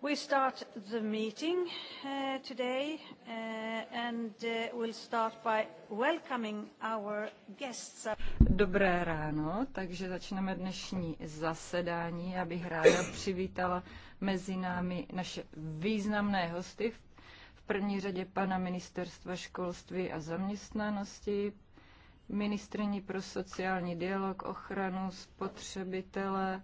We start the meeting uh, today, uh, and uh, we'll start by welcoming our guests. Dobré ráno, takže začneme dnešní zasedání. Já bych ráda přivítala mezi námi naše významné hosty, v první řadě pana ministerstva školství a zaměstnanosti, ministrní pro sociální dialog, ochranu spotřebitele,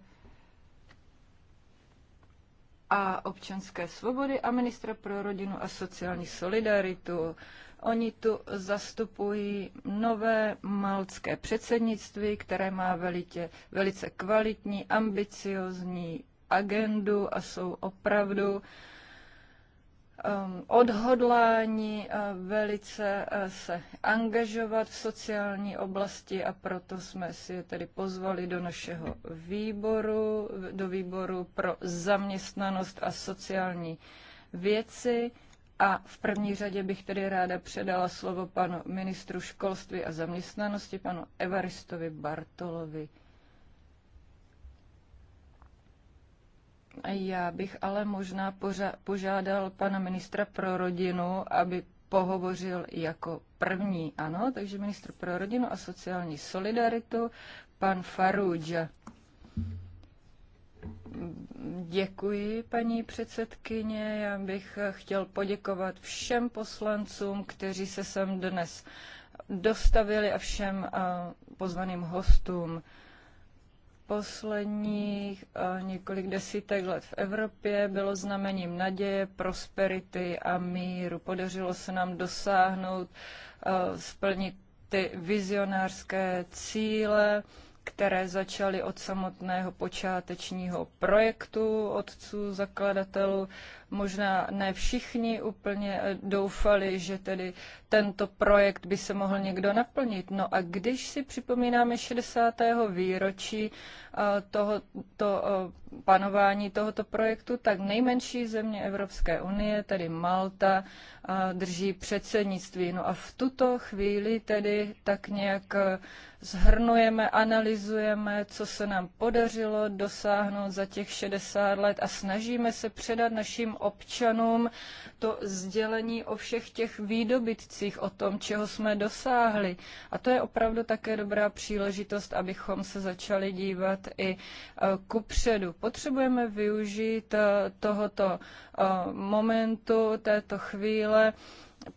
a občanské svobody a ministra pro rodinu a sociální solidaritu. Oni tu zastupují nové malcké předsednictví, které má velitě, velice kvalitní, ambiciozní agendu a jsou opravdu uh, Um, odhodlání uh, velice uh, se angažovat v sociální oblasti a proto jsme si je tedy pozvali do našeho výboru, do výboru pro zaměstnanost a sociální věci. A v první řadě bych tedy ráda předala slovo panu ministru školství a zaměstnanosti, panu Evaristovi Bartolovi. Já bych ale možná požádal pana ministra pro rodinu, aby pohovořil jako první. Ano, takže ministr pro rodinu a sociální solidaritu, pan Faruj. Děkuji, paní předsedkyně. Já bych chtěl poděkovat všem poslancům, kteří se sem dnes dostavili a všem pozvaným hostům posledních eh, několik desítek let v Evropě bylo znamením naděje, prosperity a míru. Podařilo se nám dosáhnout, eh, splnit ty vizionářské cíle, které začaly od samotného počátečního projektu otců zakladatelů. Možná ne všichni úplně eh, doufali, že tedy tento projekt by se mohl někdo naplnit. No a když si připomínáme 60. výročí eh, tohoto eh, panování tohoto projektu, tak nejmenší země Evropské unie, tedy Malta, drží předsednictví. No a v tuto chvíli tedy tak nějak zhrnujeme, analyzujeme, co se nám podařilo dosáhnout za těch 60 let a snažíme se předat našim občanům to sdělení o všech těch výdobytcích, o tom, čeho jsme dosáhli. A to je opravdu také dobrá příležitost, abychom se začali dívat i e, kupředu, Potřebujeme využít eh, tohoto eh, momentu, této chvíle,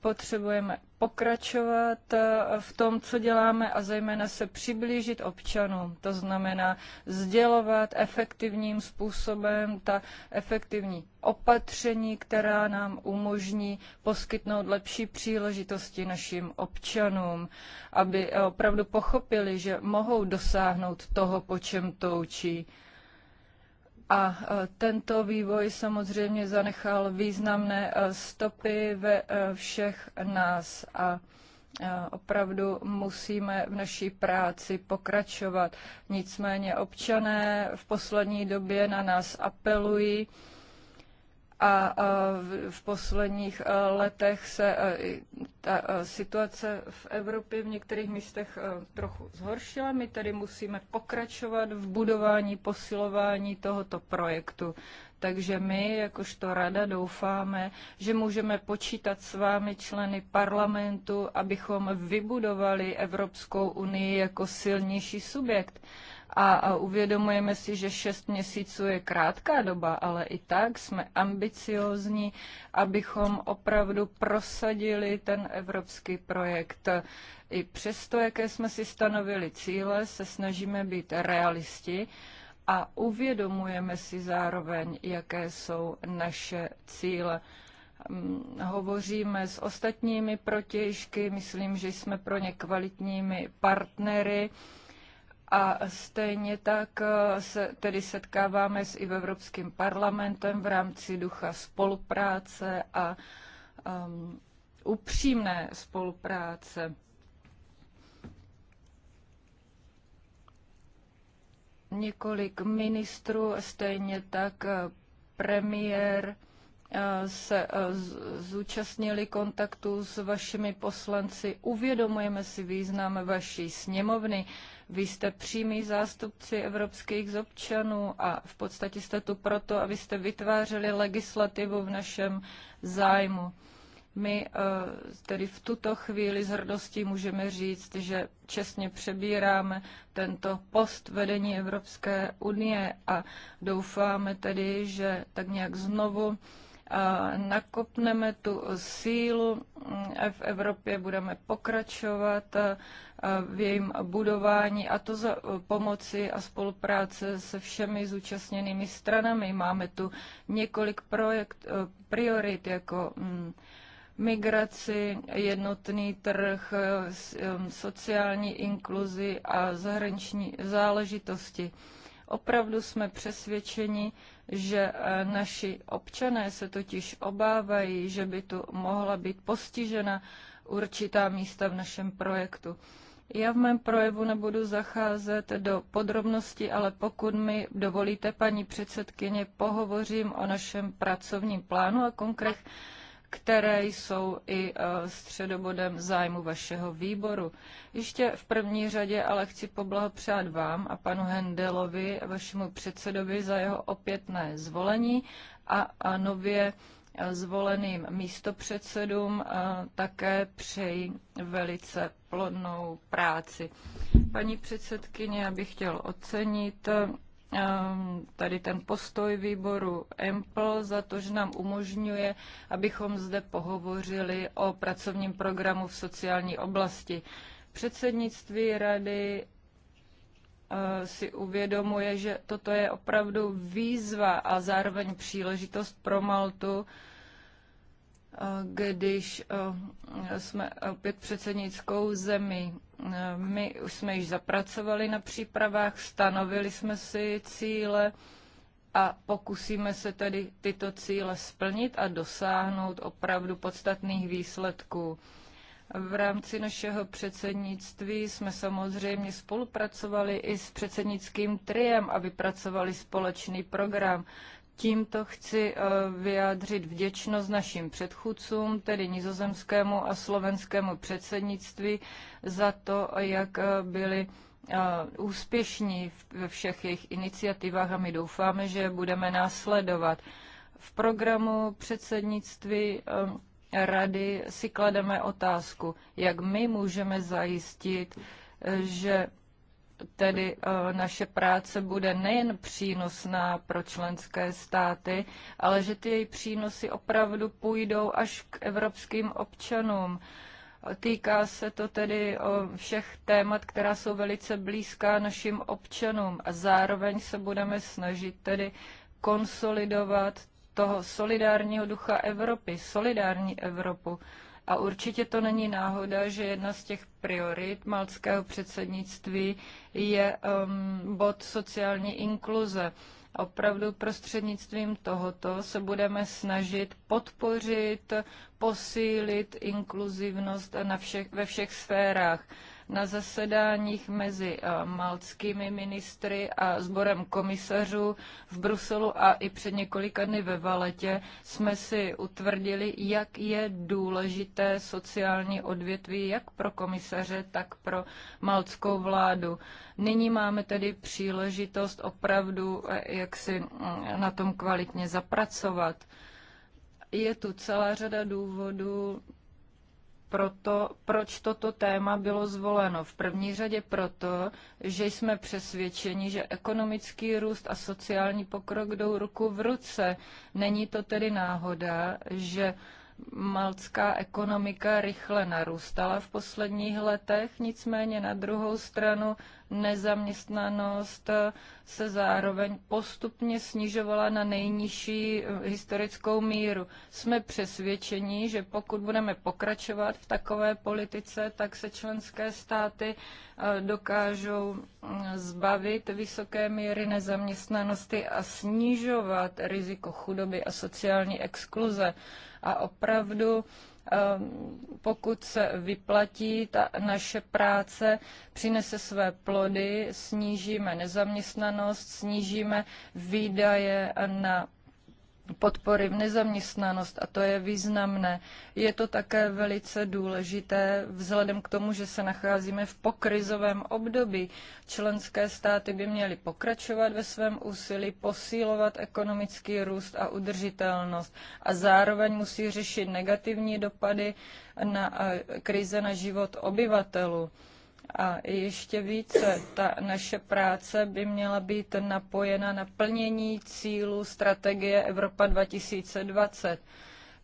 potřebujeme pokračovat eh, v tom, co děláme a zejména se přiblížit občanům. To znamená sdělovat efektivním způsobem ta efektivní opatření, která nám umožní poskytnout lepší příležitosti našim občanům, aby opravdu pochopili, že mohou dosáhnout toho, po čem toučí. A e, tento vývoj samozřejmě zanechal významné e, stopy ve e, všech nás a opravdu musíme v naší práci pokračovat. Nicméně občané v poslední době na nás apelují, a v posledních e, letech se e, ta e, situace v Evropě v některých místech trochu zhoršila. My tedy musíme pokračovat v budování, posilování tohoto projektu. Takže my, jakožto rada, doufáme, že můžeme počítat s vámi, členy parlamentu, abychom vybudovali Evropskou unii jako silnější subjekt a uvědomujeme si, že šest měsíců je krátká doba, ale i tak jsme ambiciozní, abychom opravdu prosadili ten evropský projekt. I přesto, jaké jsme si stanovili cíle, se snažíme být realisti a uvědomujeme si zároveň, jaké jsou naše cíle mm, hovoříme s ostatními protěžky, myslím, že jsme pro ně kvalitními partnery a stejně tak eh, se tedy setkáváme s i v Evropským parlamentem v rámci ducha spolupráce a um, upřímné spolupráce. Několik ministrů, stejně tak eh, premiér eh, se zúčastnili kontaktu s vašimi poslanci. Uvědomujeme si význam vaší sněmovny. Vy jste přímý zástupci evropských občanů a v podstatě jste tu proto, abyste vytvářeli legislativu v našem zájmu. My eh, tedy v tuto chvíli s hrdostí můžeme říct, že čestně přebíráme tento post vedení Evropské unie a doufáme tedy, že tak nějak znovu nakopneme tu sílu. Mm, v Evropě budeme pokračovat v jejím budování a to za e, pomoci a spolupráce se všemi zúčastněnými stranami. Máme tu několik projekt, e, priorit jako mm, migraci, jednotný trh, e, sociální inkluzi a zahraniční záležitosti. Opravdu jsme přesvědčeni, že e, naši občané se totiž obávají, že by tu mohla být postižena určitá místa v našem projektu. Já v mém projevu nebudu zacházet do podrobností, ale pokud mi dovolíte, paní předsedkyně, pohovořím o našem pracovním plánu a konkrétně které jsou i e, středobodem zájmu vašeho výboru. Ještě v první řadě ale chci poblahopřát vám a panu Hendelovi vašemu předsedovi za jeho opětné zvolení a, a nově e, zvoleným místopředsedům e, také přeji velice plodnou práci. Paní předsedkyně, já bych chtěl ocenit Ehm, tady ten postoj výboru EMPL za to, že nám umožňuje, abychom zde pohovořili o pracovním programu v sociální oblasti. Předsednictví rady eh, si uvědomuje, že toto je opravdu výzva a zároveň příležitost pro Maltu, když eh, jsme opět předsednickou zemi. Eh, my už jsme již zapracovali na přípravách, stanovili jsme si cíle a pokusíme se tedy tyto cíle splnit a dosáhnout opravdu podstatných výsledků. V rámci našeho předsednictví jsme samozřejmě spolupracovali i s předsednickým triem a vypracovali společný program. Tímto chci eh, vyjádřit vděčnost našim předchůdcům, tedy nizozemskému a slovenskému předsednictví, za to, jak eh, byli eh, úspěšní ve všech jejich iniciativách a my doufáme, že budeme následovat. V programu předsednictví rady si klademe otázku, jak my můžeme zajistit, že tedy eh, naše práce bude nejen přínosná pro členské státy, ale že ty její přínosy opravdu půjdou až k evropským občanům. Týká se to tedy o všech témat, která jsou velice blízká našim občanům a zároveň se budeme snažit tedy konsolidovat toho solidárního ducha Evropy, solidární Evropu. A určitě to není náhoda, že jedna z těch priorit malckého předsednictví je um, bod sociální inkluze. Opravdu prostřednictvím tohoto se budeme snažit podpořit, posílit inkluzivnost na všech, ve všech sférách na zasedáních mezi eh, maltskými ministry a sborem komisařů v Bruselu a i před několika dny ve Valetě jsme si utvrdili, jak je důležité sociální odvětví jak pro komisaře, tak pro maltskou vládu. Nyní máme tedy příležitost opravdu, eh, jak si mm, na tom kvalitně zapracovat. Je tu celá řada důvodů, proto, proč toto téma bylo zvoleno. V první řadě proto, že jsme přesvědčeni, že ekonomický růst a sociální pokrok jdou ruku v ruce. Není to tedy náhoda, že malcká ekonomika rychle narůstala v posledních letech, nicméně na druhou stranu nezaměstnanost se zároveň postupně snižovala na nejnižší eh, historickou míru. Jsme přesvědčeni, že pokud budeme pokračovat v takové politice, tak se členské státy eh, dokážou mm, zbavit vysoké míry nezaměstnanosti a snižovat riziko chudoby a sociální exkluze. A opravdu Ehm, pokud se vyplatí ta naše práce, přinese své plody, snížíme nezaměstnanost, snížíme výdaje na podpory v nezaměstnanost a to je významné. Je to také velice důležité vzhledem k tomu, že se nacházíme v pokrizovém období. Členské státy by měly pokračovat ve svém úsilí, posílovat ekonomický růst a udržitelnost a zároveň musí řešit negativní dopady na krize na život obyvatelů. A ještě více, ta naše práce by měla být napojena na plnění cílů strategie Evropa 2020.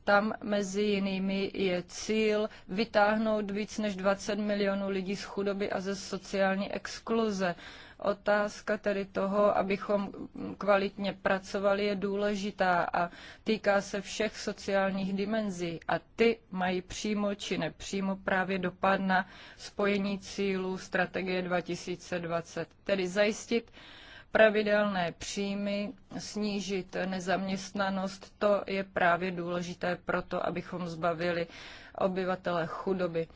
Tam mezi jinými je cíl vytáhnout víc než 20 milionů lidí z chudoby a ze sociální exkluze. Otázka tedy toho, abychom kvalitně pracovali, je důležitá a týká se všech sociálních dimenzí a ty mají přímo či nepřímo právě dopad na spojení cílů strategie 2020, tedy zajistit pravidelné příjmy, snížit nezaměstnanost, to je právě důležité proto, abychom zbavili obyvatele chudoby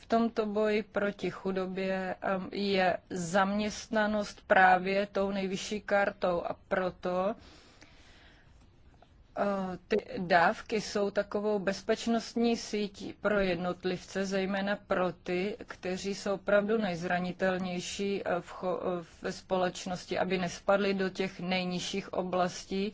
v tomto boji proti chudobě je zaměstnanost právě tou nejvyšší kartou a proto eh, ty dávky jsou takovou bezpečnostní sítí pro jednotlivce, zejména pro ty, kteří jsou opravdu nejzranitelnější eh, v, eh, ve společnosti, aby nespadli do těch nejnižších oblastí,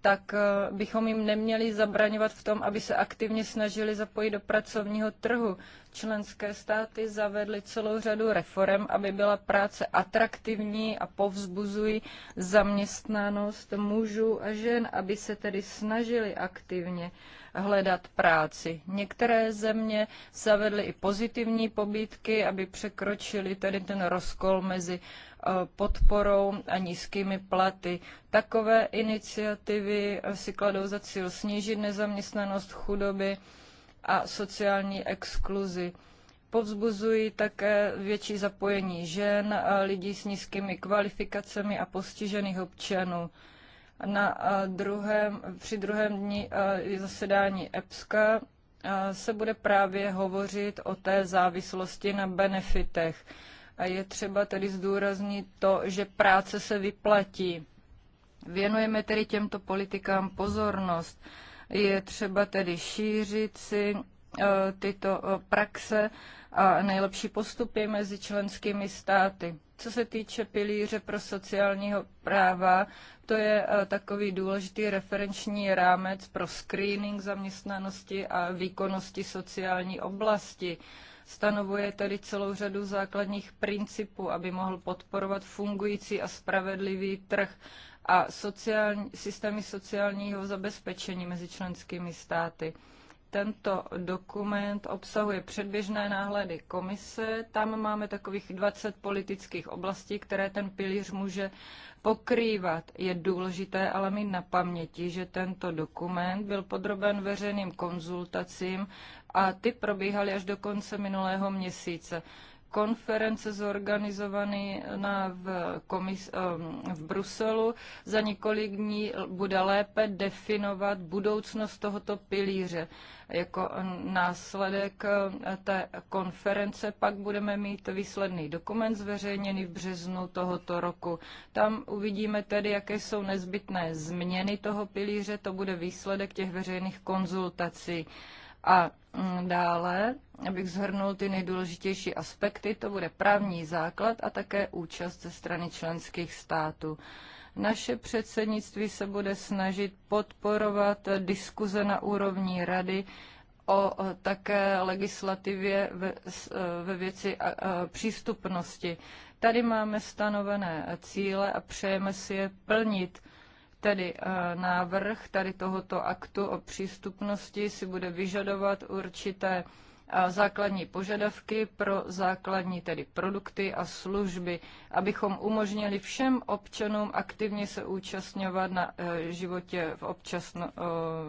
tak bychom jim neměli zabraňovat v tom, aby se aktivně snažili zapojit do pracovního trhu členské státy zavedly celou řadu reform, aby byla práce atraktivní a povzbuzují zaměstnanost mužů a žen, aby se tedy snažili aktivně hledat práci. Některé země zavedly i pozitivní pobídky, aby překročili tedy ten rozkol mezi e, podporou a nízkými platy. Takové iniciativy e, si kladou za cíl snížit nezaměstnanost chudoby, a sociální exkluzi. Povzbuzují také větší zapojení žen, lidí s nízkými kvalifikacemi a postižených občanů. Na druhém, při druhém dni zasedání EPSKA se bude právě hovořit o té závislosti na benefitech. A je třeba tedy zdůraznit to, že práce se vyplatí. Věnujeme tedy těmto politikám pozornost. Je třeba tedy šířit si e, tyto e, praxe a nejlepší postupy mezi členskými státy. Co se týče pilíře pro sociálního práva, to je e, takový důležitý referenční rámec pro screening zaměstnanosti a výkonnosti sociální oblasti. Stanovuje tedy celou řadu základních principů, aby mohl podporovat fungující a spravedlivý trh a sociální, systémy sociálního zabezpečení mezi členskými státy. Tento dokument obsahuje předběžné náhledy komise. Tam máme takových 20 politických oblastí, které ten pilíř může pokrývat. Je důležité ale mít na paměti, že tento dokument byl podroben veřejným konzultacím a ty probíhaly až do konce minulého měsíce konference zorganizovaný na, v, komis, um, v Bruselu za několik dní bude lépe definovat budoucnost tohoto pilíře. Jako následek eh, té konference pak budeme mít výsledný dokument zveřejněný v březnu tohoto roku. Tam uvidíme tedy, jaké jsou nezbytné změny toho pilíře, to bude výsledek těch veřejných konzultací. A mm, dále, abych zhrnul ty nejdůležitější aspekty, to bude právní základ a také účast ze strany členských států. Naše předsednictví se bude snažit podporovat diskuze na úrovni rady o také legislativě ve, e, ve věci přístupnosti. Tady máme stanovené cíle a přejeme si je plnit. Tedy eh, návrh tady tohoto aktu o přístupnosti si bude vyžadovat určité základní požadavky pro základní tedy produkty a služby, abychom umožnili všem občanům aktivně se účastňovat na e, životě v občasno,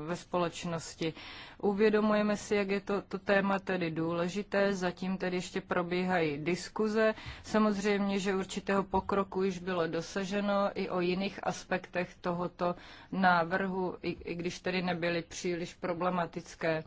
ve společnosti. Uvědomujeme si, jak je to, to téma tedy důležité, zatím tedy ještě probíhají diskuze. Samozřejmě, že určitého pokroku již bylo dosaženo i o jiných aspektech tohoto návrhu, i, i když tedy nebyly příliš problematické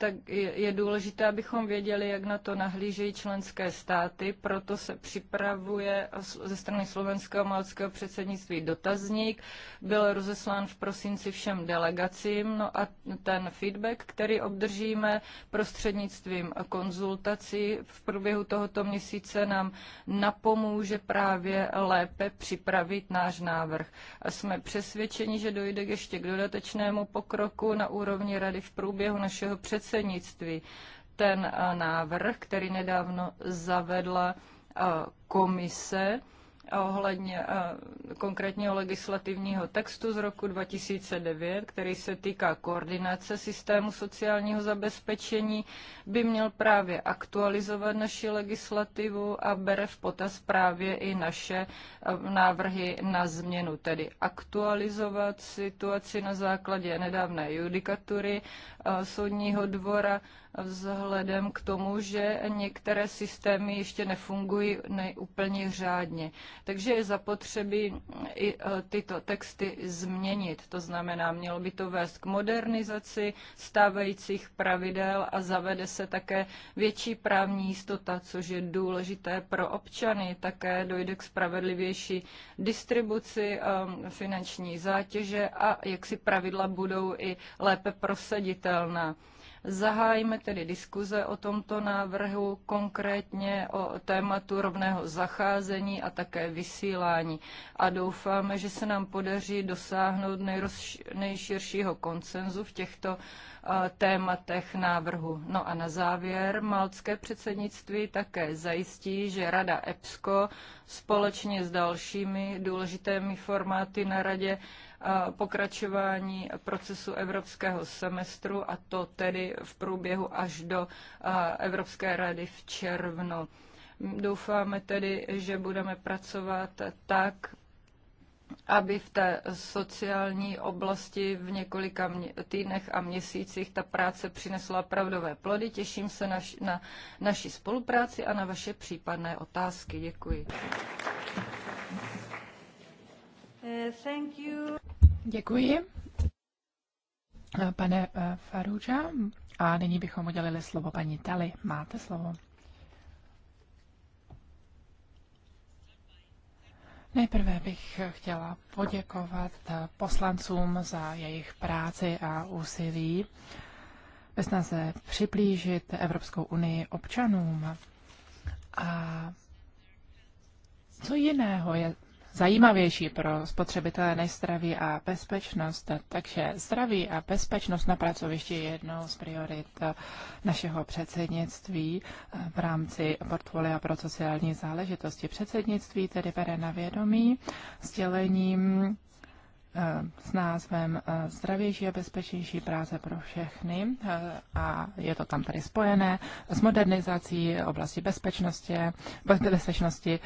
tak je důležité, abychom věděli, jak na to nahlížejí členské státy, proto se připravuje ze strany slovenského malckého předsednictví dotazník, byl rozeslán v prosinci všem delegacím, no a ten feedback, který obdržíme prostřednictvím konzultací v průběhu tohoto měsíce nám napomůže právě lépe připravit náš návrh. A jsme přesvědčeni, že dojde ještě k dodatečnému pokroku na úrovni rady v průběhu našeho předsednictví předsednictví. Ten eh, návrh, který nedávno zavedla eh, komise, ohledně eh, konkrétního legislativního textu z roku 2009, který se týká koordinace systému sociálního zabezpečení, by měl právě aktualizovat naši legislativu a bere v potaz právě i naše eh, návrhy na změnu, tedy aktualizovat situaci na základě nedávné judikatury eh, soudního dvora vzhledem k tomu, že některé systémy ještě nefungují úplně řádně. Takže je zapotřebí i e, tyto texty změnit. To znamená, mělo by to vést k modernizaci stávajících pravidel a zavede se také větší právní jistota, což je důležité pro občany. Také dojde k spravedlivější distribuci e, finanční zátěže a jak si pravidla budou i lépe prosaditelná. Zahájíme tedy diskuze o tomto návrhu, konkrétně o tématu rovného zacházení a také vysílání. A doufáme, že se nám podaří dosáhnout nejširšího konsenzu v těchto eh, tématech návrhu. No a na závěr maltské předsednictví také zajistí, že Rada EPSCO společně s dalšími důležitými formáty na Radě pokračování procesu evropského semestru a to tedy v průběhu až do Evropské rady v červnu. Doufáme tedy, že budeme pracovat tak, aby v té sociální oblasti v několika týdnech a měsících ta práce přinesla pravdové plody. Těším se na, na naši spolupráci a na vaše případné otázky. Děkuji thank you. Děkuji, pane eh, Faruja. A nyní bychom udělili slovo paní Tali. Máte slovo. Nejprve bych chtěla poděkovat eh, poslancům za jejich práci a úsilí ve snaze přiblížit Evropskou unii občanům. A co jiného je zajímavější pro spotřebitele než zdraví a bezpečnost. Takže zdraví a bezpečnost na pracovišti je jednou z priorit našeho předsednictví v rámci portfolia pro sociální záležitosti. Předsednictví tedy bere na vědomí sdělením Eh, s názvem eh, Zdravější a bezpečnější práce pro všechny eh, a je to tam tady spojené s modernizací oblasti bezpečnosti, bezpečnosti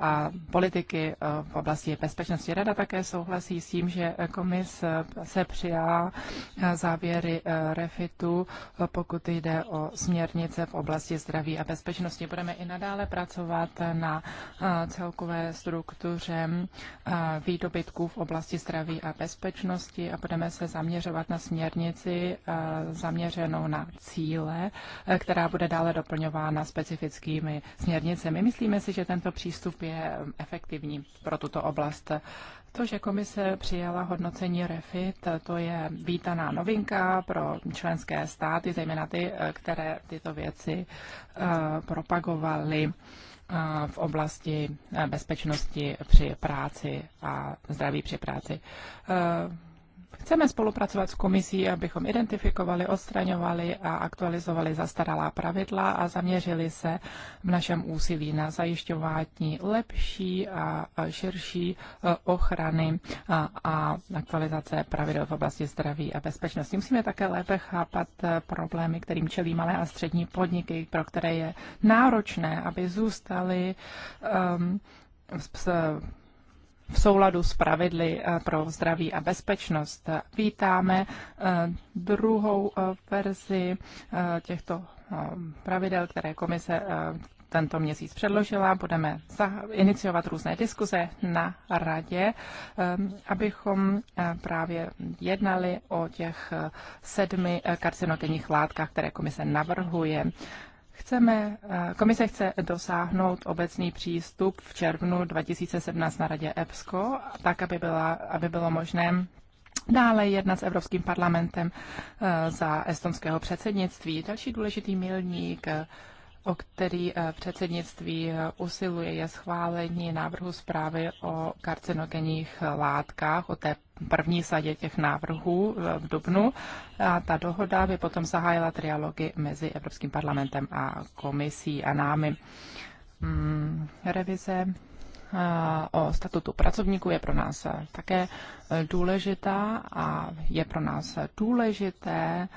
a politiky v oblasti bezpečnosti. Rada také souhlasí s tím, že komis se přijala závěry refitu, pokud jde o směrnice v oblasti zdraví a bezpečnosti. Budeme i nadále pracovat na celkové struktuře výdobytků v oblasti oblasti zdraví a bezpečnosti a budeme se zaměřovat na směrnici eh, zaměřenou na cíle, eh, která bude dále doplňována specifickými směrnicemi. Myslíme si, že tento přístup je efektivní pro tuto oblast. To, že komise přijala hodnocení REFIT, to je vítaná novinka pro členské státy, zejména ty, eh, které tyto věci propagovaly v oblasti eh, bezpečnosti při práci a zdraví při práci. Eh, Chceme spolupracovat s komisí, abychom identifikovali, odstraňovali a aktualizovali zastaralá pravidla a zaměřili se v našem úsilí na zajišťování lepší a širší e, ochrany a aktualizace pravidel v oblasti zdraví a bezpečnosti. Musíme také lépe chápat e, problémy, kterým čelí malé a střední podniky, pro které je náročné, aby zůstaly um, v souladu s pravidly eh, pro zdraví a bezpečnost. Vítáme eh, druhou eh, verzi těchto pravidel, které komise tento měsíc předložila. Budeme iniciovat různé diskuze na radě, abychom právě jednali o těch sedmi karcinogenních látkách, které komise navrhuje. Chceme, eh, komise chce dosáhnout obecný přístup v červnu 2017 na radě EPSCO, tak, aby, byla, aby bylo možné dále jednat s Evropským parlamentem eh, za estonského předsednictví. Další důležitý milník o který eh, předsednictví usiluje, je schválení návrhu zprávy o karcinogenních látkách, o té první sadě těch návrhů eh, v Dubnu a ta dohoda by potom zahájila trialogy mezi Evropským parlamentem a komisí a námi. Mm, revize eh, o statutu pracovníků je pro nás eh, také důležitá a je pro nás důležité,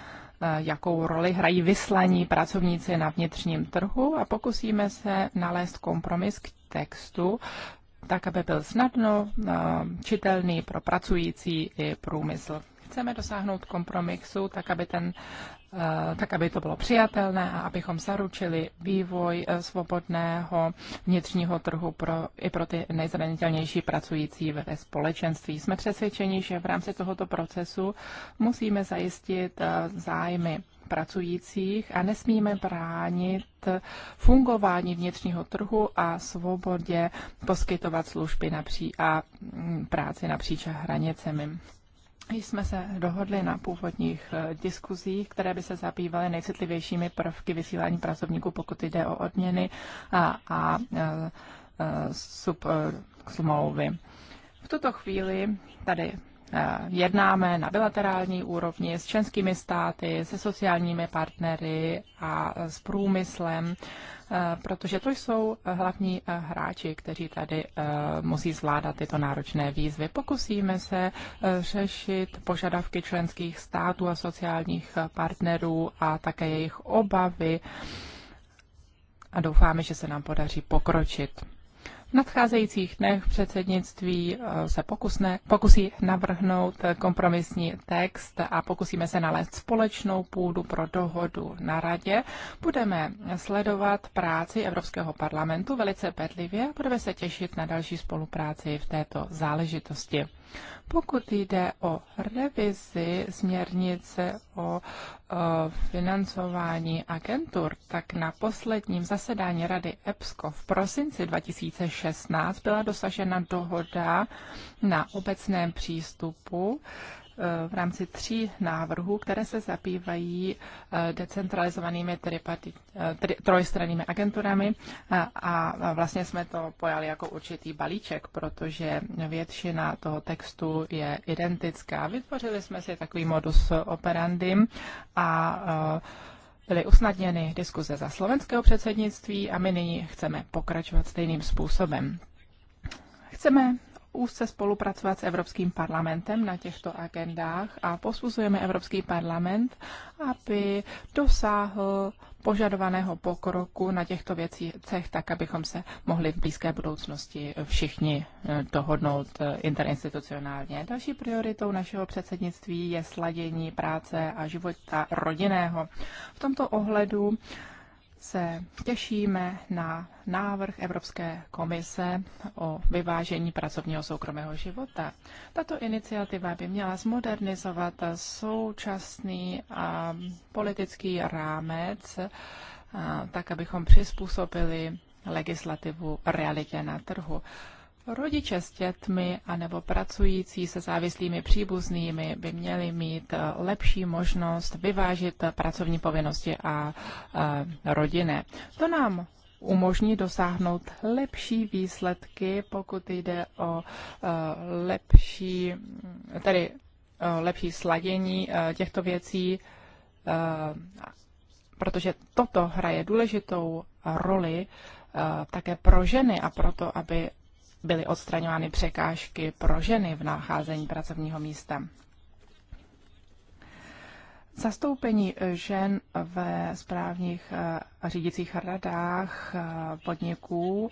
jakou roli hrají vyslaní pracovníci na vnitřním trhu a pokusíme se nalézt kompromis k textu, tak aby byl snadno eh, čitelný pro pracující i průmysl chceme dosáhnout kompromisu, tak aby, ten, eh, tak aby to bylo přijatelné a abychom zaručili vývoj eh, svobodného vnitřního trhu pro, i pro ty nejzranitelnější pracující ve společenství. Jsme přesvědčeni, že v rámci tohoto procesu musíme zajistit eh, zájmy pracujících a nesmíme bránit fungování vnitřního trhu a svobodě poskytovat služby napří a mm, práci napříč hranicemi jsme se dohodli na původních eh, diskuzích, které by se zabývaly nejcitlivějšími prvky vysílání pracovníků, pokud jde o odměny a, a, a eh, eh, sub, smlouvy. V tuto chvíli tady Eh, jednáme na bilaterální úrovni s členskými státy, se sociálními partnery a s průmyslem, eh, protože to jsou hlavní eh, hráči, kteří tady musí zvládat tyto náročné výzvy. Pokusíme se řešit požadavky členských států a sociálních partnerů a také jejich obavy a doufáme, že se nám podaří pokročit. V nadcházejících dnech předsednictví eh, se pokusne, pokusí navrhnout kompromisní text a pokusíme se nalézt společnou půdu pro dohodu na radě. Budeme sledovat práci Evropského parlamentu velice bedlivě a budeme se těšit na další spolupráci v této záležitosti. Pokud jde o revizi směrnice o financování agentur, tak na posledním zasedání Rady EPSCO v prosinci 2016 byla dosažena dohoda na obecném přístupu Eh, v rámci tří návrhů, které se zabývají eh, decentralizovanými eh, trojstrannými agenturami a, a vlastně jsme to pojali jako určitý balíček, protože většina toho textu je identická. Vytvořili jsme si takový modus operandi a byly usnadněny diskuze za slovenského předsednictví a my nyní chceme pokračovat stejným způsobem. Chceme úzce spolupracovat s Evropským parlamentem na těchto agendách a posuzujeme Evropský parlament, aby dosáhl požadovaného pokroku na těchto věcech, tak abychom se mohli v blízké budoucnosti všichni eh, dohodnout eh, interinstitucionálně. Další prioritou našeho předsednictví je sladění práce a života rodinného. V tomto ohledu se těšíme na návrh Evropské komise o vyvážení pracovního soukromého života. Tato iniciativa by měla zmodernizovat současný a politický rámec, a, tak abychom přizpůsobili legislativu realitě na trhu. Rodiče s dětmi anebo pracující se závislými příbuznými by měli mít eh, lepší možnost vyvážit eh, pracovní povinnosti a eh, rodinné. To nám umožní dosáhnout lepší výsledky, pokud jde o lepší, tedy lepší sladění těchto věcí, protože toto hraje důležitou roli také pro ženy a proto, aby byly odstraňovány překážky pro ženy v nacházení pracovního místa. Zastoupení žen ve správních a řídicích radách podniků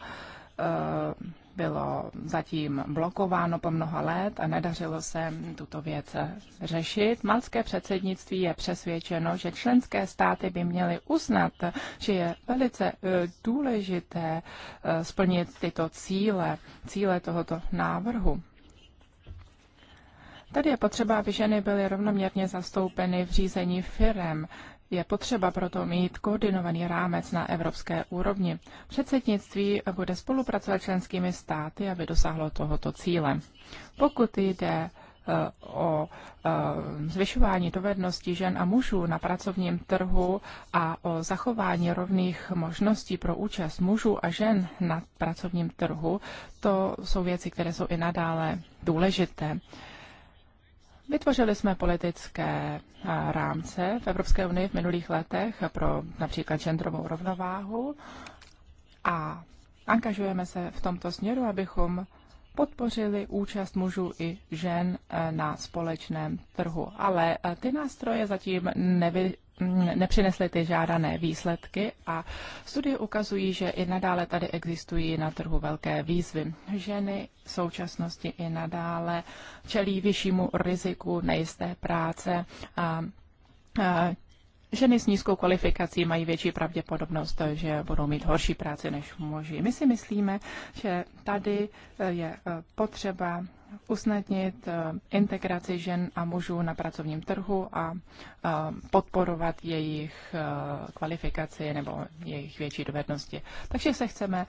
bylo zatím blokováno po mnoha let a nedařilo se tuto věc řešit. Malské předsednictví je přesvědčeno, že členské státy by měly uznat, že je velice eh, důležité eh, splnit tyto cíle, cíle tohoto návrhu. Tady je potřeba, aby ženy byly rovnoměrně zastoupeny v řízení firem. Je potřeba proto mít koordinovaný rámec na evropské úrovni. Předsednictví bude spolupracovat členskými státy, aby dosáhlo tohoto cíle. Pokud jde eh, o eh, zvyšování dovedností žen a mužů na pracovním trhu a o zachování rovných možností pro účast mužů a žen na pracovním trhu, to jsou věci, které jsou i nadále důležité. Vytvořili jsme politické rámce v Evropské unii v minulých letech pro například genderovou rovnováhu a angažujeme se v tomto směru, abychom podpořili účast mužů i žen e, na společném trhu. Ale e, ty nástroje zatím nevy, Mm, nepřinesly ty žádané výsledky a studie ukazují, že i nadále tady existují na trhu velké výzvy. Ženy v současnosti i nadále čelí vyššímu riziku nejisté práce a, a Ženy s nízkou kvalifikací mají větší pravděpodobnost, že budou mít horší práci než muži. My si myslíme, že tady je e, potřeba usnadnit eh, integraci žen a mužů na pracovním trhu a eh, podporovat jejich eh, kvalifikaci nebo jejich větší dovednosti. Takže se chceme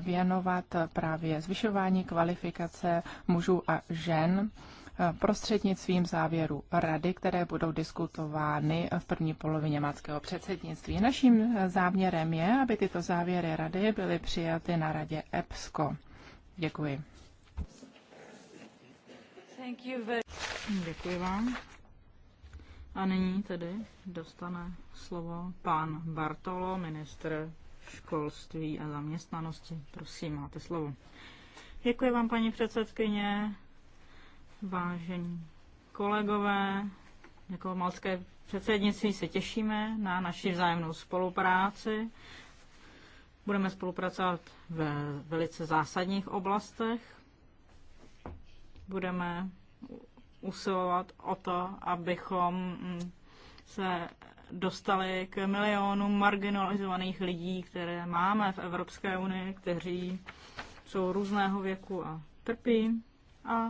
věnovat právě zvyšování kvalifikace mužů a žen prostřednictvím závěru rady, které budou diskutovány v první polovině mackého předsednictví. Naším záměrem je, aby tyto závěry rady byly přijaty na radě EPSCO. Děkuji. Thank you very... Děkuji vám. A nyní tedy dostane slovo pan Bartolo, ministr školství a zaměstnanosti. Prosím, máte slovo. Děkuji vám, paní předsedkyně, vážení kolegové. Jako malské předsednictví se těšíme na naši vzájemnou spolupráci. Budeme spolupracovat ve velice zásadních oblastech. Budeme usilovat o to, abychom mm, se dostali k milionům marginalizovaných lidí, které máme v Evropské unii, kteří jsou různého věku a trpí. A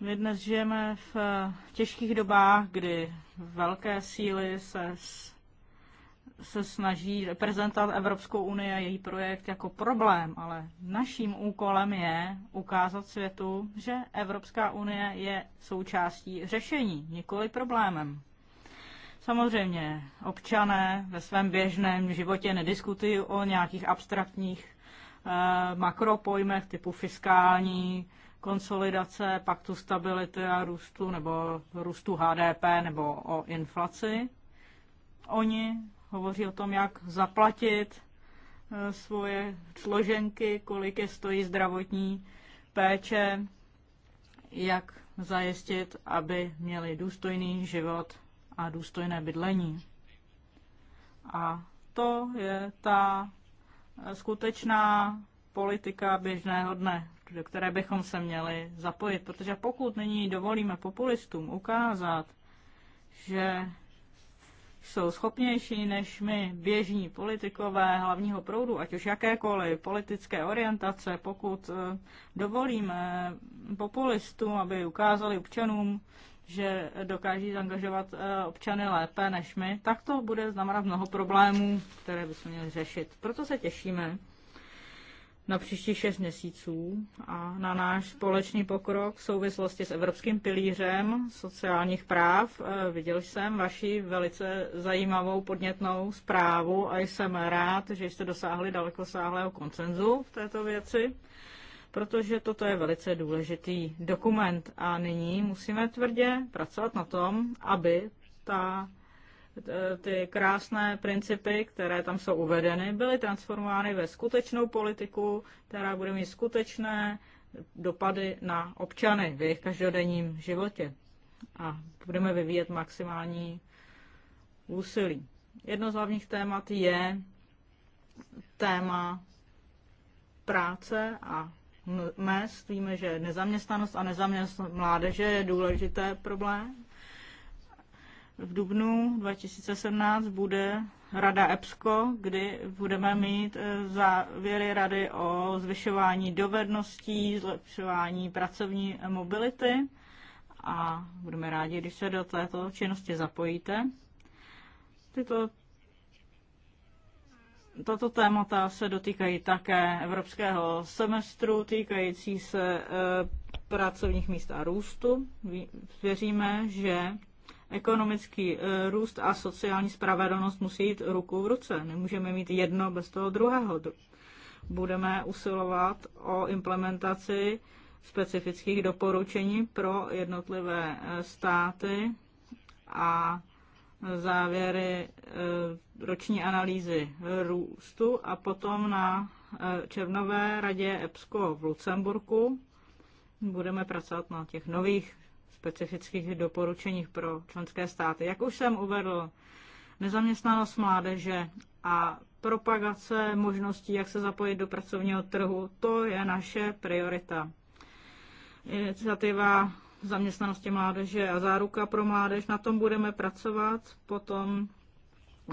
my dnes žijeme v těžkých dobách, kdy velké síly se se snaží reprezentovat Evropskou unii a její projekt jako problém, ale naším úkolem je ukázat světu, že Evropská unie je součástí řešení, nikoli problémem. Samozřejmě občané ve svém běžném životě nediskutují o nějakých abstraktních eh, makropojmech typu fiskální, konsolidace, paktu stability a růstu nebo růstu HDP nebo o inflaci. Oni hovoří o tom, jak zaplatit eh, svoje složenky, kolik je stojí zdravotní péče, jak zajistit, aby měli důstojný život a důstojné bydlení. A to je ta eh, skutečná politika běžného dne, do které bychom se měli zapojit, protože pokud nyní dovolíme populistům ukázat, že jsou schopnější než my běžní politikové hlavního proudu, ať už jakékoliv politické orientace, pokud eh, dovolíme populistům, aby ukázali občanům, že dokáží zaangažovat eh, občany lépe než my, tak to bude znamenat mnoho problémů, které bychom měli řešit. Proto se těšíme na příští šest měsíců a na náš společný pokrok v souvislosti s Evropským pilířem sociálních práv. Eh, viděl jsem vaši velice zajímavou podnětnou zprávu a jsem rád, že jste dosáhli dalekosáhlého koncenzu v této věci, protože toto je velice důležitý dokument a nyní musíme tvrdě pracovat na tom, aby ta ty krásné principy, které tam jsou uvedeny, byly transformovány ve skutečnou politiku, která bude mít skutečné dopady na občany v jejich každodenním životě. A budeme vyvíjet maximální úsilí. Jedno z hlavních témat je téma práce a mest. Víme, že nezaměstnanost a nezaměstnanost mládeže je důležité problém, v dubnu 2017 bude Rada EPSCO, kdy budeme mít e, závěry Rady o zvyšování dovedností, zlepšování pracovní mobility a budeme rádi, když se do této činnosti zapojíte. Tyto tato témata se dotýkají také evropského semestru, týkající se e, pracovních míst a růstu. Věříme, že ekonomický eh, růst a sociální spravedlnost musí jít ruku v ruce. Nemůžeme mít jedno bez toho druhého. Budeme usilovat o implementaci specifických doporučení pro jednotlivé eh, státy a závěry eh, roční analýzy růstu a potom na Černové radě EPSCO v Lucemburku budeme pracovat na těch nových specifických doporučeních pro členské státy. Jak už jsem uvedl, nezaměstnanost mládeže a propagace možností, jak se zapojit do pracovního trhu, to je naše priorita. Iniciativa zaměstnanosti mládeže a záruka pro mládež, na tom budeme pracovat. Potom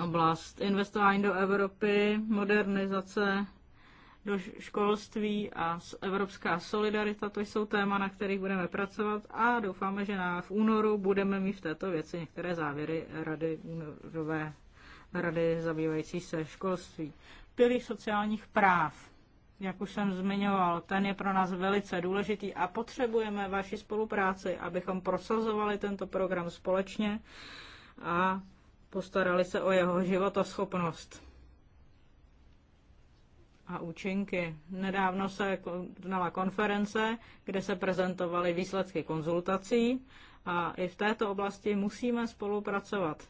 oblast investování do Evropy, modernizace do školství a evropská solidarita, to jsou téma, na kterých budeme pracovat a doufáme, že na, v únoru budeme mít v této věci některé závěry rady únorové rady zabývající se školství. Pilí sociálních práv, jak už jsem zmiňoval, ten je pro nás velice důležitý a potřebujeme vaši spolupráci, abychom prosazovali tento program společně a postarali se o jeho životoschopnost a účinky. Nedávno se konala konference, kde se prezentovaly výsledky konzultací a i v této oblasti musíme spolupracovat.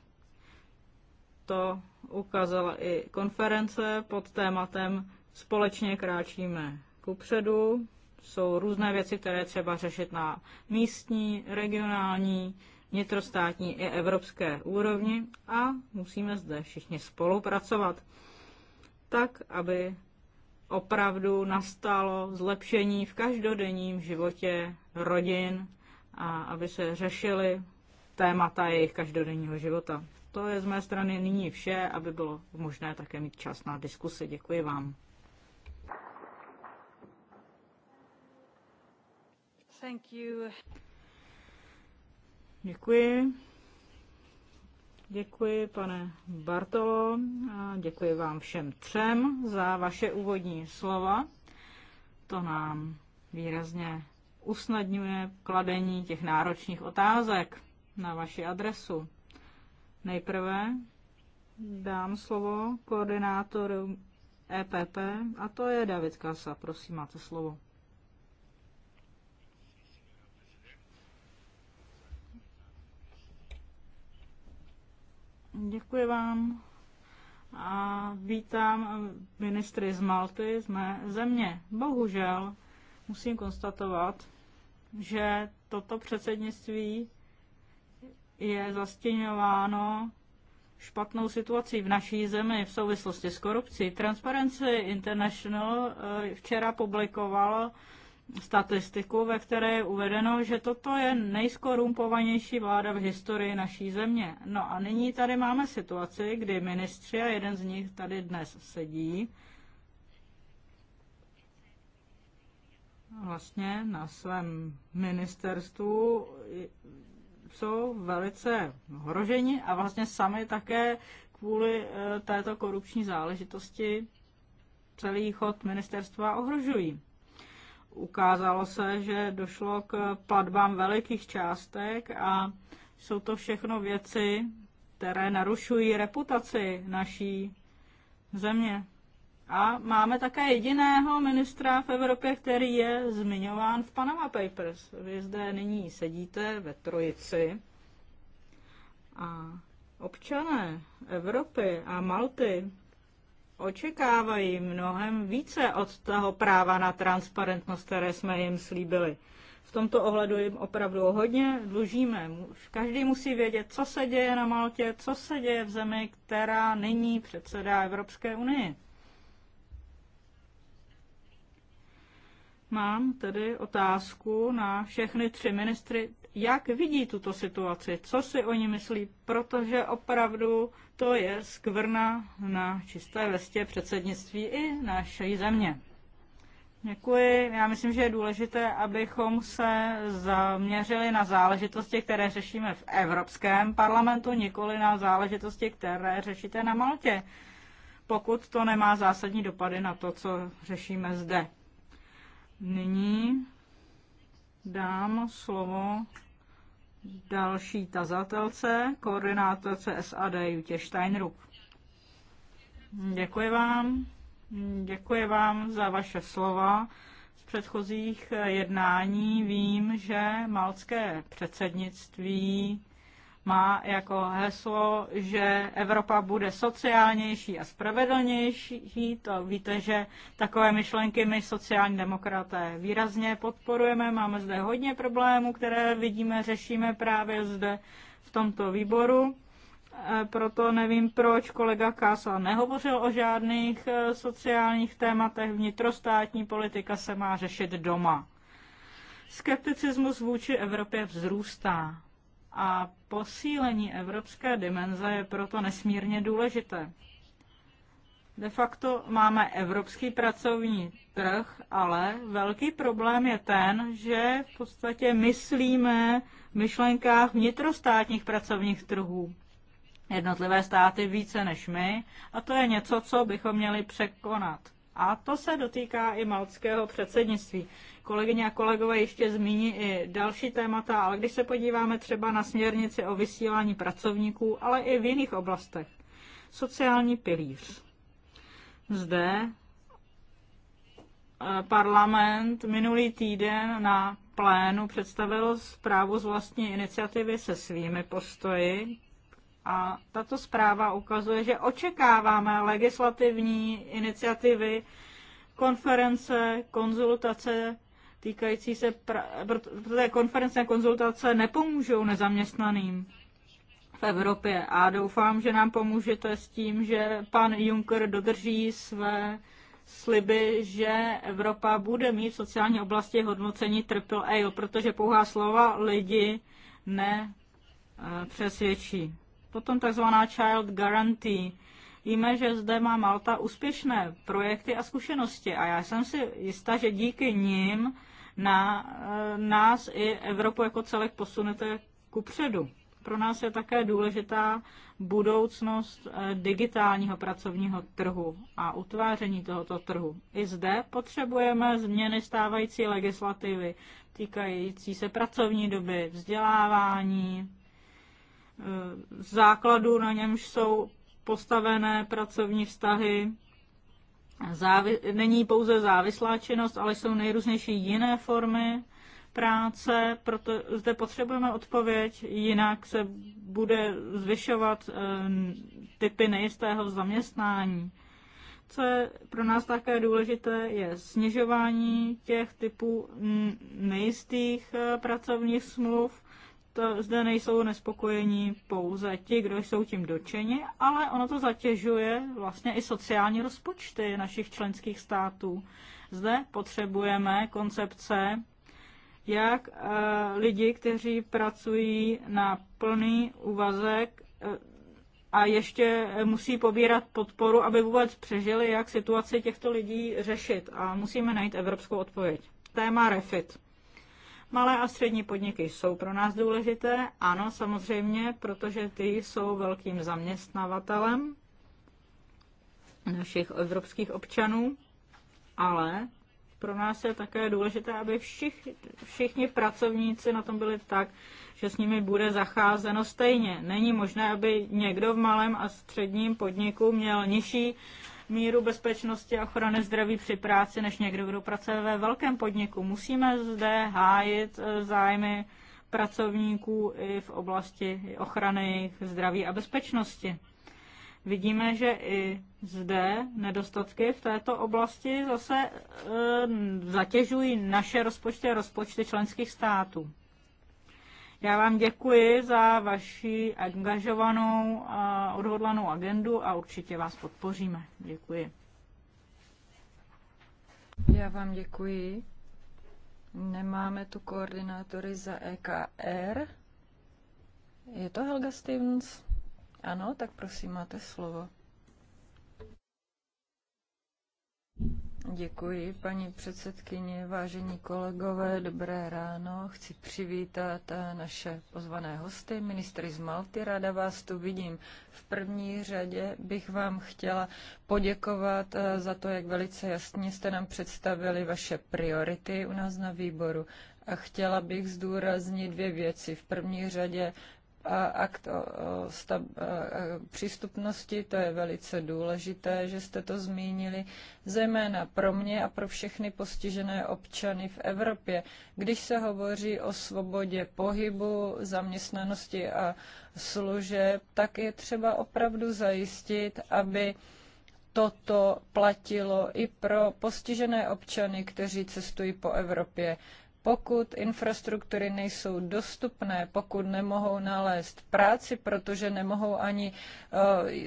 To ukázala i konference pod tématem Společně kráčíme kupředu. Jsou různé věci, které třeba řešit na místní, regionální, vnitrostátní i evropské úrovni a musíme zde všichni spolupracovat tak, aby opravdu nastalo zlepšení v každodenním životě rodin a aby se řešily témata jejich každodenního života. To je z mé strany nyní vše, aby bylo možné také mít čas na diskusi. Děkuji vám. Thank you. Děkuji. Děkuji, pane Bartolo, a děkuji vám všem třem za vaše úvodní slova. To nám výrazně usnadňuje kladení těch náročných otázek na vaši adresu. Nejprve dám slovo koordinátoru EPP, a to je David Kasa. Prosím, máte slovo. Děkuji vám a vítám ministry z Malty, z mé země. Bohužel musím konstatovat, že toto předsednictví je zastěňováno špatnou situací v naší zemi v souvislosti s korupcí. Transparency International eh, včera publikovalo statistiku, ve které je uvedeno, že toto je nejskorumpovanější vláda v historii naší země. No a nyní tady máme situaci, kdy ministři, a jeden z nich tady dnes sedí, vlastně na svém ministerstvu jsou velice ohroženi a vlastně sami také kvůli eh, této korupční záležitosti celý chod ministerstva ohrožují ukázalo se, že došlo k platbám velikých částek a jsou to všechno věci, které narušují reputaci naší země. A máme také jediného ministra v Evropě, který je zmiňován v Panama Papers. Vy zde nyní sedíte ve trojici a občané Evropy a Malty očekávají mnohem více od toho práva na transparentnost, které jsme jim slíbili. V tomto ohledu jim opravdu hodně dlužíme. Každý musí vědět, co se děje na Maltě, co se děje v zemi, která není předsedá Evropské unii. Mám tedy otázku na všechny tři ministry jak vidí tuto situaci, co si oni myslí, protože opravdu to je skvrna na čisté vestě předsednictví i naší země. Děkuji. Já myslím, že je důležité, abychom se zaměřili na záležitosti, které řešíme v Evropském parlamentu, nikoli na záležitosti, které řešíte na Maltě, pokud to nemá zásadní dopady na to, co řešíme zde. Nyní dám slovo další tazatelce, koordinátorce SAD Jutě Steinrup. Děkuji vám. Děkuji vám za vaše slova. Z předchozích eh, jednání vím, že malské předsednictví má jako heslo, že Evropa bude sociálnější a spravedlnější. To víte, že takové myšlenky my sociální demokraté výrazně podporujeme. Máme zde hodně problémů, které vidíme, řešíme právě zde v tomto výboru. E, proto nevím, proč kolega Kása nehovořil o žádných e, sociálních tématech. Vnitrostátní politika se má řešit doma. Skepticismus vůči Evropě vzrůstá a posílení evropské dimenze je proto nesmírně důležité. De facto máme evropský pracovní trh, ale velký problém je ten, že v podstatě myslíme v myšlenkách vnitrostátních pracovních trhů. Jednotlivé státy více než my a to je něco, co bychom měli překonat. A to se dotýká i maltského předsednictví. Kolegyně a kolegové ještě zmíní i další témata, ale když se podíváme třeba na směrnici o vysílání pracovníků, ale i v jiných oblastech. Sociální pilíř. Zde eh, parlament minulý týden na plénu představil zprávu z vlastní iniciativy se svými postoji a tato zpráva ukazuje, že očekáváme legislativní iniciativy, konference, konzultace týkající se, pra... protože konference a konzultace nepomůžou nezaměstnaným v Evropě a doufám, že nám pomůžete s tím, že pan Juncker dodrží své sliby, že Evropa bude mít v sociální oblasti hodnocení triple A, protože pouhá slova lidi ne eh, přesvědčí. Potom takzvaná Child Guarantee. Víme, že zde má Malta úspěšné projekty a zkušenosti a já jsem si jistá, že díky nim na eh, nás i Evropu jako celek posunete ku předu. Pro nás je také důležitá budoucnost eh, digitálního pracovního trhu a utváření tohoto trhu. I zde potřebujeme změny stávající legislativy týkající se pracovní doby, vzdělávání, Eh, základu, na němž jsou postavené pracovní vztahy. Závi- není pouze závislá činnost, ale jsou nejrůznější jiné formy práce, proto zde potřebujeme odpověď, jinak se bude zvyšovat eh, typy nejistého zaměstnání. Co je pro nás také důležité, je snižování těch typů nejistých eh, pracovních smluv, to, zde nejsou nespokojení pouze ti, kdo jsou tím dočeni, ale ono to zatěžuje vlastně i sociální rozpočty našich členských států. Zde potřebujeme koncepce, jak eh, lidi, kteří pracují na plný úvazek eh, a ještě musí pobírat podporu, aby vůbec přežili, jak situaci těchto lidí řešit. A musíme najít evropskou odpověď. Téma refit. Malé a střední podniky jsou pro nás důležité, ano, samozřejmě, protože ty jsou velkým zaměstnavatelem našich evropských občanů, ale pro nás je také důležité, aby všich, všichni pracovníci na tom byli tak, že s nimi bude zacházeno stejně. Není možné, aby někdo v malém a středním podniku měl nižší míru bezpečnosti a ochrany zdraví při práci než někdo, kdo pracuje ve velkém podniku. Musíme zde hájit eh, zájmy pracovníků i v oblasti ochrany jejich zdraví a bezpečnosti. Vidíme, že i zde nedostatky v této oblasti zase e, zatěžují naše rozpočty a rozpočty členských států. Já vám děkuji za vaši angažovanou a odhodlanou agendu a určitě vás podpoříme. Děkuji. Já vám děkuji. Nemáme tu koordinátory za EKR. Je to Helga Stevens? Ano, tak prosím, máte slovo. Děkuji, paní předsedkyně, vážení kolegové, dobré ráno. Chci přivítat eh, naše pozvané hosty, ministry z Malty, ráda vás tu vidím. V první řadě bych vám chtěla poděkovat eh, za to, jak velice jasně jste nám představili vaše priority u nás na výboru. A chtěla bych zdůraznit dvě věci. V první řadě akt o, o stab, přístupnosti, to je velice důležité, že jste to zmínili, zejména pro mě a pro všechny postižené občany v Evropě. Když se hovoří o svobodě pohybu, zaměstnanosti a služeb, tak je třeba opravdu zajistit, aby toto platilo i pro postižené občany, kteří cestují po Evropě pokud infrastruktury nejsou dostupné, pokud nemohou nalézt práci, protože nemohou ani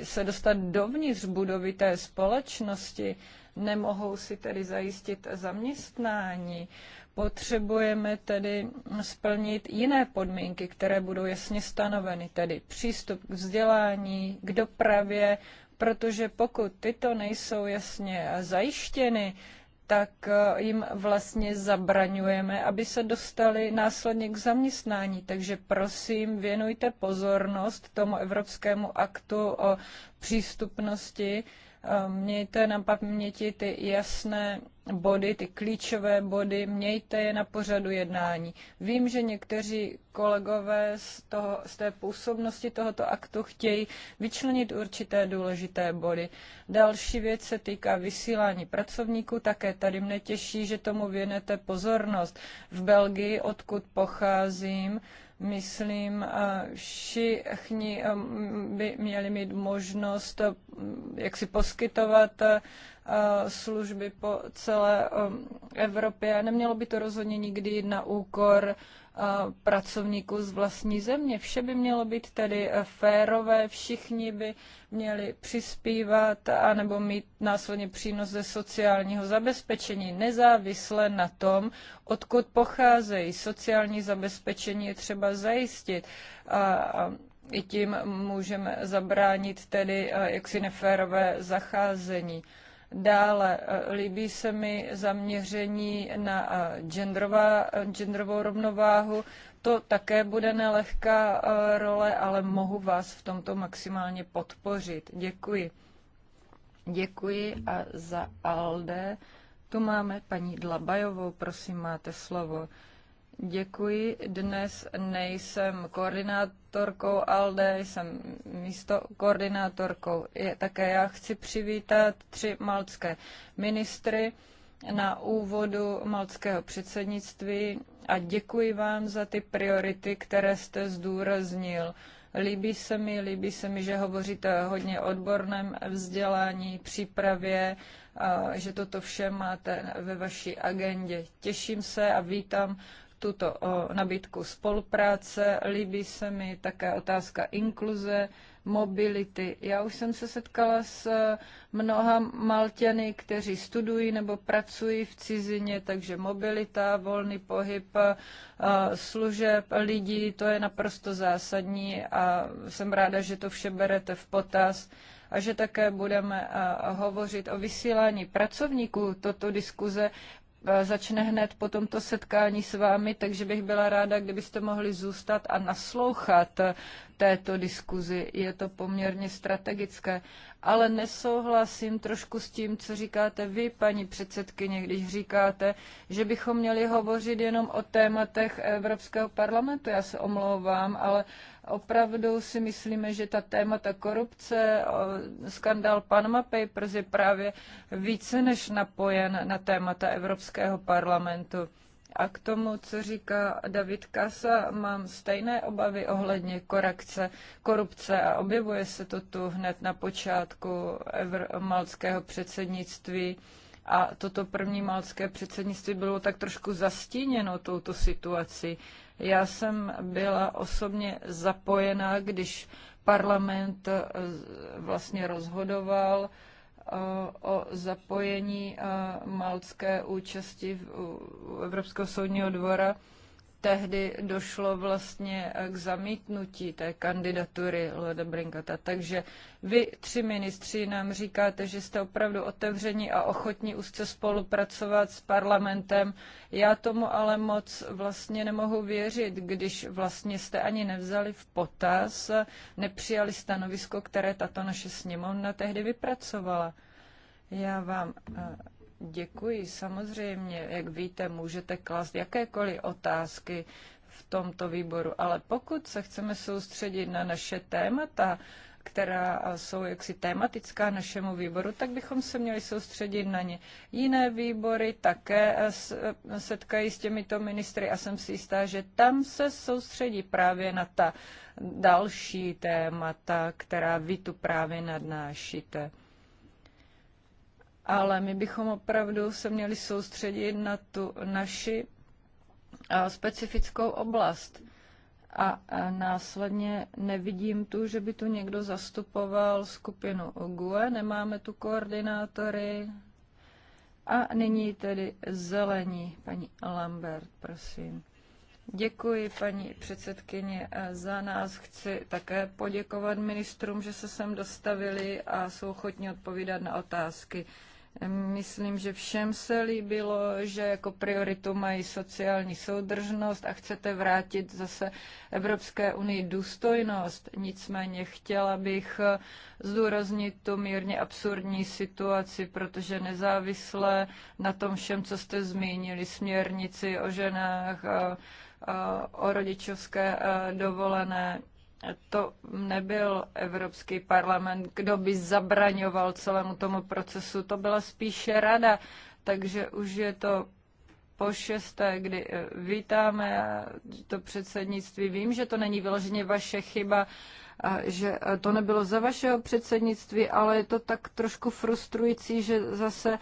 eh, se dostat dovnitř budovy té společnosti, nemohou si tedy zajistit zaměstnání, potřebujeme tedy splnit jiné podmínky, které budou jasně stanoveny, tedy přístup k vzdělání, k dopravě, protože pokud tyto nejsou jasně zajištěny, tak eh, jim vlastně zabraňujeme, aby se dostali následně k zaměstnání. Takže prosím, věnujte pozornost tomu Evropskému aktu o přístupnosti, eh, mějte na paměti ty jasné body, ty klíčové body, mějte je na pořadu jednání. Vím, že někteří kolegové z, toho, z té působnosti tohoto aktu chtějí vyčlenit určité důležité body. Další věc se týká vysílání pracovníků. Také tady mne těší, že tomu věnete pozornost. V Belgii, odkud pocházím, myslím, všichni um, by měli mít možnost um, jak si poskytovat Eh, služby po celé eh, Evropě. Nemělo by to rozhodně nikdy na úkor eh, pracovníků z vlastní země. Vše by mělo být tedy férové, všichni by měli přispívat anebo mít následně přínos ze sociálního zabezpečení, nezávisle na tom, odkud pocházejí. Sociální zabezpečení je třeba zajistit. A i tím můžeme zabránit tedy jaksi neférové zacházení. Dále eh, líbí se mi zaměření na eh, genderová, genderovou rovnováhu. To také bude nelehká eh, role, ale mohu vás v tomto maximálně podpořit. Děkuji. Děkuji a za ALDE. Tu máme paní Dlabajovou, prosím, máte slovo. Děkuji. Dnes nejsem koordinátorkou ALDE, jsem místo koordinátorkou. Je, také já chci přivítat tři maltské ministry na úvodu maltského předsednictví a děkuji vám za ty priority, které jste zdůraznil. Líbí se mi, líbí se mi, že hovoříte hodně odborném vzdělání, přípravě, že toto vše máte ve vaší agendě. Těším se a vítám tuto nabídku spolupráce. Líbí se mi také otázka inkluze, mobility. Já už jsem se setkala s e, mnoha Malťany, kteří studují nebo pracují v cizině, takže mobilita, volný pohyb e, služeb lidí, to je naprosto zásadní a jsem ráda, že to vše berete v potaz a že také budeme e, hovořit o vysílání pracovníků. Toto diskuze začne hned po tomto setkání s vámi, takže bych byla ráda, kdybyste mohli zůstat a naslouchat této diskuzi. Je to poměrně strategické ale nesouhlasím trošku s tím, co říkáte vy, paní předsedkyně, když říkáte, že bychom měli hovořit jenom o tématech Evropského parlamentu. Já se omlouvám, ale opravdu si myslíme, že ta témata korupce, skandál Panama Papers je právě více než napojen na témata Evropského parlamentu. A k tomu, co říká David Kasa, mám stejné obavy ohledně korekce, korupce a objevuje se to tu hned na počátku malckého předsednictví. A toto první malské předsednictví bylo tak trošku zastíněno touto situací. Já jsem byla osobně zapojená, když parlament eh, vlastně rozhodoval Eh, o zapojení eh, maltské účasti Evropského soudního dvora tehdy došlo vlastně k zamítnutí té kandidatury Leda Brinkata. Takže vy tři ministři nám říkáte, že jste opravdu otevření a ochotní úzce spolupracovat s parlamentem. Já tomu ale moc vlastně nemohu věřit, když vlastně jste ani nevzali v potaz, nepřijali stanovisko, které tato naše sněmovna tehdy vypracovala. Já vám eh, Děkuji. Samozřejmě, jak víte, můžete klást jakékoliv otázky v tomto výboru, ale pokud se chceme soustředit na naše témata, která jsou jaksi tématická našemu výboru, tak bychom se měli soustředit na ně. Jiné výbory také setkají s těmito ministry a jsem si jistá, že tam se soustředí právě na ta další témata, která vy tu právě nadnášíte ale my bychom opravdu se měli soustředit na tu naši specifickou oblast. A následně nevidím tu, že by tu někdo zastupoval skupinu GUE, nemáme tu koordinátory. A nyní tedy zelení, paní Lambert, prosím. Děkuji, paní předsedkyně. Za nás chci také poděkovat ministrům, že se sem dostavili a jsou ochotni odpovídat na otázky. Myslím, že všem se líbilo, že jako prioritu mají sociální soudržnost a chcete vrátit zase Evropské unii důstojnost. Nicméně chtěla bych zdůraznit tu mírně absurdní situaci, protože nezávisle na tom všem, co jste zmínili, směrnici o ženách, o rodičovské dovolené, to nebyl Evropský parlament, kdo by zabraňoval celému tomu procesu, to byla spíše rada. Takže už je to po šesté, kdy eh, vítáme to předsednictví. Vím, že to není vyloženě vaše chyba, že e, to nebylo za vašeho předsednictví, ale je to tak trošku frustrující, že zase e,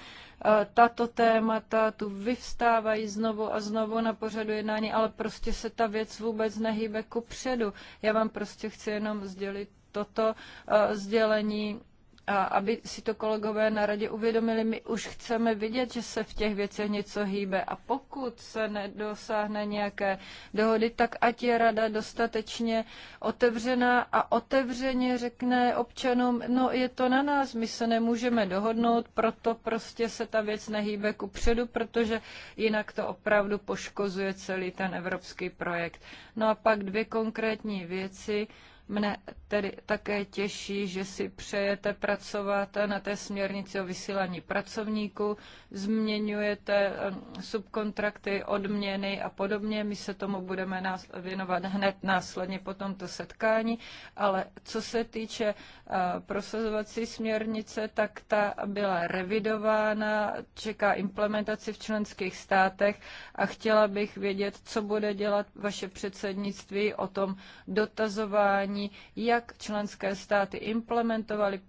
tato témata tu vyvstávají znovu a znovu na pořadu jednání, ale prostě se ta věc vůbec nehýbe ku předu. Já vám prostě chci jenom sdělit toto e, sdělení a aby si to kolegové na radě uvědomili, my už chceme vidět, že se v těch věcech něco hýbe. A pokud se nedosáhne nějaké dohody, tak ať je rada dostatečně otevřená a otevřeně řekne občanům, no je to na nás, my se nemůžeme dohodnout, proto prostě se ta věc nehýbe ku předu, protože jinak to opravdu poškozuje celý ten evropský projekt. No a pak dvě konkrétní věci Mne tedy také těší, že si přejete pracovat na té směrnici o vysílání pracovníků, změňujete eh, subkontrakty, odměny a podobně. My se tomu budeme věnovat hned následně po tomto setkání, ale co se týče eh, prosazovací směrnice, tak ta byla revidována, čeká implementaci v členských státech a chtěla bych vědět, co bude dělat vaše předsednictví o tom dotazování sledování, jak členské státy implementovaly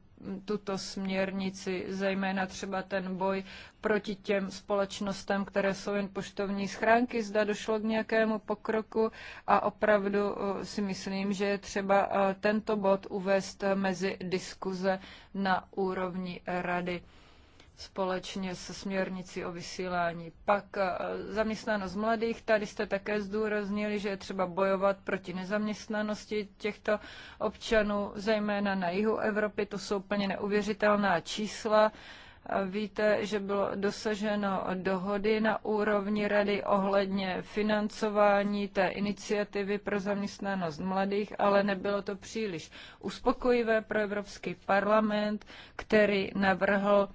tuto směrnici, zejména třeba ten boj proti těm společnostem, které jsou jen poštovní schránky, zda došlo k nějakému pokroku a opravdu uh, si myslím, že je třeba uh, tento bod uvést uh, mezi diskuze na úrovni rady společně se směrnicí o vysílání. Pak eh, zaměstnanost mladých, tady jste také zdůraznili, že je třeba bojovat proti nezaměstnanosti těchto občanů, zejména na jihu Evropy, to jsou úplně neuvěřitelná čísla. Víte, že bylo dosaženo dohody na úrovni rady ohledně financování té iniciativy pro zaměstnanost mladých, ale nebylo to příliš uspokojivé pro Evropský parlament, který navrhl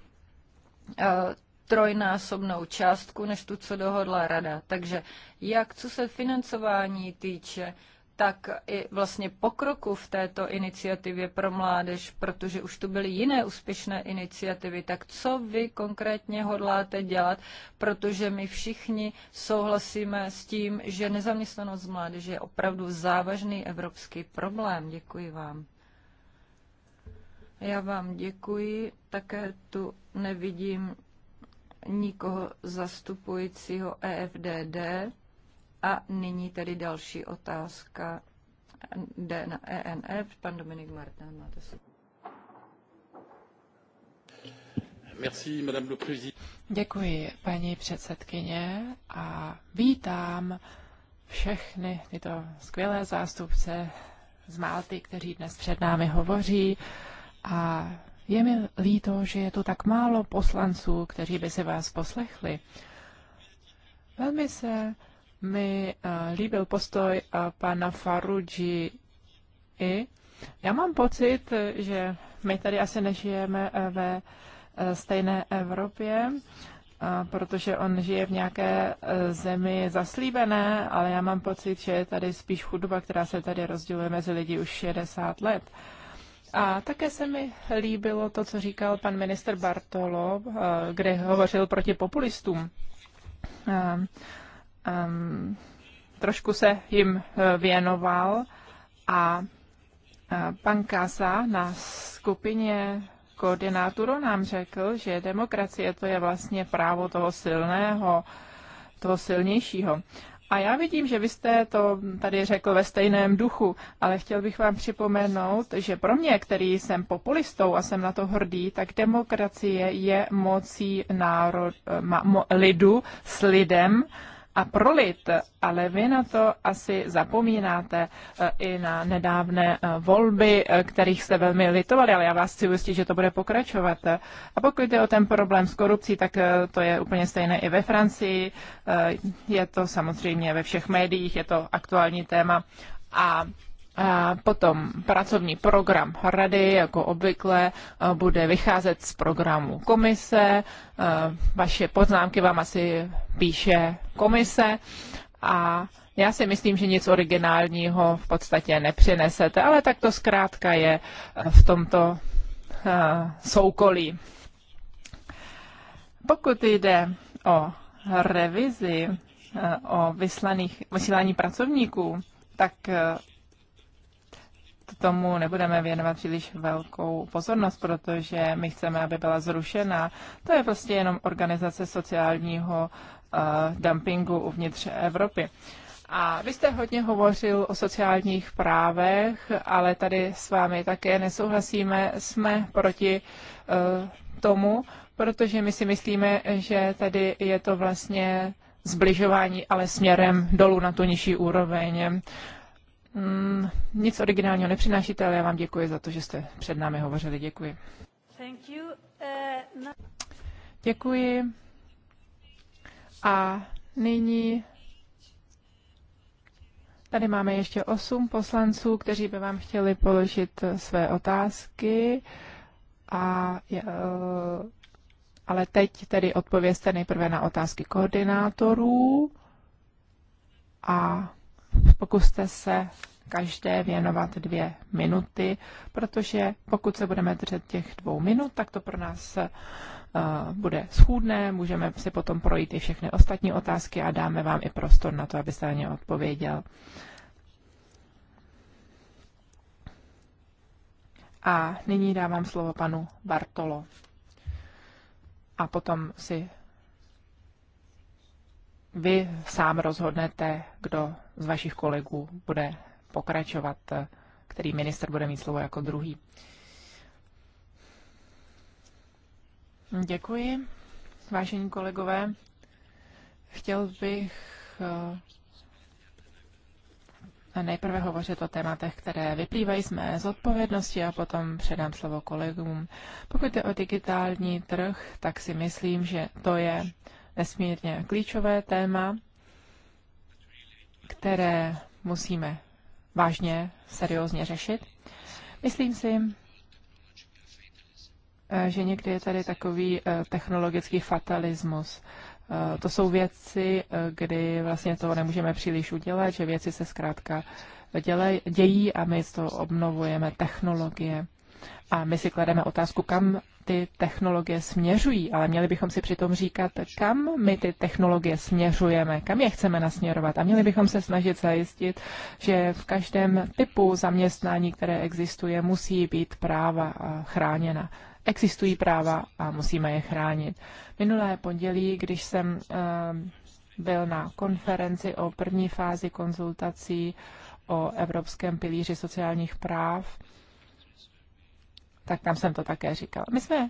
Eh, trojnásobnou částku než tu, co dohodla rada. Takže jak co se financování týče, tak i vlastně pokroku v této iniciativě pro mládež, protože už tu byly jiné úspěšné iniciativy, tak co vy konkrétně hodláte dělat, protože my všichni souhlasíme s tím, že nezaměstnanost mládeže je opravdu závažný evropský problém. Děkuji vám. Já vám děkuji. Také tu nevidím nikoho zastupujícího EFDD. A nyní tedy další otázka jde na ENF. Pan Dominik Martin, máte Président. Děkuji, paní předsedkyně, a vítám všechny tyto skvělé zástupce z Malty, kteří dnes před námi hovoří. A je mi líto, že je tu tak málo poslanců, kteří by se vás poslechli. Velmi se mi uh, líbil postoj uh, pana Faruji i. Já mám pocit, že my tady asi nežijeme eh, ve stejné Evropě, protože on žije v nějaké zemi zaslíbené, ale já mám pocit, že je tady spíš chudoba, která se tady rozděluje mezi lidi už 60 let. Uh, a také se mi líbilo to, co říkal pan minister Bartolo, eh, kde hovořil proti populistům. Ehm, ehm, trošku se jim eh, věnoval a eh, pan Kasa na skupině koordinátoru nám řekl, že demokracie to je vlastně právo toho silného, toho silnějšího. A já vidím, že vy jste to tady řekl ve stejném duchu, ale chtěl bych vám připomenout, že pro mě, který jsem populistou a jsem na to hrdý, tak demokracie je mocí národ, eh, ma, mo, lidu s lidem a prolit, ale vy na to asi zapomínáte eh, i na nedávné eh, volby, eh, kterých jste velmi litovali, ale já vás chci ujistit, že to bude pokračovat. A pokud jde o ten problém s korupcí, tak to je úplně stejné i ve Francii, je to samozřejmě ve všech médiích, je to aktuální téma. A a potom pracovní program rady, jako obvykle, e, bude vycházet z programu komise. E, vaše poznámky vám asi píše komise. A já si myslím, že nic originálního v podstatě nepřinesete, ale tak to zkrátka je e, v tomto soukolí. Pokud jde o revizi o vyslaných, vysílání pracovníků, tak tomu nebudeme věnovat příliš velkou pozornost, protože my chceme, aby byla zrušena. To je prostě jenom organizace sociálního uh, dumpingu uvnitř Evropy. A vy jste hodně hovořil o sociálních právech, ale tady s vámi také nesouhlasíme. Jsme proti uh, tomu, protože my si myslíme, že tady je to vlastně zbližování, ale směrem dolů na tu nižší úroveň mm, nic originálního nepřinášíte, ale já vám děkuji za to, že jste před námi hovořili. Děkuji. Thank you. Uh, Děkuji. A nyní tady máme ještě osm poslanců, kteří by vám chtěli položit eh, své otázky. A, eh, ale teď tedy odpovězte nejprve na otázky koordinátorů a pokuste se každé věnovat dvě minuty, protože pokud se budeme držet těch dvou minut, tak to pro nás eh, bude schůdné, můžeme si potom projít i všechny ostatní otázky a dáme vám i prostor na to, abyste na ně odpověděl. A nyní dávám slovo panu Bartolo. A potom si vy sám rozhodnete, kdo z vašich kolegů bude pokračovat, který minister bude mít slovo jako druhý. Děkuji, vážení kolegové. Chtěl bych eh, nejprve hovořit o tématech, které vyplývají z mé zodpovědnosti a potom předám slovo kolegům. Pokud je o digitální trh, tak si myslím, že to je nesmírně klíčové téma, které musíme vážně, seriózně řešit. Myslím si, eh, že někdy je tady takový eh, technologický fatalismus. Eh, to jsou věci, kdy vlastně toho nemůžeme příliš udělat, že věci se zkrátka dělej, dějí a my to obnovujeme technologie. A my si klademe otázku, kam ty technologie směřují, ale měli bychom si přitom říkat, kam my ty technologie směřujeme, kam je chceme nasměrovat. A měli bychom se snažit zajistit, že v každém typu zaměstnání, které existuje, musí být práva chráněna. Existují práva a musíme je chránit. Minulé pondělí, když jsem ehm, byl na konferenci o první fázi konzultací o Evropském pilíři sociálních práv, tak tam jsem to také říkala. My jsme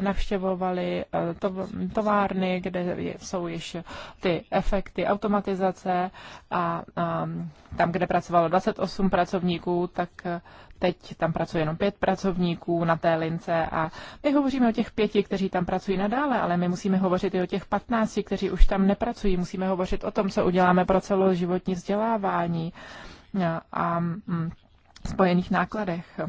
navštěvovali eh, továrny, kde jsou již ty efekty automatizace a ehm, tam, kde pracovalo 28 pracovníků, tak eh, teď tam pracuje jenom pět pracovníků na té lince a my hovoříme o těch pěti, kteří tam pracují nadále, ale my musíme hovořit i o těch patnácti, kteří už tam nepracují. Musíme hovořit o tom, co uděláme pro celoživotní vzdělávání eh, a mm, spojených nákladech.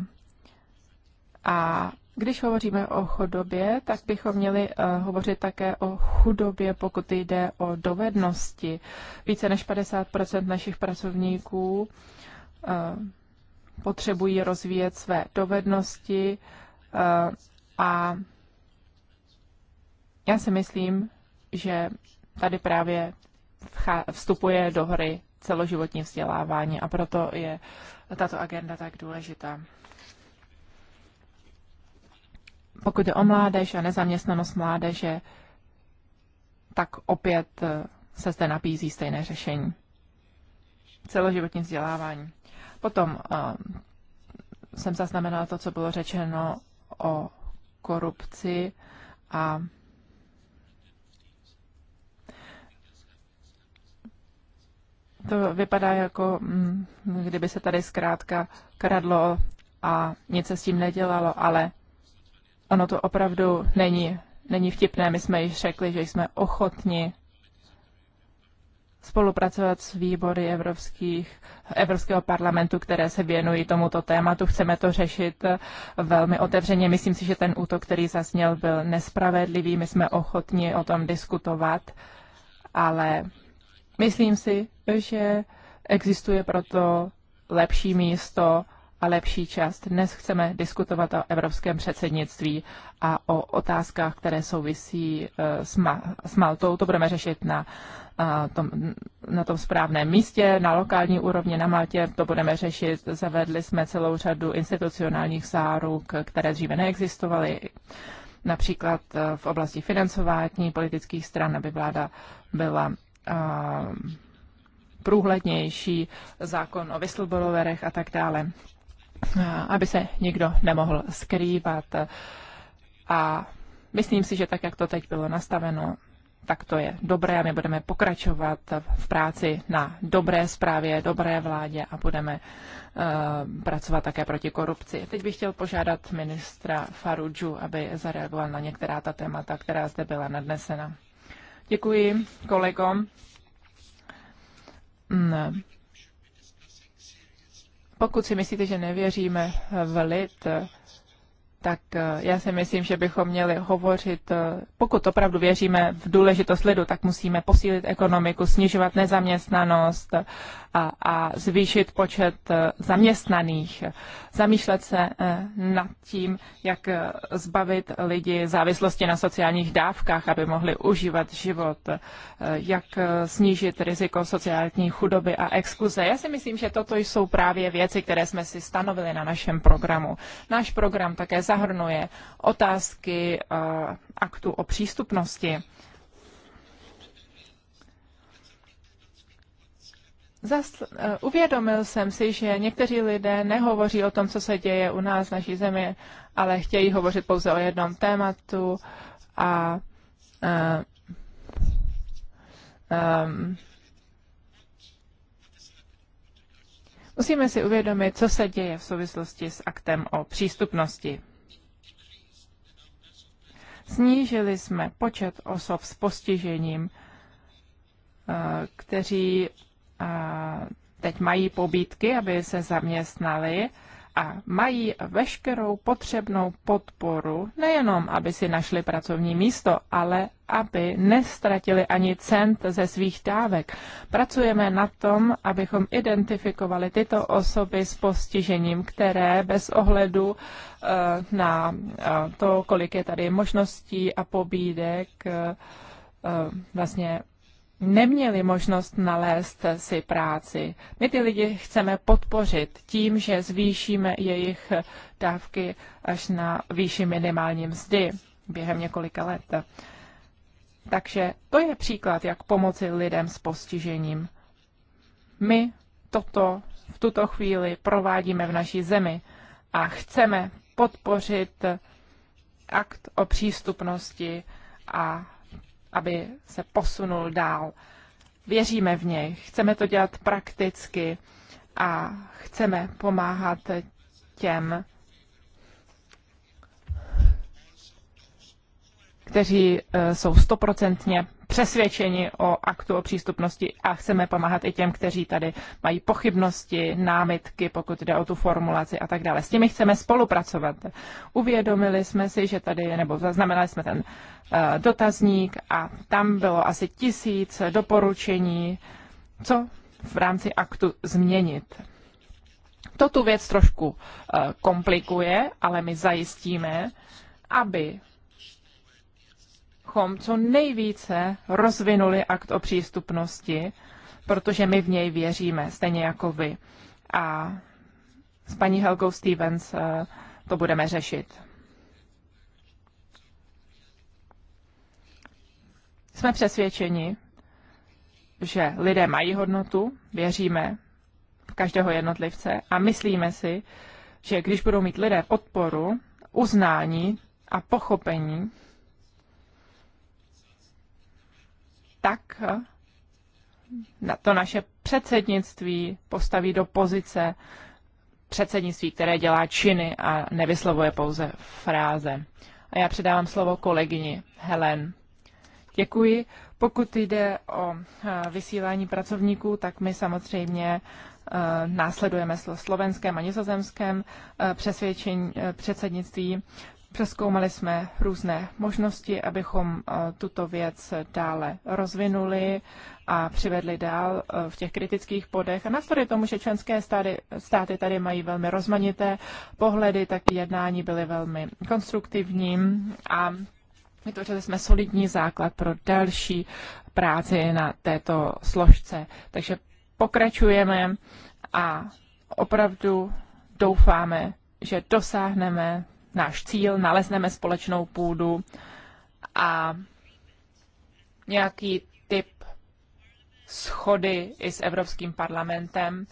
A když hovoříme o chudobě, tak bychom měli uh, hovořit také o chudobě, pokud jde o dovednosti. Více než 50 našich pracovníků uh, potřebují rozvíjet své dovednosti uh, a já si myslím, že tady právě vstupuje do hry celoživotní vzdělávání a proto je tato agenda tak důležitá. Pokud jde o mládež a nezaměstnanost mládeže, tak opět eh, se zde nabízí stejné řešení. Celoživotní vzdělávání. Potom uh, jsem zaznamenala to, co bylo řečeno o korupci a to vypadá jako, mm, kdyby se tady zkrátka kradlo a nic se s tím nedělalo, ale Ono to opravdu není, není vtipné. My jsme již řekli, že jsme ochotni spolupracovat s výbory evropských, Evropského parlamentu, které se věnují tomuto tématu. Chceme to řešit eh, velmi otevřeně. Myslím si, že ten útok, který zasněl, byl nespravedlivý. My jsme ochotni o tom diskutovat, ale myslím si, že existuje proto lepší místo a lepší čas. Dnes chceme diskutovat o evropském předsednictví a o otázkách, které souvisí eh, s, ma- s Maltou. To budeme řešit na eh, tom, na tom správném místě, na lokální úrovni, na Maltě. To budeme řešit. Zavedli jsme celou řadu institucionálních záruk, které dříve neexistovaly například eh, v oblasti financování politických stran, aby vláda byla průhlednější, zákon o whistleblowerech a tak dále aby se nikdo nemohl skrývat. A myslím si, že tak, jak to teď bylo nastaveno, tak to je dobré a my budeme pokračovat v práci na dobré zprávě, dobré vládě a budeme uh, pracovat také proti korupci. Teď bych chtěl požádat ministra Faruju, aby zareagoval na některá ta témata, která zde byla nadnesena. Děkuji kolegom. Mm pokud si myslíte, že nevěříme v lid, tak eh, já si myslím, že bychom měli hovořit, eh, pokud opravdu věříme v důležitost lidu, tak musíme posílit ekonomiku, snižovat nezaměstnanost eh, a, a zvýšit počet zaměstnaných. Zamýšlet se nad tím, jak zbavit lidi závislosti na sociálních dávkách, aby mohli užívat život, jak snížit riziko sociální chudoby a exkluze. Já si myslím, že toto jsou právě věci, které jsme si stanovili na našem programu. Náš program také zahrnuje otázky eh, aktu o přístupnosti. Zas, eh, uvědomil jsem si, že někteří lidé nehovoří o tom, co se děje u nás v naší zemi, ale chtějí hovořit pouze o jednom tématu a um, musíme si uvědomit, co se děje v souvislosti s aktem o přístupnosti. Snížili jsme počet osob s postižením, eh, kteří eh, teď mají pobídky, aby se zaměstnali a mají veškerou potřebnou podporu, nejenom aby si našli pracovní místo, ale aby nestratili ani cent ze svých dávek. Pracujeme na tom, abychom identifikovali tyto osoby s postižením, které bez ohledu eh, na eh, to, kolik je tady možností a pobídek, eh, vlastně neměli možnost nalézt si práci. My ty lidi chceme podpořit tím, že zvýšíme jejich dávky až na výši minimální mzdy během několika let. Takže to je příklad, jak pomoci lidem s postižením. My toto v tuto chvíli provádíme v naší zemi a chceme podpořit akt o přístupnosti a aby se posunul dál. Věříme v něj, chceme to dělat prakticky a chceme pomáhat těm, kteří eh, jsou stoprocentně přesvědčeni o aktu o přístupnosti a chceme pomáhat i těm, kteří tady mají pochybnosti, námitky, pokud jde o tu formulaci a tak dále. S těmi chceme spolupracovat. Uvědomili jsme si, že tady, nebo zaznamenali jsme ten eh, dotazník a tam bylo asi tisíc doporučení, co v rámci aktu změnit. To tu věc trošku eh, komplikuje, ale my zajistíme, aby abychom co nejvíce rozvinuli akt o přístupnosti, protože my v něj věříme, stejně jako vy. A s paní Helgou Stevens eh, to budeme řešit. Jsme přesvědčeni, že lidé mají hodnotu, věříme v každého jednotlivce a myslíme si, že když budou mít lidé podporu, uznání a pochopení, tak na to naše předsednictví postaví do pozice předsednictví, které dělá činy a nevyslovuje pouze fráze. A já předávám slovo kolegyni Helen. Děkuji. Pokud jde o eh, vysílání pracovníků, tak my samozřejmě eh, následujeme slovenském a nizozemském eh, přesvědčení předsednictví. Přeskoumali jsme různé možnosti, abychom eh, tuto věc dále rozvinuli a přivedli dál eh, v těch kritických podech. A navzdory tomu, že členské státy, státy tady mají velmi rozmanité pohledy, tak jednání byly velmi konstruktivní a vytvořili jsme solidní základ pro další práci na této složce. Takže pokračujeme a opravdu doufáme, že dosáhneme náš cíl, nalezneme společnou půdu a nějaký typ schody i s Evropským parlamentem.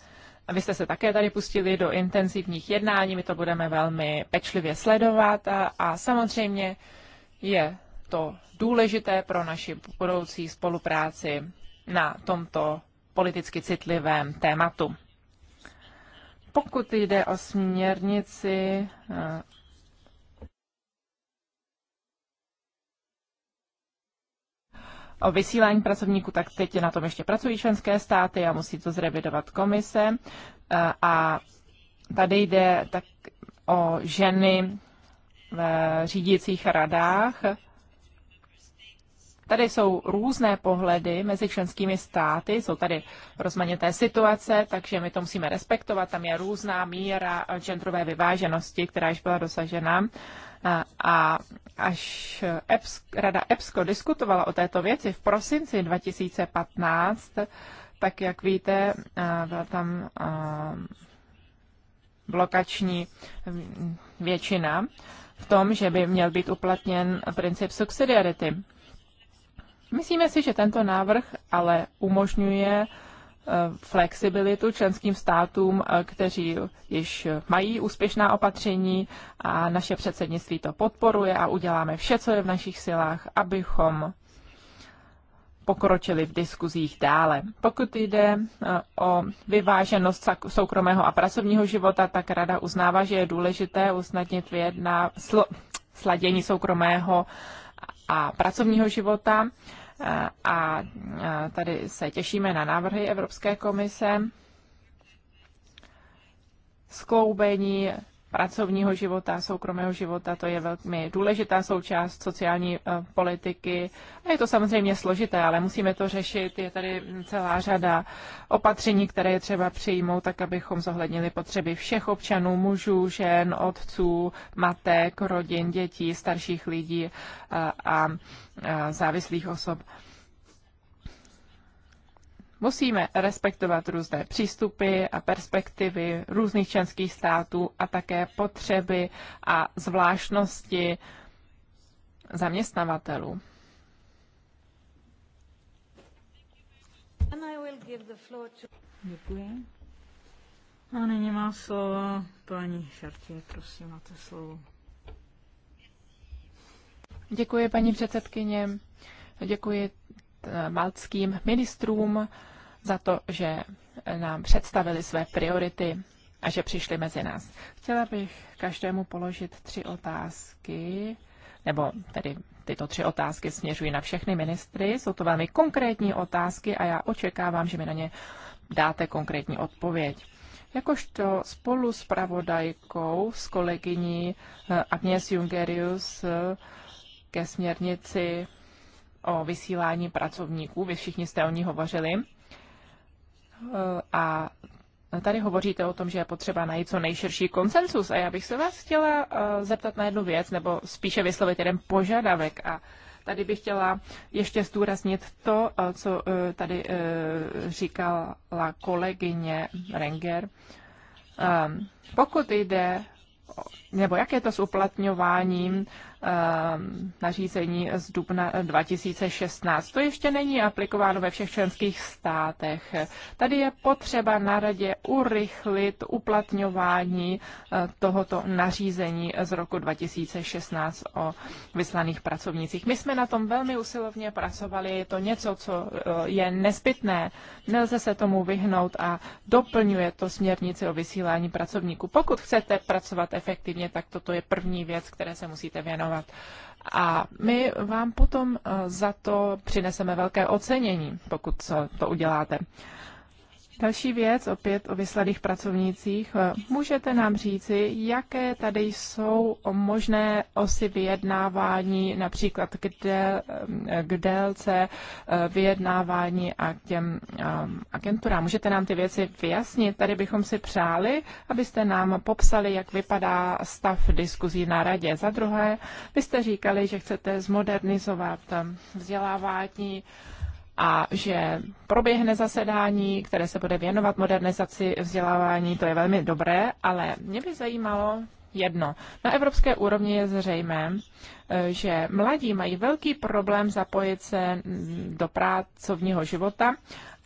A vy jste se také tady pustili do intenzivních jednání, my to budeme velmi pečlivě sledovat a, a samozřejmě je to důležité pro naši budoucí spolupráci na tomto politicky citlivém tématu. Pokud jde o směrnici eh, o vysílání pracovníků, tak teď na tom ještě pracují členské státy a musí to zrevidovat komise. Eh, a tady jde tak o ženy v řídících radách. Tady jsou různé pohledy mezi členskými státy, jsou tady rozmanité situace, takže my to musíme respektovat. Tam je různá míra genderové vyváženosti, která již byla dosažena. A až Rada EPSCO diskutovala o této věci v prosinci 2015, tak jak víte, byla tam blokační většina v tom, že by měl být uplatněn princip subsidiarity. Myslíme si, že tento návrh ale umožňuje flexibilitu členským státům, eh, kteří již mají úspěšná opatření a naše předsednictví to podporuje a uděláme vše, co je v našich silách, abychom pokročili v diskuzích dále. Pokud jde eh, o vyváženost soukromého a pracovního života, tak Rada uznává, že je důležité usnadnit vyjedná sl- sladění soukromého a pracovního života a tady se těšíme na návrhy Evropské komise skloubení pracovního života, soukromého života. To je velmi důležitá součást sociální eh, politiky. A je to samozřejmě složité, ale musíme to řešit. Je tady celá řada opatření, které je třeba přijmout, tak abychom zohlednili potřeby všech občanů, mužů, žen, otců, matek, rodin, dětí, starších lidí eh, a eh, závislých osob. Musíme respektovat různé přístupy a perspektivy různých členských států a také potřeby a zvláštnosti zaměstnavatelů. Děkuji. A nyní má slovo paní Šartě, prosím, máte slovo. Děkuji, paní předsedkyně. Děkuji maltským ministrům za to, že nám představili své priority a že přišli mezi nás. Chtěla bych každému položit tři otázky, nebo tedy tyto tři otázky směřují na všechny ministry. Jsou to velmi konkrétní otázky a já očekávám, že mi na ně dáte konkrétní odpověď. Jakožto spolu s pravodajkou, s kolegyní eh, Agnes Jungerius eh, ke směrnici o vysílání pracovníků, vy všichni jste o ní hovořili. A tady hovoříte o tom, že je potřeba najít co nejširší konsensus. A já bych se vás chtěla eh, zeptat na jednu věc, nebo spíše vyslovit jeden požadavek. A tady bych chtěla ještě zdůraznit to, eh, co eh, tady říkala kolegyně Renger. Ehm, pokud jde nebo jak je to s uplatňováním ehm, nařízení z dubna 2016. To ještě není aplikováno ve všech členských státech. Tady je potřeba na radě urychlit uplatňování eh, tohoto nařízení z roku 2016 o vyslaných pracovnicích. My jsme na tom velmi usilovně pracovali, je to něco, co eh, je nezbytné, nelze se tomu vyhnout a doplňuje to směrnici o vysílání pracovníků. Pokud chcete pracovat efektivně, tak toto je první věc, které se musíte věnovat. A my vám potom eh, za to přineseme velké ocenění, pokud to uděláte. Další věc, opět o vyslaných pracovnících. Můžete nám říci, jaké tady jsou možné osy vyjednávání, například k, del, k délce eh, vyjednávání a k těm eh, agenturám? Můžete nám ty věci vyjasnit? Tady bychom si přáli, abyste nám popsali, jak vypadá stav diskuzí na radě. Za druhé, vy jste říkali, že chcete zmodernizovat eh, vzdělávání a že proběhne zasedání, které se bude věnovat modernizaci vzdělávání, to je velmi dobré, ale mě by zajímalo jedno. Na evropské úrovni je zřejmé, eh, že mladí mají velký problém zapojit se mm, do pracovního života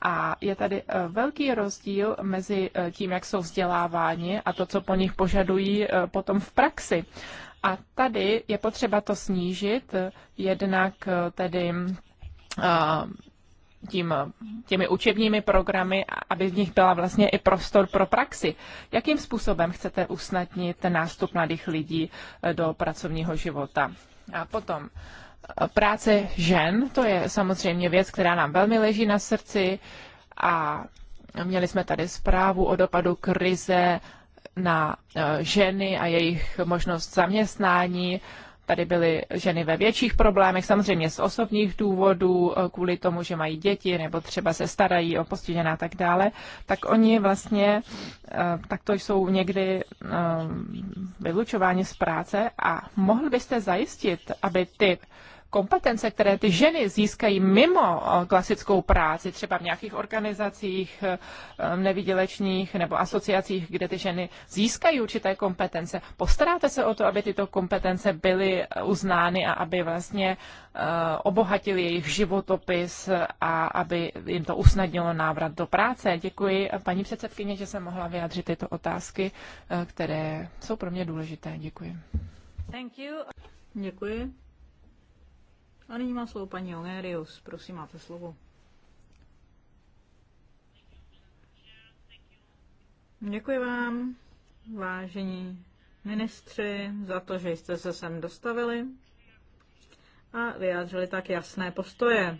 a je tady eh, velký rozdíl mezi eh, tím, jak jsou vzděláváni a to, co po nich požadují potom v praxi. A tady je potřeba to snížit, jednak tedy tím, těmi učebními programy, aby v nich byla vlastně i prostor pro praxi. Jakým způsobem chcete usnadnit nástup mladých lidí eh, do pracovního života? A potom eh, práce žen, to je samozřejmě věc, která nám velmi leží na srdci a měli jsme tady zprávu o dopadu krize na eh, ženy a jejich možnost zaměstnání tady byly ženy ve větších problémech, samozřejmě z osobních důvodů, eh, kvůli tomu, že mají děti nebo třeba se starají o postižená a tak dále, tak oni vlastně eh, takto jsou někdy eh, vylučováni z práce a mohl byste zajistit, aby ty kompetence, které ty ženy získají mimo eh, klasickou práci, třeba v nějakých organizacích eh, nevydělečných nebo asociacích, kde ty ženy získají určité kompetence, postaráte se o to, aby tyto kompetence byly eh, uznány a aby vlastně obohatili jejich životopis a aby jim to usnadnilo návrat do práce. Děkuji paní předsedkyně, že jsem mohla vyjádřit tyto otázky, které jsou pro mě důležité. Děkuji. Thank you. Děkuji. A nyní má slovo paní Onerius. Prosím, máte slovo. Děkuji vám, vážení ministři, za to, že jste se sem dostavili a vyjádřili tak jasné postoje.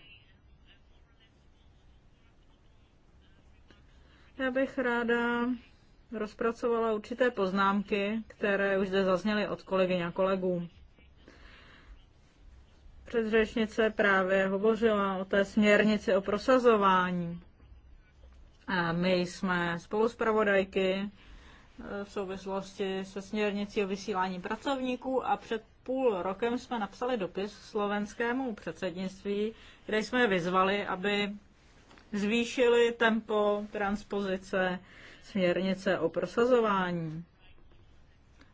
Já bych ráda rozpracovala určité poznámky, které už zde zazněly od kolegyň a kolegů předřečnice právě hovořila o té směrnici o prosazování. A my jsme spoluspravodajky e, v souvislosti se směrnicí o vysílání pracovníků a před půl rokem jsme napsali dopis slovenskému předsednictví, kde jsme vyzvali, aby zvýšili tempo transpozice směrnice o prosazování.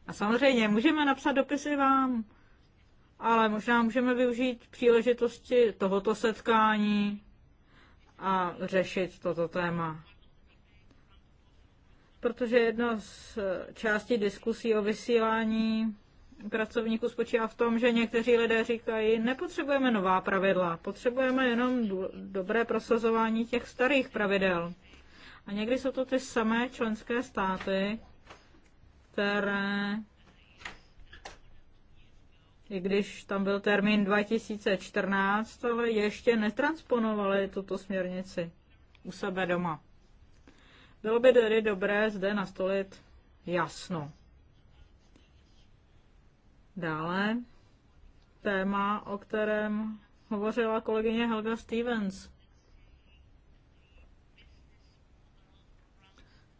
A samozřejmě můžeme napsat dopisy vám, ale možná můžeme využít příležitosti tohoto setkání a řešit toto téma. Protože jedna z částí diskusí o vysílání pracovníků spočívá v tom, že někteří lidé říkají, nepotřebujeme nová pravidla, potřebujeme jenom dobré prosazování těch starých pravidel. A někdy jsou to ty samé členské státy, které i když tam byl termín 2014, ale ještě netransponovali tuto směrnici u sebe doma. Bylo by tedy dobré zde nastolit jasno. Dále téma, o kterém hovořila kolegyně Helga Stevens.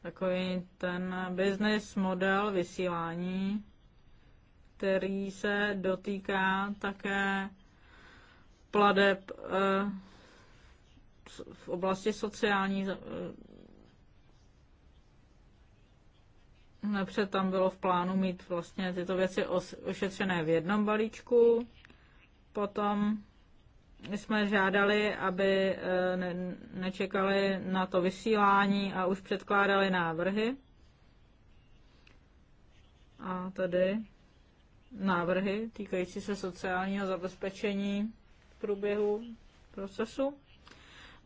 Takový ten business model vysílání který se dotýká také pladeb eh, v oblasti sociální. Nepřed eh, tam bylo v plánu mít vlastně tyto věci ošetřené v jednom balíčku. Potom jsme žádali, aby eh, nečekali na to vysílání a už předkládali návrhy. A tady návrhy týkající se sociálního zabezpečení v průběhu procesu.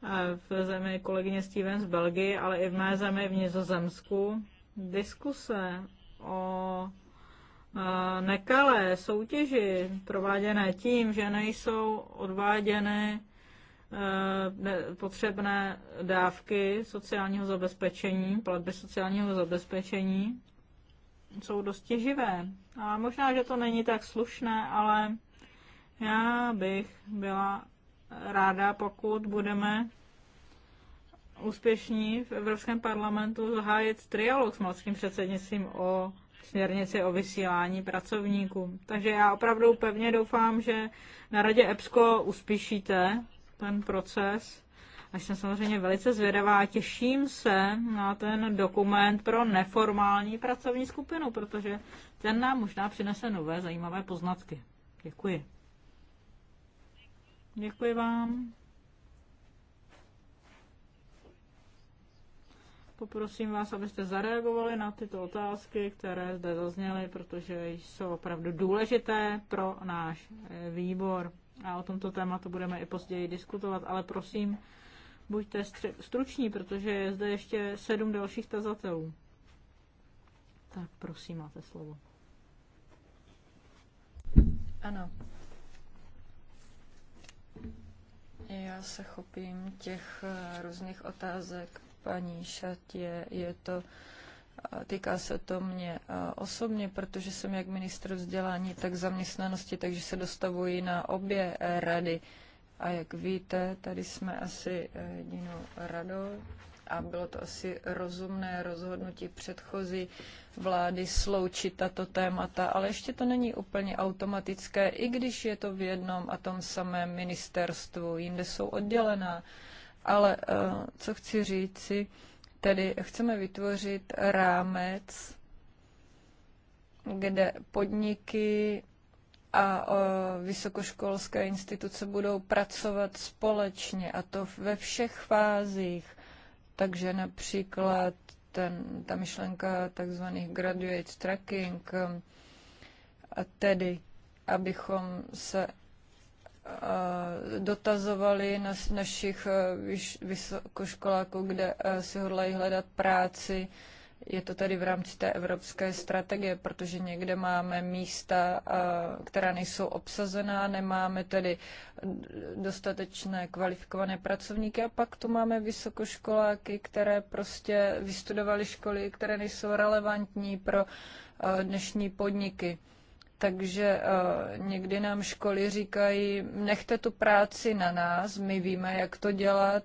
Eh, v zemi kolegyně Steven z Belgii, ale i v mé zemi v Nizozemsku diskuse o eh, nekalé soutěži prováděné tím, že nejsou odváděny eh, potřebné dávky sociálního zabezpečení, platby sociálního zabezpečení, jsou dosti živé. A možná, že to není tak slušné, ale já bych byla ráda, pokud budeme úspěšní v Evropském parlamentu zahájit trialog s malským předsednictvím o směrnici o vysílání pracovníků. Takže já opravdu pevně doufám, že na radě EPSCO uspěšíte ten proces a jsem samozřejmě velice zvědavá a těším se na ten dokument pro neformální pracovní skupinu, protože ten nám možná přinese nové zajímavé poznatky. Děkuji. Děkuji vám. Poprosím vás, abyste zareagovali na tyto otázky, které zde zazněly, protože jsou opravdu důležité pro náš eh, výbor. A o tomto tématu budeme i později diskutovat, ale prosím, Buďte struční, protože je zde ještě sedm dalších tazatelů. Tak prosím, máte slovo. Ano. Já se chopím těch eh, různých otázek paní Šatě. Je to, eh, týká se to mě eh, osobně, protože jsem jak ministr vzdělání, tak zaměstnanosti, takže se dostavuji na obě rady. A jak víte, tady jsme asi eh, jedinou radou a bylo to asi rozumné rozhodnutí předchozí vlády sloučit tato témata, ale ještě to není úplně automatické, i když je to v jednom a tom samém ministerstvu, jinde jsou oddělená. Ale eh, co chci říci, tedy chceme vytvořit rámec, kde podniky a vysokoškolské instituce budou pracovat společně a to ve všech fázích. Takže například ten, ta myšlenka tzv. graduate tracking, a tedy abychom se dotazovali na našich vysokoškoláků, kde si hodlají hledat práci, je to tedy v rámci té evropské strategie, protože někde máme místa, která nejsou obsazená, nemáme tedy dostatečné kvalifikované pracovníky a pak tu máme vysokoškoláky, které prostě vystudovali školy, které nejsou relevantní pro dnešní podniky. Takže někdy nám školy říkají, nechte tu práci na nás, my víme, jak to dělat,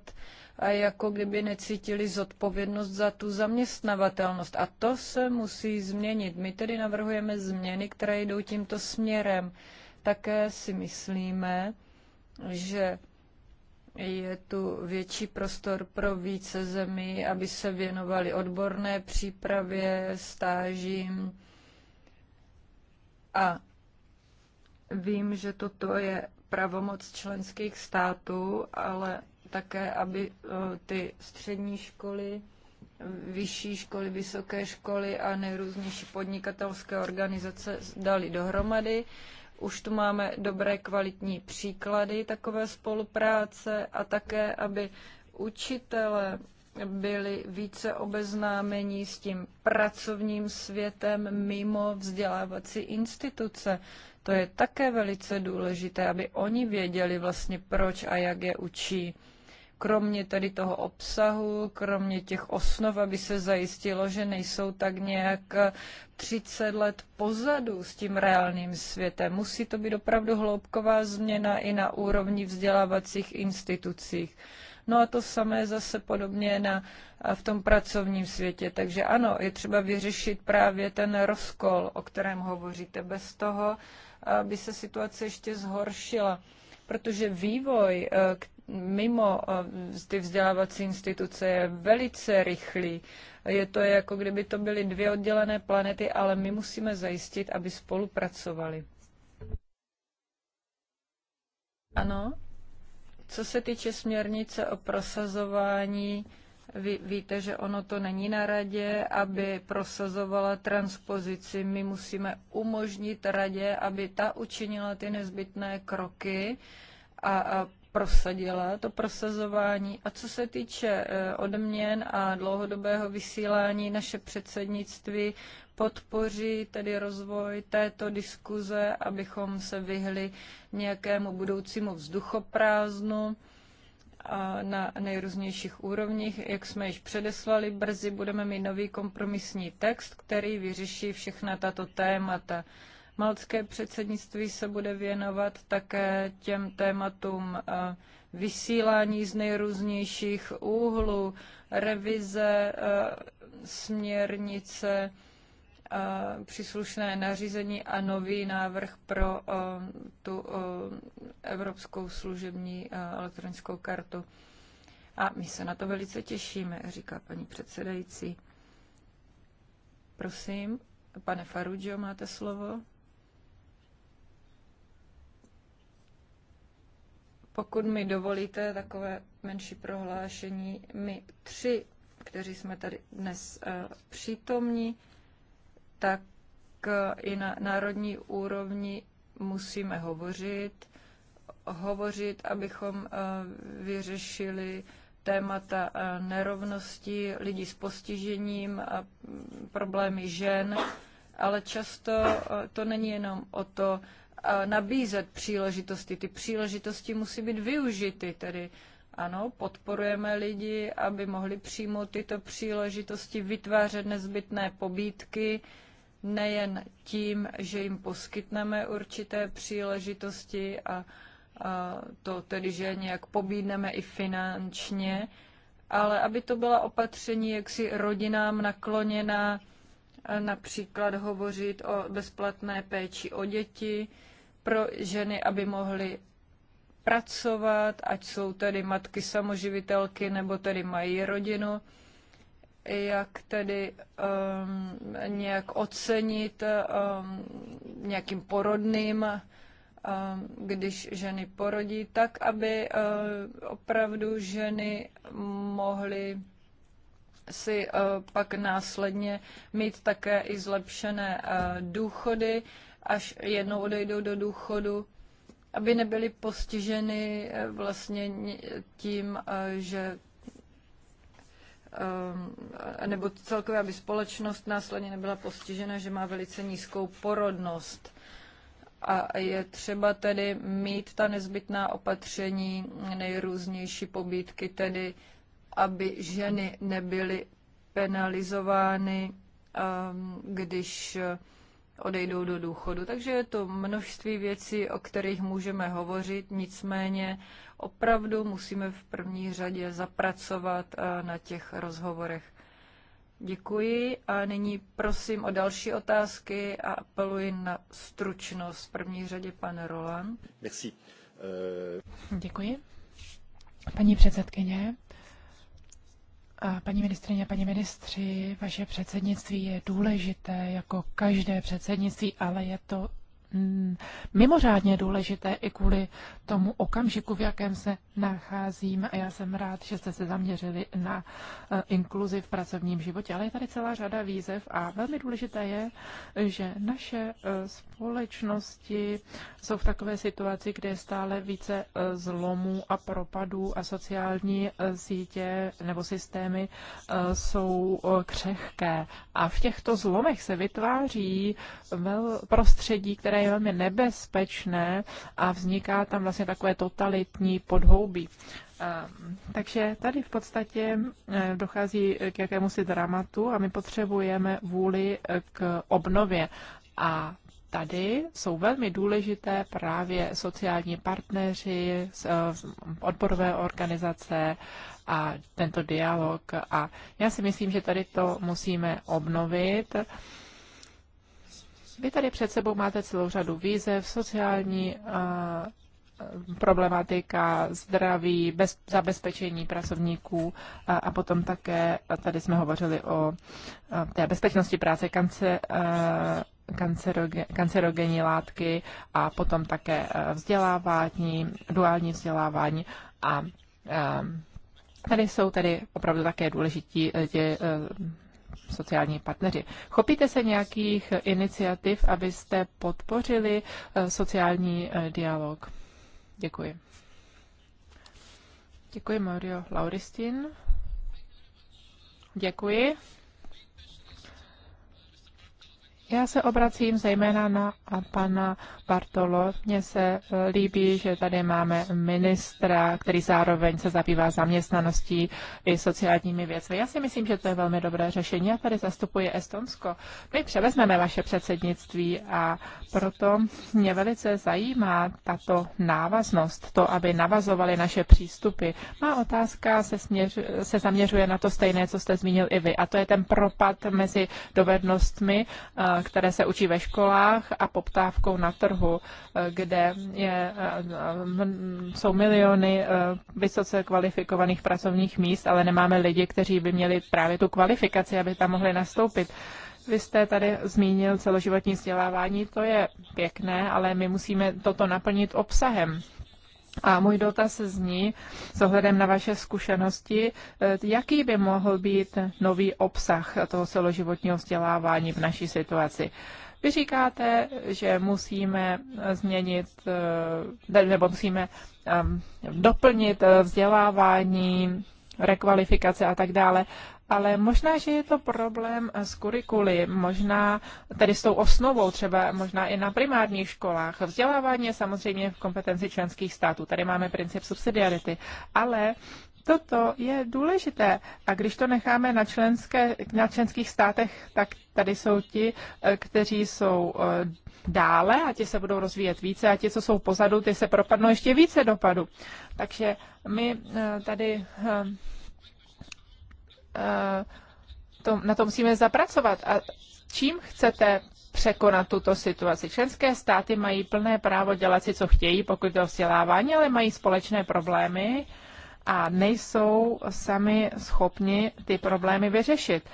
jako kdyby necítili zodpovědnost za tu zaměstnavatelnost. A to se musí změnit. My tedy navrhujeme změny, které jdou tímto směrem. Také si myslíme, že je tu větší prostor pro více zemí, aby se věnovali odborné přípravě, stážím. A vím, že toto je pravomoc členských států, ale také, aby eh, ty střední školy, vyšší školy, vysoké školy a nejrůznější podnikatelské organizace dali dohromady. Už tu máme dobré kvalitní příklady takové spolupráce a také, aby učitele byli více obeznámeni s tím pracovním světem mimo vzdělávací instituce. To je také velice důležité, aby oni věděli vlastně proč a jak je učí kromě tady toho obsahu, kromě těch osnov, aby se zajistilo, že nejsou tak nějak 30 let pozadu s tím reálným světem. Musí to být opravdu hloubková změna i na úrovni vzdělávacích institucích. No a to samé zase podobně na, v tom pracovním světě. Takže ano, je třeba vyřešit právě ten rozkol, o kterém hovoříte. Bez toho by se situace ještě zhoršila, protože vývoj, který eh, mimo ty vzdělávací instituce je velice rychlý. Je to jako kdyby to byly dvě oddělené planety, ale my musíme zajistit, aby spolupracovali. Ano. Co se týče směrnice o prosazování, vy víte, že ono to není na radě, aby prosazovala transpozici. My musíme umožnit radě, aby ta učinila ty nezbytné kroky a, a prosadila to prosazování. A co se týče eh, odměn a dlouhodobého vysílání, naše předsednictví podpoří tedy rozvoj této diskuze, abychom se vyhli nějakému budoucímu vzduchoprázdnu na nejrůznějších úrovních. Jak jsme již předeslali, brzy budeme mít nový kompromisní text, který vyřeší všechna tato témata. Maltské předsednictví se bude věnovat také těm tématům eh, vysílání z nejrůznějších úhlů, revize eh, směrnice, eh, příslušné nařízení a nový návrh pro tu evropskou služební elektronickou kartu. A my se na to velice těšíme, říká paní předsedající. Prosím, pane Farudžo, máte slovo. Pokud mi dovolíte takové menší prohlášení, my tři, kteří jsme tady dnes eh, přítomní, tak eh, i na národní úrovni musíme hovořit, hovořit, abychom eh, vyřešili témata nerovnosti lidí s postižením a mm, problémy žen, ale často to není jenom o to, nabízet příležitosti. Ty příležitosti musí být využity, tedy ano, podporujeme lidi, aby mohli přijmout tyto příležitosti, vytvářet nezbytné pobídky, nejen tím, že jim poskytneme určité příležitosti a, a to tedy, že nějak pobídneme i finančně, ale aby to byla opatření jaksi rodinám nakloněná, například hovořit o bezplatné péči o děti, pro ženy, aby mohly pracovat, ať jsou tedy matky samoživitelky nebo tedy mají rodinu, jak tedy um, nějak ocenit um, nějakým porodným, um, když ženy porodí, tak aby uh, opravdu ženy mohly si uh, pak následně mít také i zlepšené uh, důchody, až jednou odejdou do důchodu, aby nebyly postiženy eh, vlastně tím, eh, že ehm, nebo celkově, aby společnost následně nebyla postižena, že má velice nízkou porodnost. A je třeba tedy mít ta nezbytná opatření, nejrůznější pobídky, tedy aby ženy nebyly penalizovány, ehm, když odejdou do důchodu. Takže je to množství věcí, o kterých můžeme hovořit, nicméně opravdu musíme v první řadě zapracovat eh, na těch rozhovorech. Děkuji a nyní prosím o další otázky a apeluji na stručnost. V první řadě pan Roland. Merci. Eh. Děkuji. Paní předsedkyně, Paní ministrině, paní ministři, vaše předsednictví je důležité jako každé předsednictví, ale je to Mm, mimořádně důležité i kvůli tomu okamžiku, v jakém se nacházím, A já jsem rád, že jste se zaměřili na eh, inkluzi v pracovním životě. Ale je tady celá řada výzev a velmi důležité je, že naše eh, společnosti jsou v takové situaci, kde je stále více eh, zlomů a propadů a sociální sítě nebo systémy jsou křehké. A v těchto zlomech se vytváří prostředí, které je velmi nebezpečné a vzniká tam vlastně takové totalitní podhoubí. Takže tady v podstatě e, dochází k jakémusi dramatu a my potřebujeme vůli k obnově. A tady jsou velmi důležité právě sociální partneři, e, odborové organizace a tento dialog. A já si myslím, že tady to musíme obnovit vy tady před sebou máte celou řadu výzev, sociální a problematika zdraví, bez, zabezpečení pracovníků a, a potom také, a tady jsme hovořili o a, té bezpečnosti práce kance, a, kancerogenní látky a potom také vzdělávání, duální vzdělávání a, a Tady jsou tady opravdu také důležití e, tě, e, sociální partneři. Chopíte se nějakých iniciativ, abyste podpořili eh, sociální eh, dialog? Děkuji. Děkuji, Mario Lauristin. Děkuji. Já se obracím zejména na pana Bartolo. Mně se eh, líbí, že tady máme ministra, který zároveň se zabývá zaměstnaností i sociálními věcmi. Já si myslím, že to je velmi dobré řešení. Já tady zastupuji Estonsko. My převezmeme vaše předsednictví a proto mě velice zajímá tato návaznost, to, aby navazovali naše přístupy. Má otázka se, směř, se zaměřuje na to stejné, co jste zmínil i vy, a to je ten propad mezi dovednostmi eh, které se učí ve školách a poptávkou na trhu, kde je, eh, jsou miliony eh, vysoce kvalifikovaných pracovních míst, ale nemáme lidi, kteří by měli právě tu kvalifikaci, aby tam mohli nastoupit. Vy jste tady zmínil celoživotní vzdělávání, to je pěkné, ale my musíme toto naplnit obsahem. A můj dotaz zní, s ohledem na vaše zkušenosti, eh, jaký by mohl být nový obsah toho celoživotního vzdělávání v naší situaci? Vy říkáte, že musíme změnit, eh, nebo musíme ehm, doplnit eh, vzdělávání, rekvalifikace a tak dále ale možná, že je to problém eh, s kurikuly, možná tedy s tou osnovou, třeba možná i na primárních školách. Vzdělávání je samozřejmě v kompetenci členských států, tady máme princip subsidiarity, ale Toto je důležité a když to necháme na, členské, na členských státech, tak tady jsou ti, eh, kteří jsou eh, dále a ti se budou rozvíjet více a ti, co jsou pozadu, ty se propadnou ještě více dopadu. Takže my tady Eh, to, na to musíme zapracovat. A čím chcete překonat tuto situaci? Členské státy mají plné právo dělat si, co chtějí, pokud jde o vzdělávání, ale mají společné problémy a nejsou sami schopni ty problémy vyřešit.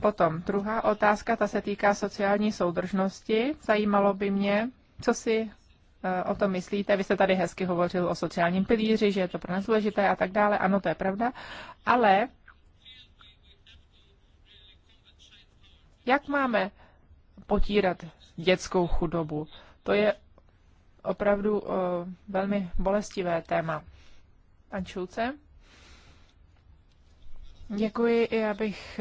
Potom druhá otázka, ta se týká sociální soudržnosti. Zajímalo by mě, co si eh, o tom myslíte. Vy jste tady hezky hovořil o sociálním pilíři, že je to pro nás důležité a tak dále. Ano, to je pravda. Ale Jak máme potírat dětskou chudobu? To je opravdu uh, velmi bolestivé téma. Pan Šulce? Děkuji, já bych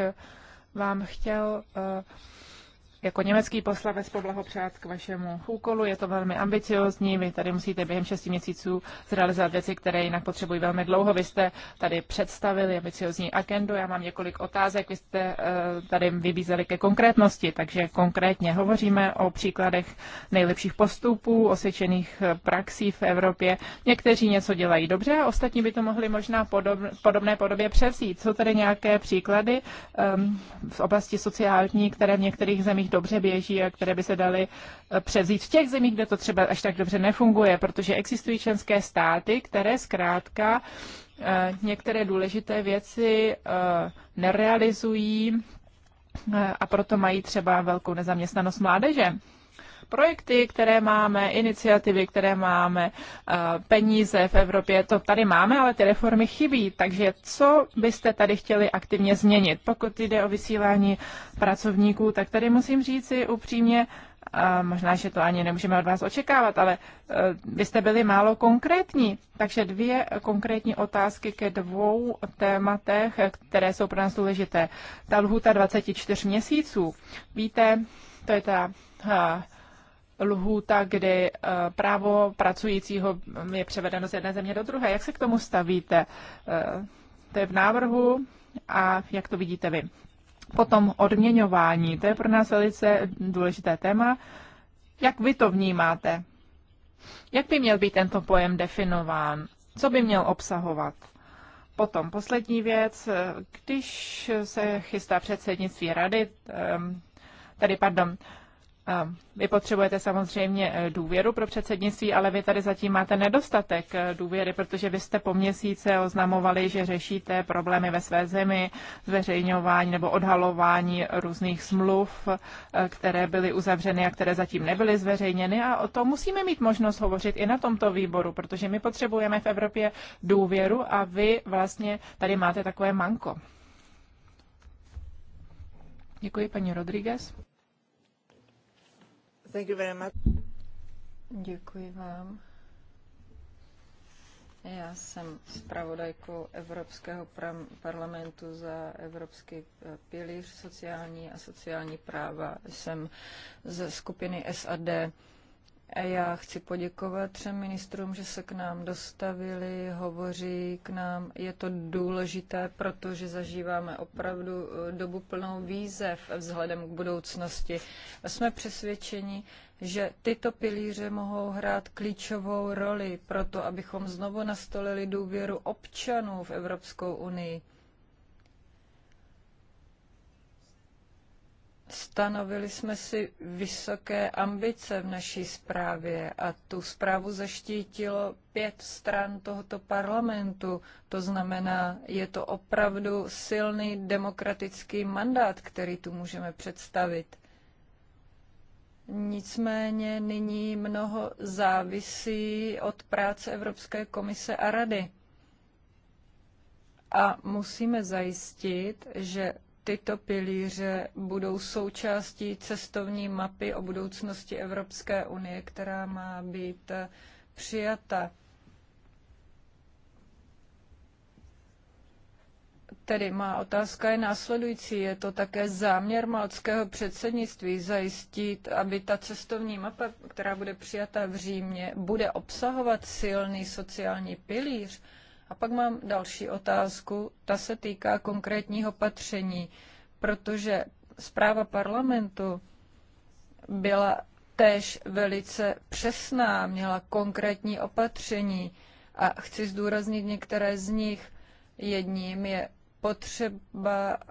vám chtěl uh, jako německý poslavec poblahopřát k vašemu úkolu. Je to velmi ambiciozní. Vy tady musíte během 6 měsíců zrealizovat věci, které jinak potřebují velmi dlouho. Vy jste tady představili ambiciozní agendu. Já mám několik otázek. Vy jste eh, tady vybízeli ke konkrétnosti, takže konkrétně hovoříme o příkladech nejlepších postupů, osvědčených eh, praxí v Evropě. Někteří něco dělají dobře a ostatní by to mohli možná v podobné podobě převzít. Jsou tady nějaké příklady ehm, v oblasti sociální, které v některých zemích dobře běží a které by se daly eh, převzít v těch zemích, kde to třeba až tak dobře nefunguje, protože existují členské státy, které zkrátka eh, některé důležité věci eh, nerealizují a proto mají třeba velkou nezaměstnanost mládeže projekty, které máme, iniciativy, které máme, eh, peníze v Evropě, to tady máme, ale ty reformy chybí. Takže co byste tady chtěli aktivně změnit? Pokud jde o vysílání pracovníků, tak tady musím říci upřímně, a eh, možná, že to ani nemůžeme od vás očekávat, ale eh, vy jste byli málo konkrétní. Takže dvě konkrétní otázky ke dvou tématech, které jsou pro nás důležité. Ta lhuta 24 měsíců. Víte, to je ta lhůta, kdy eh, právo pracujícího je převedeno z jedné země do druhé. Jak se k tomu stavíte? Eh, to je v návrhu a jak to vidíte vy? Potom odměňování, to je pro nás velice důležité téma. Jak vy to vnímáte? Jak by měl být tento pojem definován? Co by měl obsahovat? Potom poslední věc, když se chystá předsednictví rady, eh, tady pardon, vy potřebujete samozřejmě eh, důvěru pro předsednictví, ale vy tady zatím máte nedostatek eh, důvěry, protože vy jste po měsíce oznamovali, že řešíte problémy ve své zemi, zveřejňování nebo odhalování různých smluv, eh, které byly uzavřeny a které zatím nebyly zveřejněny. A o tom musíme mít možnost hovořit i na tomto výboru, protože my potřebujeme v Evropě důvěru a vy vlastně tady máte takové manko. Děkuji, paní Rodriguez. Thank you very much. Děkuji vám. Já jsem zpravodajkou Evropského parlamentu za Evropský eh, pilíř sociální a sociální práva. Jsem ze skupiny SAD. Já chci poděkovat třem ministrům, že se k nám dostavili, hovoří k nám. Je to důležité, protože zažíváme opravdu eh, dobu plnou výzev vzhledem k budoucnosti. Jsme přesvědčeni, že tyto pilíře mohou hrát klíčovou roli pro to, abychom znovu nastolili důvěru občanů v Evropskou unii. Stanovili jsme si vysoké ambice v naší zprávě a tu zprávu zaštítilo pět stran tohoto parlamentu. To znamená, je to opravdu silný demokratický mandát, který tu můžeme představit. Nicméně nyní mnoho závisí od práce Evropské komise a rady. A musíme zajistit, že tyto pilíře budou součástí cestovní mapy o budoucnosti Evropské unie, která má být eh, přijata. Tedy má otázka je následující. Je to také záměr malckého předsednictví zajistit, aby ta cestovní mapa, která bude přijata v Římě, bude obsahovat silný sociální pilíř, a pak mám další otázku, ta se týká konkrétního patření, protože zpráva parlamentu byla tež velice přesná, měla konkrétní opatření a chci zdůraznit některé z nich. Jedním je potřeba um,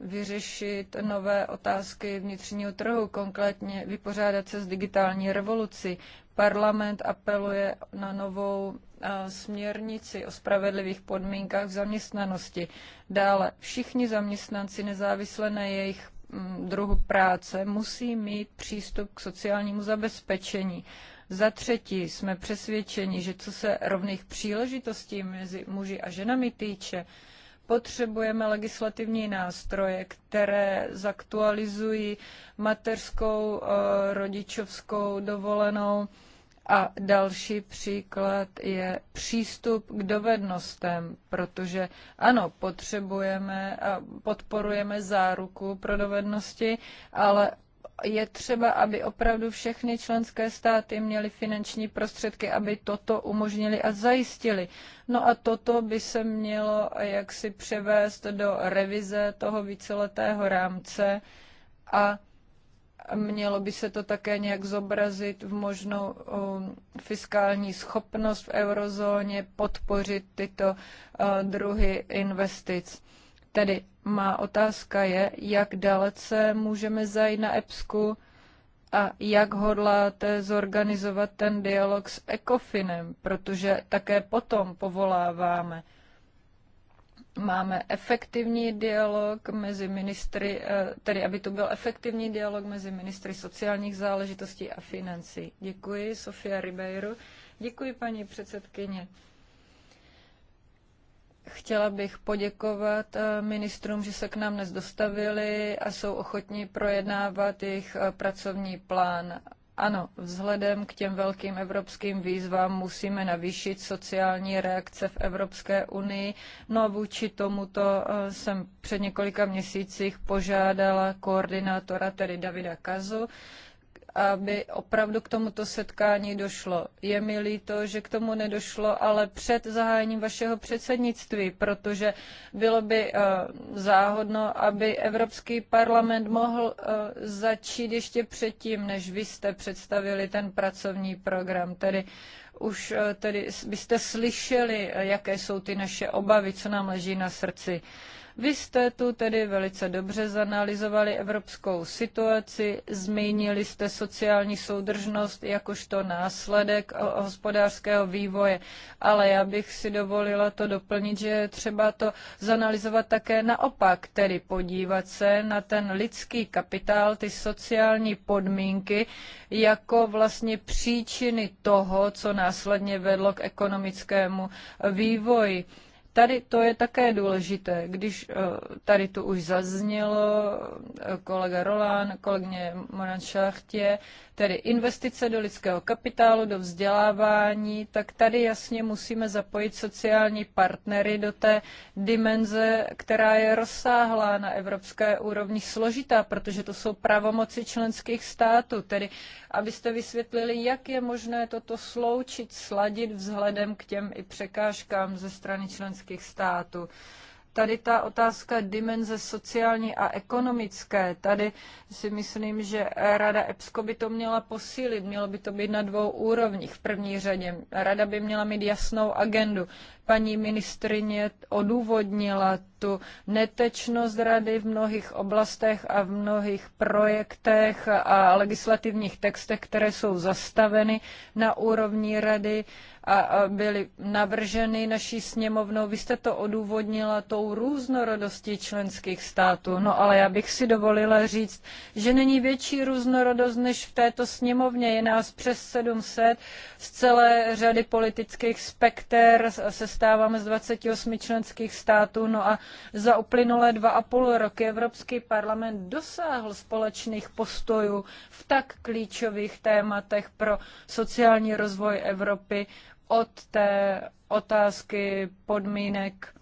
vyřešit nové otázky vnitřního trhu, konkrétně vypořádat se s digitální revoluci. Parlament apeluje na novou směrnici o spravedlivých podmínkách v zaměstnanosti. Dále všichni zaměstnanci nezávisle na jejich mm, druhu práce musí mít přístup k sociálnímu zabezpečení. Za třetí jsme přesvědčeni, že co se rovných příležitostí mezi muži a ženami týče, potřebujeme legislativní nástroje, které zaktualizují mateřskou, eh, rodičovskou dovolenou, a další příklad je přístup k dovednostem, protože ano, potřebujeme a podporujeme záruku pro dovednosti, ale je třeba, aby opravdu všechny členské státy měly finanční prostředky, aby toto umožnili a zajistili. No a toto by se mělo jaksi převést do revize toho víceletého rámce a Mělo by se to také nějak zobrazit v možnou fiskální schopnost v eurozóně podpořit tyto druhy investic. Tedy má otázka je, jak dalece můžeme zajít na EPSku a jak hodláte zorganizovat ten dialog s ECOFINem, protože také potom povoláváme máme efektivní dialog mezi ministry, eh, tedy aby to byl efektivní dialog mezi ministry sociálních záležitostí a financí. Děkuji, Sofia Ribeiro. Děkuji, paní předsedkyně. Chtěla bych poděkovat eh, ministrům, že se k nám dnes dostavili a jsou ochotní projednávat jejich eh, pracovní plán. Ano, vzhledem k těm velkým evropským výzvám musíme navýšit sociální reakce v Evropské unii. No a vůči tomuto eh, jsem před několika měsících požádala koordinátora, tedy Davida Kazu, aby opravdu k tomuto setkání došlo. Je mi líto, že k tomu nedošlo, ale před zahájením vašeho předsednictví, protože bylo by eh, záhodno, aby Evropský parlament mohl eh, začít ještě předtím, než vy jste představili ten pracovní program. Tedy už eh, tedy byste slyšeli, eh, jaké jsou ty naše obavy, co nám leží na srdci. Vy jste tu tedy velice dobře zanalizovali evropskou situaci, zmínili jste sociální soudržnost jakožto následek eh, hospodářského vývoje, ale já bych si dovolila to doplnit, že je třeba to zanalizovat také naopak, tedy podívat se na ten lidský kapitál, ty sociální podmínky jako vlastně příčiny toho, co nás následně vedlo k ekonomickému vývoji. Tady to je také důležité, když eh, tady to už zaznělo eh, kolega Roland, kolegyně Moran Šachtě, tedy investice do lidského kapitálu, do vzdělávání, tak tady jasně musíme zapojit sociální partnery do té dimenze, která je rozsáhlá na evropské úrovni složitá, protože to jsou pravomoci členských států. Tedy, abyste vysvětlili, jak je možné toto sloučit, sladit vzhledem k těm i překážkám ze strany členských členských států. Tady ta otázka dimenze sociální a ekonomické, tady si myslím, že Rada EPSCO by to měla posílit, mělo by to být na dvou úrovních. V první řadě Rada by měla mít jasnou agendu, paní ministrině odůvodnila tu netečnost rady v mnohých oblastech a v mnohých projektech a legislativních textech, které jsou zastaveny na úrovni rady a byly navrženy naší sněmovnou. Vy jste to odůvodnila tou různorodostí členských států. No ale já bych si dovolila říct, že není větší různorodost než v této sněmovně. Je nás přes 700 z celé řady politických spekter, se sestáváme z 28 členských států. No a za uplynulé dva a půl roky Evropský parlament dosáhl společných postojů v tak klíčových tématech pro sociální rozvoj Evropy od té otázky podmínek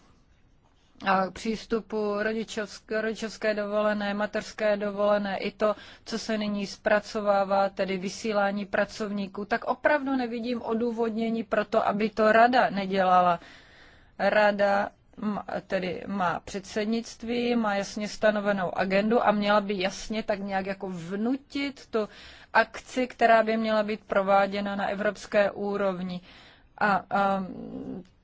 a přístupu rodičovské, rodičovské dovolené, materské dovolené, i to, co se nyní zpracovává, tedy vysílání pracovníků, tak opravdu nevidím odůvodnění pro to, aby to rada nedělala. Rada tedy má předsednictví, má jasně stanovenou agendu a měla by jasně tak nějak jako vnutit tu akci, která by měla být prováděna na evropské úrovni. A, a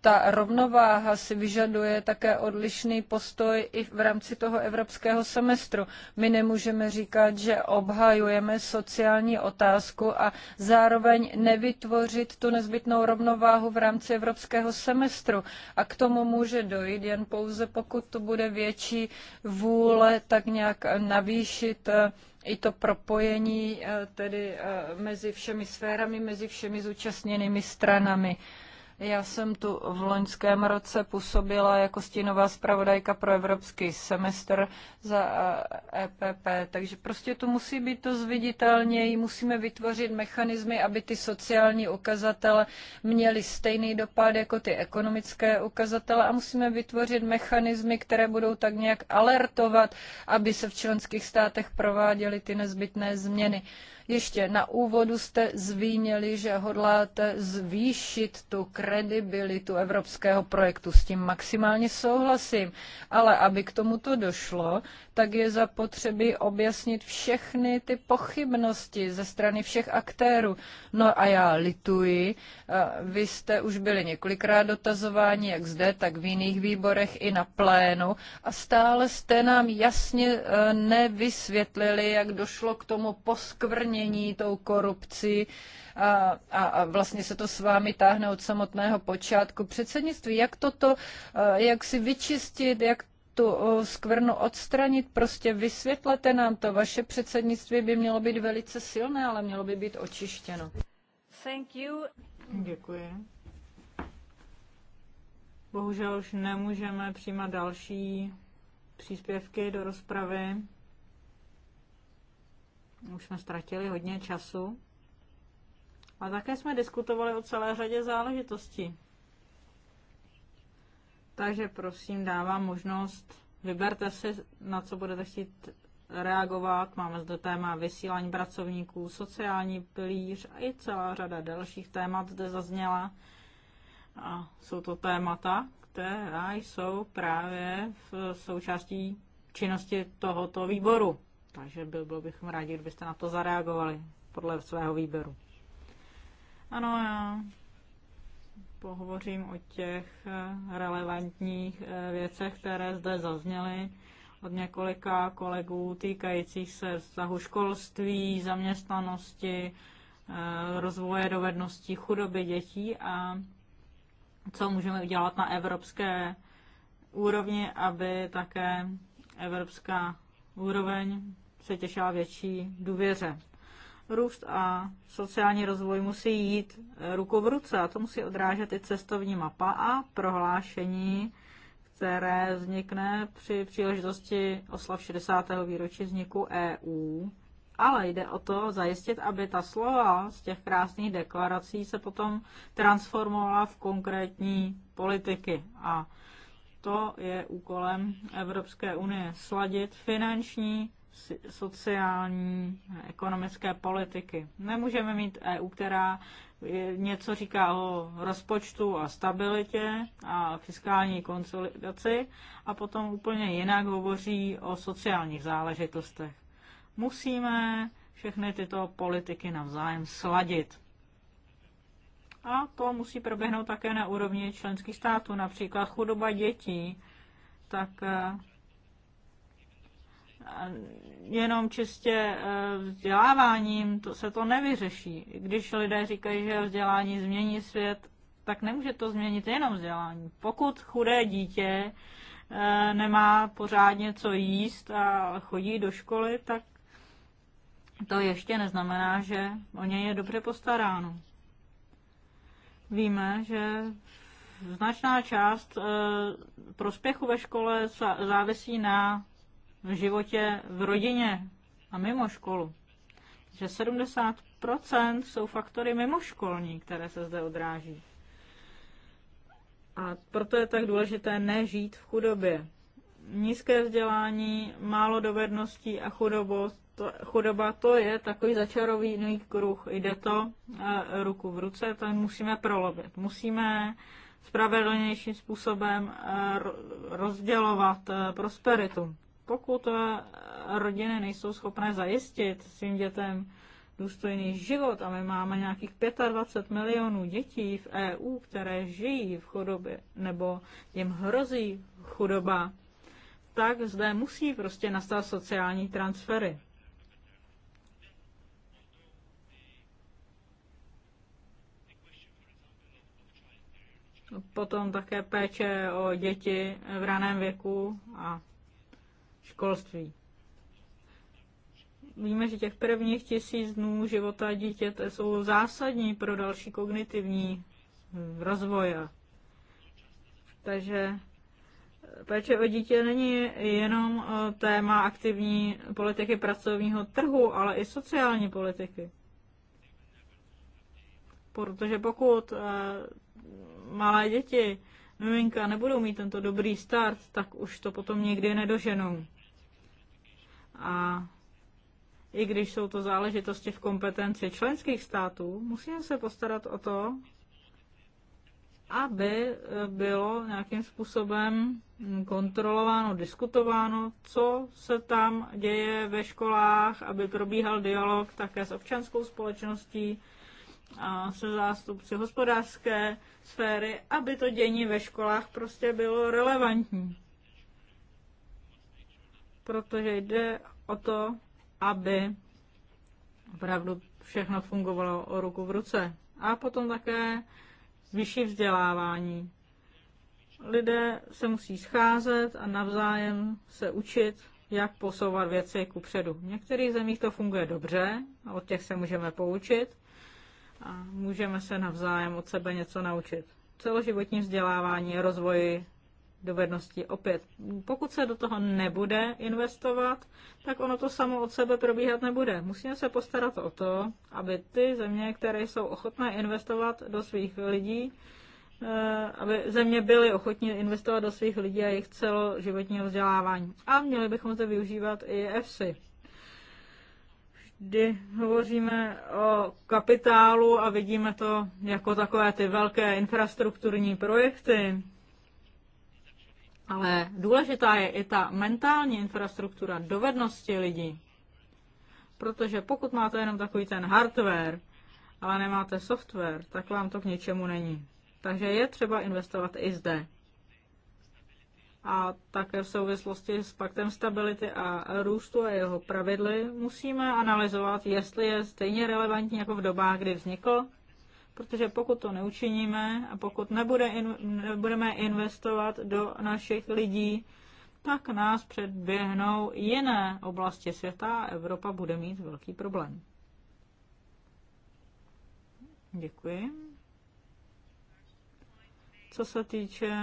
ta rovnováha si vyžaduje také odlišný postoj i v rámci toho evropského semestru. My nemůžeme říkat, že obhajujeme sociální otázku a zároveň nevytvořit tu nezbytnou rovnováhu v rámci evropského semestru. A k tomu může dojít jen pouze, pokud to bude větší vůle, tak nějak navýšit eh, i to propojení eh, tedy eh, mezi všemi sférami, mezi všemi zúčastněnými stranami. Já jsem tu v loňském roce působila jako stínová zpravodajka pro evropský semestr za EPP, eh, e takže prostě to musí být to zviditelněji, musíme vytvořit mechanismy, aby ty sociální ukazatele měly stejný dopad jako ty ekonomické ukazatele a musíme vytvořit mechanismy, které budou tak nějak alertovat, aby se v členských státech prováděly ty nezbytné změny. Ještě na úvodu jste zvínili, že hodláte zvýšit tu kredibilitu evropského projektu. S tím maximálně souhlasím, ale aby k tomuto došlo, tak je zapotřebí objasnit všechny ty pochybnosti ze strany všech aktérů. No a já lituji, vy jste už byli několikrát dotazováni, jak zde, tak v jiných výborech i na plénu a stále jste nám jasně e, nevysvětlili, jak došlo k tomu poskvrně zakořenění tou korupcí a, a, a vlastně se to s vámi táhne od samotného počátku předsednictví. Jak toto, jak si vyčistit, jak tu skvrnu odstranit, prostě vysvětlete nám to. Vaše předsednictví by mělo být velice silné, ale mělo by být očištěno. Thank you. Děkuji. Bohužel už nemůžeme přijímat další příspěvky do rozpravy. Už jsme ztratili hodně času. A také jsme diskutovali o celé řadě záležitostí. Takže prosím, dávám možnost, vyberte si, na co budete chtít reagovat. Máme zde téma vysílání pracovníků, sociální pilíř a i celá řada dalších témat zde zazněla. A jsou to témata, která jsou právě v součástí činnosti tohoto výboru. Takže byl, byl bychom rádi, kdybyste na to zareagovali podle svého výběru. Ano, já pohovořím o těch eh, relevantních eh, věcech, které zde zazněly od několika kolegů týkajících se vztahu školství, zaměstnanosti, eh, rozvoje dovedností chudoby dětí a co můžeme udělat na evropské úrovni, aby také evropská úroveň se větší důvěře. Růst a sociální rozvoj musí jít ruku v ruce a to musí odrážet i cestovní mapa a prohlášení, které vznikne při příležitosti oslav 60. výročí vzniku EU. Ale jde o to zajistit, aby ta slova z těch krásných deklarací se potom transformovala v konkrétní politiky. A to je úkolem Evropské unie sladit finanční sociální, ekonomické politiky. Nemůžeme mít EU, která něco říká o rozpočtu a stabilitě a fiskální konsolidaci a potom úplně jinak hovoří o sociálních záležitostech. Musíme všechny tyto politiky navzájem sladit. A to musí proběhnout také na úrovni členských států, například chudoba dětí, tak eh, jenom čistě eh, vzděláváním to se to nevyřeší. Když lidé říkají, že vzdělání změní svět, tak nemůže to změnit jenom vzdělání. Pokud chudé dítě eh, nemá pořádně co jíst a chodí do školy, tak to ještě neznamená, že o něj je dobře postaráno. Víme, že značná část eh, prospěchu ve škole závisí na v životě v rodině a mimo školu. Že 70% jsou faktory mimoškolní, které se zde odráží. A proto je tak důležité nežít v chudobě. Nízké vzdělání, málo dovedností a chudobost, to, chudoba to je takový začarovaný kruh. Jde to e, ruku v ruce, to musíme prolobit. Musíme spravedlnějším způsobem eh, rozdělovat eh, prosperitu pokud eh, rodiny nejsou schopné zajistit svým dětem důstojný život a my máme nějakých 25 milionů dětí v EU, které žijí v chudobě nebo jim hrozí chudoba, tak zde musí prostě nastat sociální transfery. Potom také péče o děti v raném věku a školství. Víme, že těch prvních tisíc dnů života dítěte jsou zásadní pro další kognitivní rozvoj. Takže péče o dítě není jenom eh, téma aktivní politiky pracovního trhu, ale i sociální politiky. Protože pokud eh, malé děti miminka nebudou mít tento dobrý start, tak už to potom nikdy nedoženou. A i když jsou to záležitosti v kompetenci členských států, musíme se postarat o to, aby bylo nějakým způsobem kontrolováno, diskutováno, co se tam děje ve školách, aby probíhal dialog také s občanskou společností, a se zástupci hospodářské sféry, aby to dění ve školách prostě bylo relevantní protože jde o to, aby opravdu všechno fungovalo o ruku v ruce. A potom také vyšší vzdělávání. Lidé se musí scházet a navzájem se učit, jak posouvat věci ku předu. V některých zemích to funguje dobře a od těch se můžeme poučit a můžeme se navzájem od sebe něco naučit. Celoživotní vzdělávání, rozvoji dovedností. Opět, pokud se do toho nebude investovat, tak ono to samo od sebe probíhat nebude. Musíme se postarat o to, aby ty země, které jsou ochotné investovat do svých lidí, eh, aby země byly ochotní investovat do svých lidí a jejich celoživotního vzdělávání. A měli bychom zde využívat i EFSI. Vždy hovoříme o kapitálu a vidíme to jako takové ty velké infrastrukturní projekty, ale důležitá je i ta mentální infrastruktura, dovednosti lidí. Protože pokud máte jenom takový ten hardware, ale nemáte software, tak vám to k ničemu není. Takže je třeba investovat i zde. A také v souvislosti s paktem stability a růstu a jeho pravidly musíme analyzovat, jestli je stejně relevantní jako v dobách, kdy vznikl protože pokud to neučiníme a pokud nebude in, nebudeme investovat do našich lidí, tak nás předběhnou jiné oblasti světa a Evropa bude mít velký problém. Děkuji co se týče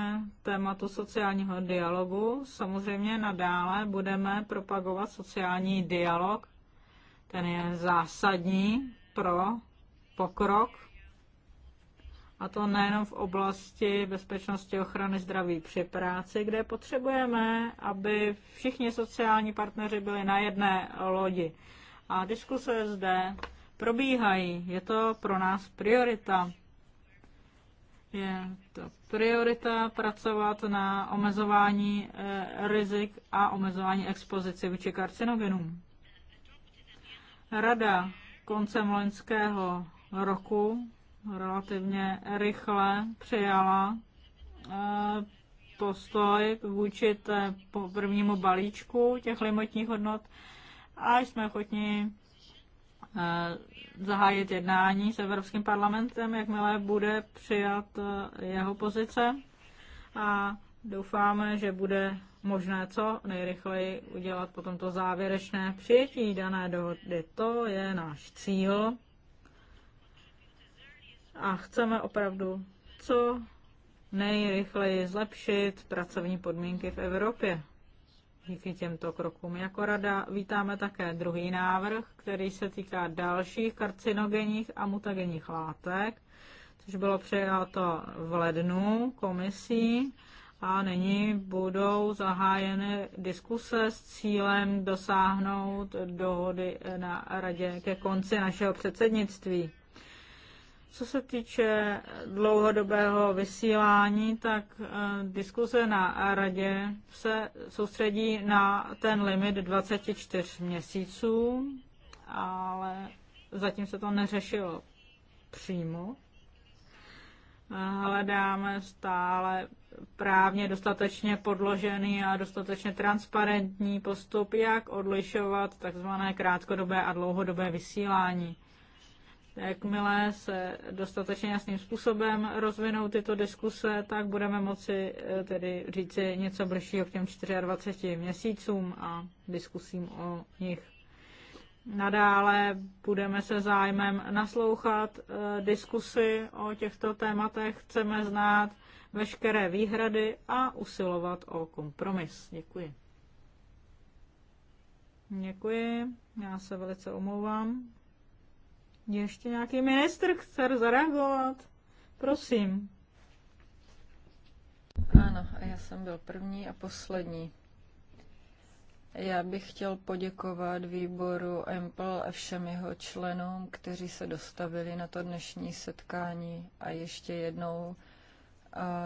tématu sociálního dialogu, samozřejmě nadále budeme propagovat sociální dialog. Ten je zásadní pro pokrok a to nejenom v oblasti bezpečnosti ochrany zdraví při práci, kde potřebujeme, aby všichni sociální partneři byli na jedné lodi. A diskuse zde probíhají. Je to pro nás priorita. Je to priorita pracovat na omezování eh, rizik a omezování expozici vůči karcinogenům. Rada koncem loňského roku relativně rychle přijala eh, postoj vůči té prvnímu balíčku těch limitních hodnot a jsme ochotní eh, zahájit jednání s Evropským parlamentem, jakmile bude přijat eh, jeho pozice a doufáme, že bude možné co nejrychleji udělat potom to závěrečné přijetí dané dohody. To je náš cíl a chceme opravdu co nejrychleji zlepšit pracovní podmínky v Evropě. Díky těmto krokům jako rada vítáme také druhý návrh, který se týká dalších karcinogenních a mutagenních látek, což bylo přijato v lednu komisí a nyní budou zahájeny diskuse s cílem dosáhnout dohody na radě ke konci našeho předsednictví. Co se týče dlouhodobého vysílání, tak eh, diskuze na radě se soustředí na ten limit 24 měsíců, ale zatím se to neřešilo přímo. Hledáme stále právně dostatečně podložený a dostatečně transparentní postup, jak odlišovat takzvané krátkodobé a dlouhodobé vysílání. Jakmile se dostatečně jasným způsobem rozvinou tyto diskuse, tak budeme moci eh, tedy říci něco bližšího k těm 24 měsícům a diskusím o nich. Nadále budeme se zájmem naslouchat eh, diskusy o těchto tématech, chceme znát veškeré výhrady a usilovat o kompromis. Děkuji. Děkuji, já se velice omlouvám. Ještě nějaký ministr chce zareagovat? Prosím. Ano, a já jsem byl první a poslední. Já bych chtěl poděkovat výboru EMPL a všem jeho členům, kteří se dostavili na to dnešní setkání. A ještě jednou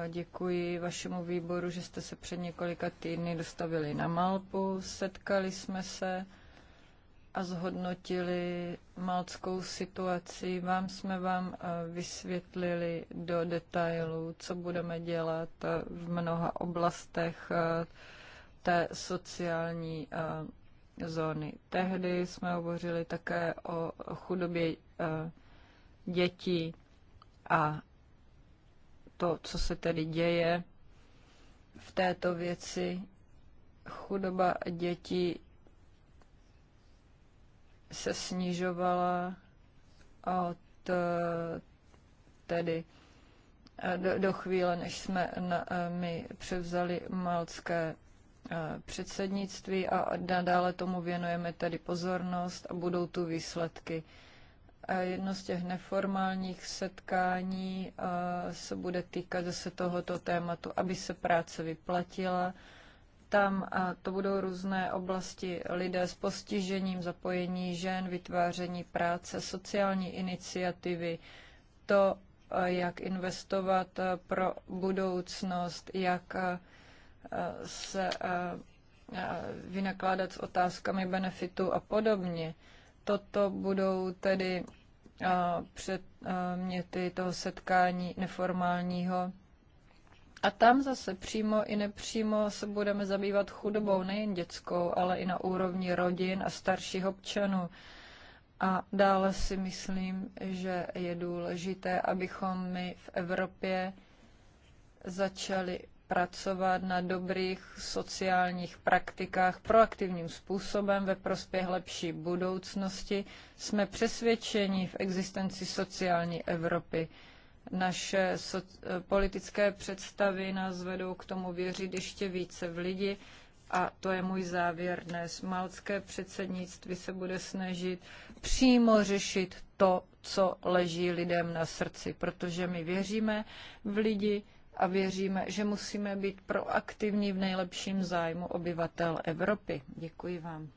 děkuji vašemu výboru, že jste se před několika týdny dostavili na Malpu, setkali jsme se a zhodnotili malckou situaci. Vám jsme vám eh, vysvětlili do detailů, co budeme dělat eh, v mnoha oblastech eh, té sociální zóny. Tehdy jsme hovořili také o chudobě dětí a to, co se tedy děje v této věci. Chudoba dětí se snižovala od eh, tedy eh, do, do chvíle, než jsme na, eh, my převzali malcké předsednictví a nadále tomu věnujeme tedy pozornost a budou tu výsledky. A jedno z těch neformálních setkání se bude týkat zase tohoto tématu, aby se práce vyplatila tam to budou různé oblasti lidé s postižením, zapojení žen, vytváření práce, sociální iniciativy, to, jak investovat pro budoucnost, jak se vynakládat s otázkami benefitu a podobně. Toto budou tedy předměty toho setkání neformálního a tam zase přímo i nepřímo se budeme zabývat chudobou, nejen dětskou, ale i na úrovni rodin a starších občanů. A dále si myslím, že je důležité, abychom my v Evropě začali pracovat na dobrých sociálních praktikách proaktivním způsobem ve prospěch lepší budoucnosti. Jsme přesvědčeni v existenci sociální Evropy naše politické představy nás vedou k tomu věřit ještě více v lidi a to je můj závěr dnes. Malcké předsednictví se bude snažit přímo řešit to, co leží lidem na srdci, protože my věříme v lidi a věříme, že musíme být proaktivní v nejlepším zájmu obyvatel Evropy. Děkuji vám.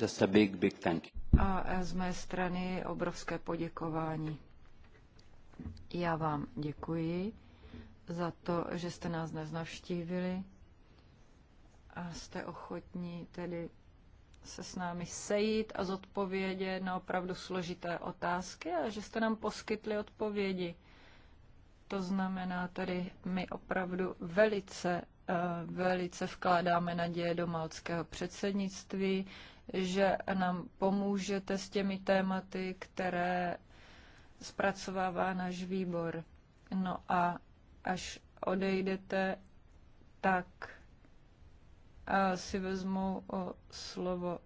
Just a big, big thank you. A z mé strany obrovské poděkování. Já vám děkuji za to, že jste nás dnes navštívili a jste ochotní tedy se s námi sejít a zodpovědět na opravdu složité otázky a že jste nám poskytli odpovědi. To znamená tedy, my opravdu velice, eh, velice vkládáme naděje do malckého předsednictví, že nám pomůžete s těmi tématy, které zpracovává náš výbor. No a až odejdete, tak eh, si vezmu o eh, slovo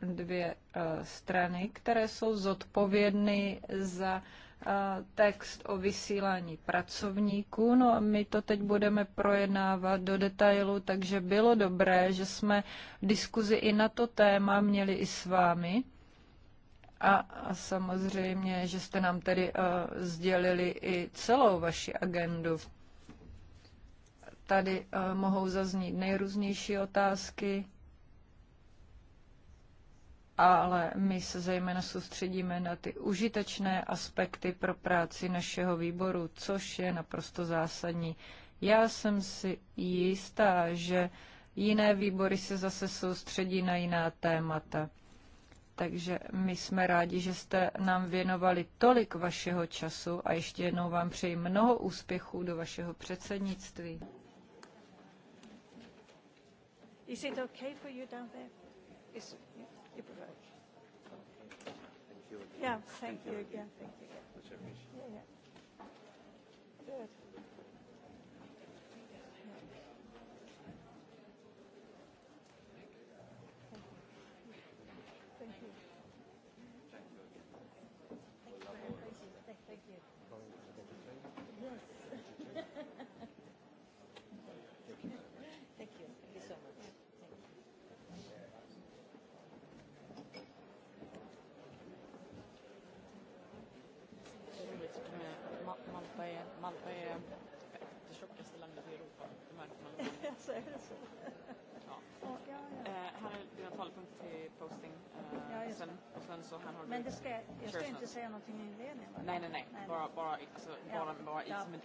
dvě eh, strany, které jsou zodpovědny za text o vysílání pracovníků. No a my to teď budeme projednávat do detailu, takže bylo dobré, že jsme diskuzi i na to téma měli i s vámi. A, a samozřejmě, že jste nám tedy uh, sdělili i celou vaši agendu. Tady uh, mohou zaznít nejrůznější otázky, ale my se zejména soustředíme na ty užitečné aspekty pro práci našeho výboru, což je naprosto zásadní. Já jsem si jistá, že jiné výbory se zase soustředí na jiná témata. Takže my jsme rádi, že jste nám věnovali tolik vašeho času a ještě jednou vám přeji mnoho úspěchů do vašeho předsednictví. Is it okay for you down there? Is... Yeah, thank you again. Thank you again. sen så han har Men det ska, jag ska inte säga någonting i inledningen? Nej, nej, nej. nej. Bara, bara, alltså, ja. bara, bara ja. som en...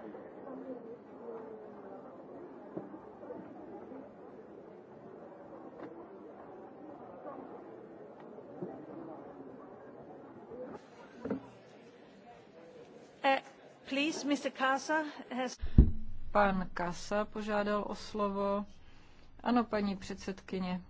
Thank you. Pan Kasa požádal o slovo. Ano, paní předsedkyně.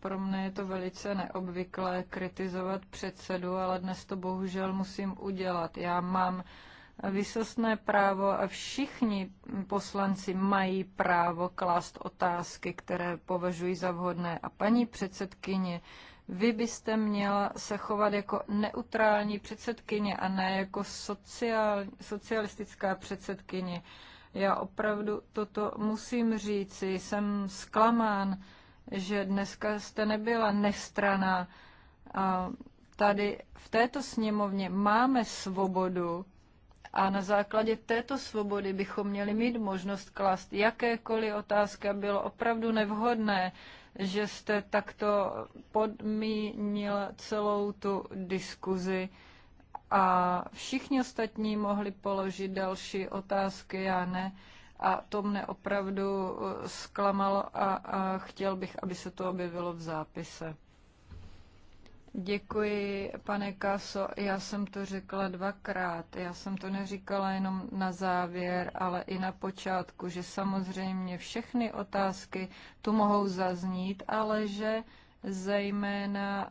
Pro mne je to velice neobvyklé kritizovat předsedu, ale dnes to bohužel musím udělat. Já mám vysostné právo a všichni poslanci mají právo klást otázky, které považují za vhodné. A paní předsedkyně, vy byste měla se chovat jako neutrální předsedkyně a ne jako sociál, socialistická předsedkyně. Já opravdu toto musím říci, jsem zklamán, že dneska jste nebyla nestraná. A tady v této sněmovně máme svobodu a na základě této svobody bychom měli mít možnost klást jakékoliv otázky a bylo opravdu nevhodné, že jste takto podmínil celou tu diskuzi a všichni ostatní mohli položit další otázky, já ne. A to mne opravdu eh, zklamalo a, a chtěl bych, aby se to objevilo v zápise. Děkuji, pane Kaso. Já jsem to řekla dvakrát. Já jsem to neříkala jenom na závěr, ale i na počátku, že samozřejmě všechny otázky tu mohou zaznít, ale že zejména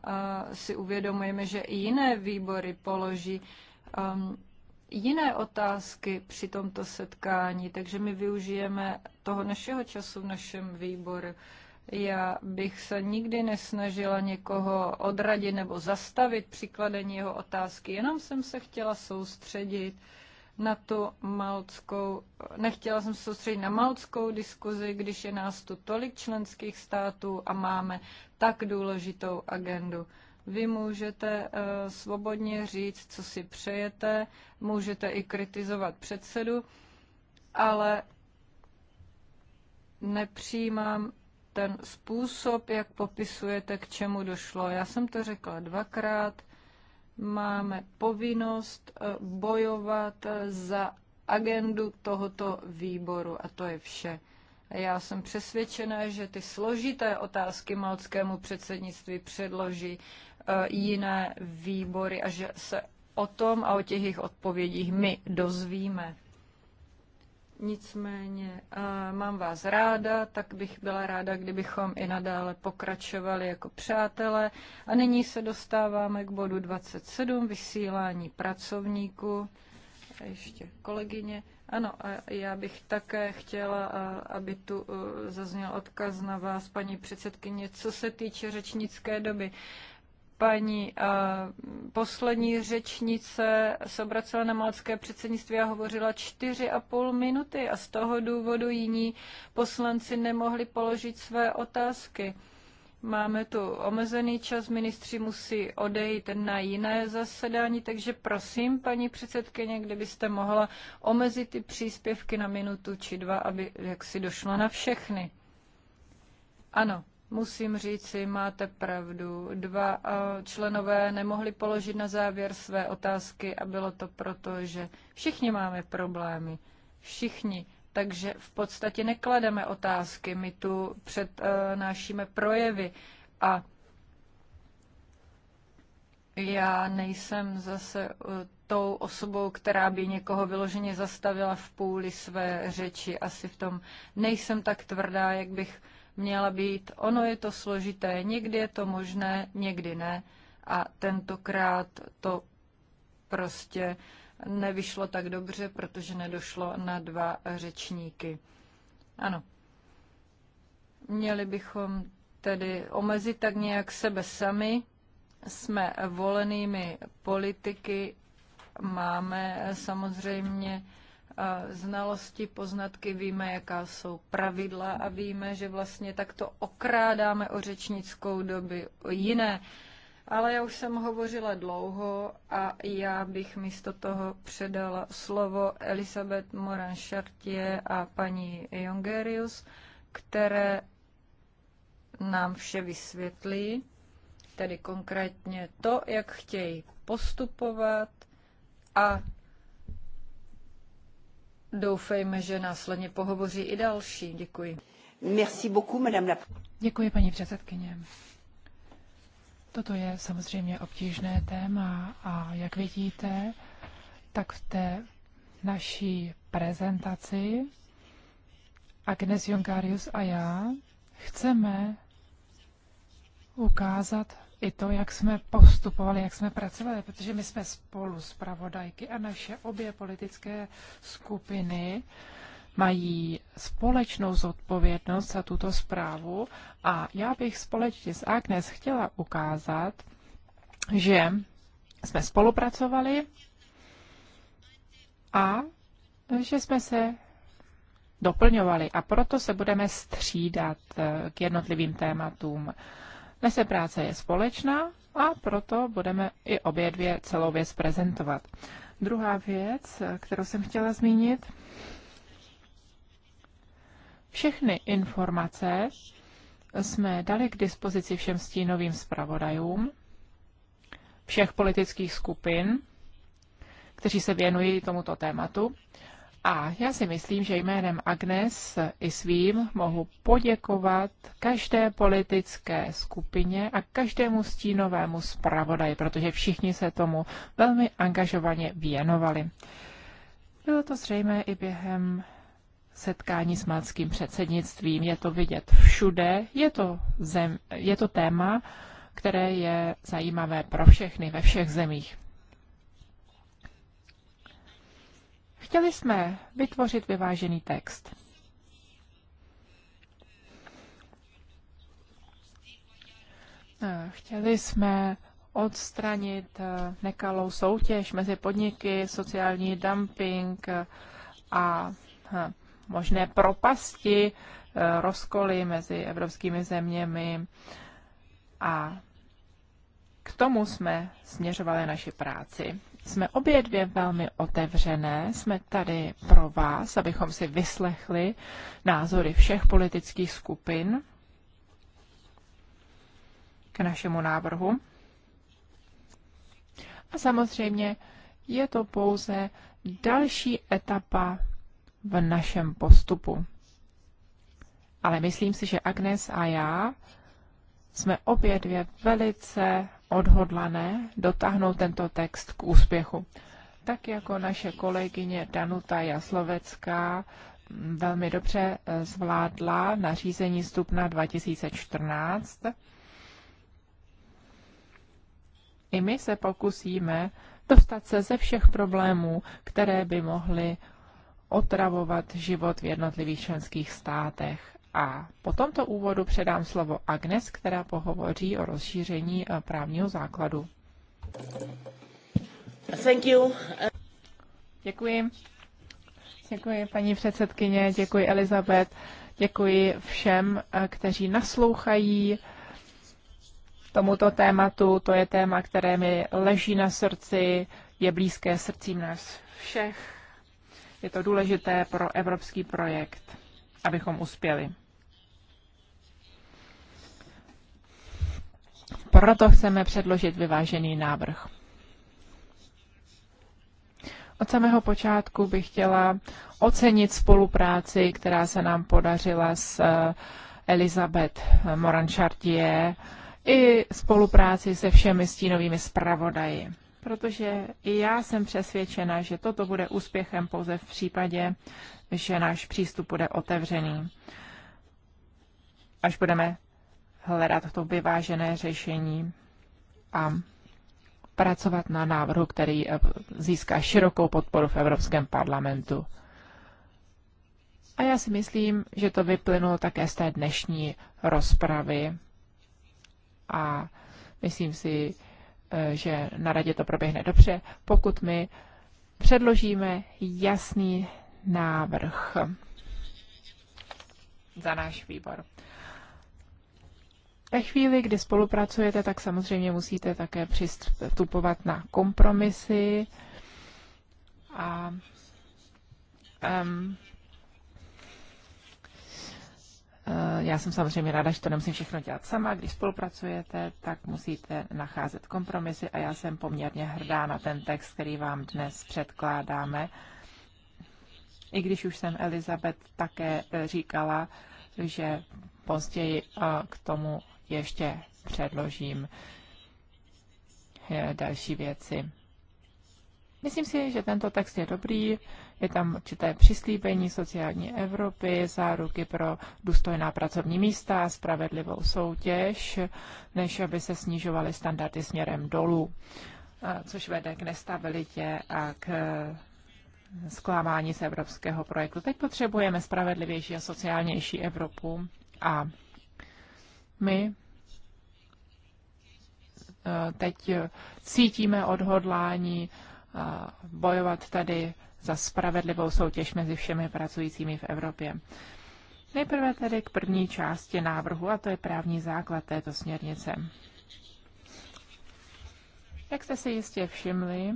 si uvědomujeme, že i jiné výbory položí um, jiné otázky při tomto setkání, takže my využijeme toho našeho času v našem výboru. Já bych se nikdy nesnažila někoho odradit nebo zastavit přikladení jeho otázky, jenom jsem se chtěla soustředit na tu malckou, nechtěla jsem se soustředit na malckou diskuzi, když je nás tu tolik členských států a máme tak důležitou agendu. Vy můžete uh, svobodně říct, co si přejete, můžete i kritizovat předsedu, ale nepřijímám ten způsob, jak popisujete, k čemu došlo. Já jsem to řekla dvakrát. Máme povinnost eh, bojovat eh, za agendu tohoto výboru a to je vše. Já jsem přesvědčená, že ty složité otázky malckému předsednictví předloží eh, jiné výbory a že se o tom a o těch jejich odpovědích my dozvíme. Nicméně eh, mám vás ráda, tak bych byla ráda, kdybychom i nadále pokračovali jako přátelé. A nyní se dostáváme k bodu 27, vysílání pracovníků. A ještě kolegyně. Ano, a já bych také chtěla, eh, aby tu eh, zazněl odkaz na vás, paní předsedkyně, co se týče řečnické doby paní eh, poslední řečnice se obracela na malacké předsednictví a hovořila čtyři a půl minuty a z toho důvodu jiní poslanci nemohli položit své otázky. Máme tu omezený čas, ministři musí odejít na jiné zasedání, takže prosím, paní předsedkyně, kdybyste mohla omezit ty příspěvky na minutu či dva, aby jak si došlo na všechny. Ano, Musím říct si, máte pravdu. Dva eh, členové nemohli položit na závěr své otázky a bylo to proto, že všichni máme problémy. Všichni. Takže v podstatě neklademe otázky, my tu přednášíme eh, projevy a já nejsem zase eh, tou osobou, která by někoho vyloženě zastavila v půli své řeči. Asi v tom nejsem tak tvrdá, jak bych měla být. Ono je to složité, někdy je to možné, někdy ne. A tentokrát to prostě nevyšlo tak dobře, protože nedošlo na dva řečníky. Ano. Měli bychom tedy omezit tak nějak sebe sami. Jsme volenými politiky, máme samozřejmě znalosti, poznatky, víme, jaká jsou pravidla a víme, že vlastně takto okrádáme o řečnickou doby o jiné. Ale já už jsem hovořila dlouho a já bych místo toho předala slovo Elisabeth moran chartier a paní Jongerius, které nám vše vysvětlí, tedy konkrétně to, jak chtějí postupovat a doufejme, že následně pohovoří i další. Děkuji. Merci beaucoup, madame la... Děkuji, paní předsedkyně. Toto je samozřejmě obtížné téma a jak vidíte, tak v té naší prezentaci Agnes Jongarius a já chceme ukázat i to, jak jsme postupovali, jak jsme pracovali, protože my jsme spolu s pravodajky a naše obě politické skupiny mají společnou zodpovědnost za tuto zprávu a já bych společně s Agnes chtěla ukázat, že jsme spolupracovali a že jsme se doplňovali a proto se budeme střídat k jednotlivým tématům. Nese práce je společná a proto budeme i obě dvě celou věc prezentovat. Druhá věc, kterou jsem chtěla zmínit, všechny informace jsme dali k dispozici všem stínovým zpravodajům všech politických skupin, kteří se věnují tomuto tématu. A já si myslím, že jménem Agnes i svým mohu poděkovat každé politické skupině a každému stínovému zpravodaji, protože všichni se tomu velmi angažovaně věnovali. Bylo to zřejmé i během setkání s malským předsednictvím. Je to vidět všude, je to, zem, je to téma, které je zajímavé pro všechny ve všech zemích. Chtěli jsme vytvořit vyvážený text. Chtěli jsme odstranit e, nekalou soutěž mezi podniky, sociální dumping e, a e, možné propasti, rozkoly mezi evropskými zeměmi a k tomu jsme směřovali naši práci. Jsme obě dvě velmi otevřené, jsme tady pro vás, abychom si vyslechli názory všech politických skupin k našemu návrhu. A samozřejmě je to pouze další etapa v našem postupu. Ale myslím si, že Agnes a já jsme obě dvě velice odhodlané dotáhnout tento text k úspěchu. Tak jako naše kolegyně Danuta Jaslovecká mm, velmi dobře eh, zvládla nařízení stupna 2014, i my se pokusíme dostat se ze všech problémů, které by mohly otravovat život v jednotlivých členských státech. A po tomto úvodu předám slovo Agnes, která pohovoří o rozšíření eh, právního základu. Thank you. Děkuji. Děkuji, paní předsedkyně, děkuji, Elizabet, děkuji všem, eh, kteří naslouchají tomuto tématu. To je téma, které mi leží na srdci, je blízké srdcím nás všech. Je to důležité pro evropský projekt, abychom uspěli. Proto chceme předložit vyvážený návrh. Od samého počátku bych chtěla ocenit spolupráci, která se nám podařila s eh, Elizabeth moran i spolupráci se všemi stínovými zpravodaji. Protože i já jsem přesvědčena, že toto bude úspěchem pouze v případě, že náš přístup bude otevřený. Až budeme hledat to vyvážené řešení a pracovat na návrhu, který eh, získá širokou podporu v Evropském parlamentu. A já si myslím, že to vyplynulo také z té dnešní rozpravy. A myslím si, eh, že na radě to proběhne dobře, pokud my předložíme jasný návrh za náš výbor. Ve chvíli, kdy spolupracujete, tak samozřejmě musíte také přistupovat na kompromisy a um, já jsem samozřejmě ráda, že to nemusím všechno dělat sama. Když spolupracujete, tak musíte nacházet kompromisy a já jsem poměrně hrdá na ten text, který vám dnes předkládáme. I když už jsem Elizabeth také eh, říkala, že později eh, k tomu ještě předložím eh, další věci. Myslím si, že tento text je dobrý, je tam určité přislíbení sociální Evropy, záruky pro důstojná pracovní místa, spravedlivou soutěž, než aby se snižovaly standardy směrem dolů, eh, což vede k nestabilitě a k eh, zklamání z evropského projektu. Teď potřebujeme spravedlivější a sociálnější Evropu a my eh, teď cítíme odhodlání eh, bojovat tady za spravedlivou soutěž mezi všemi pracujícími v Evropě. Nejprve tedy k první části návrhu, a to je právní základ této směrnice. Jak jste si jistě všimli,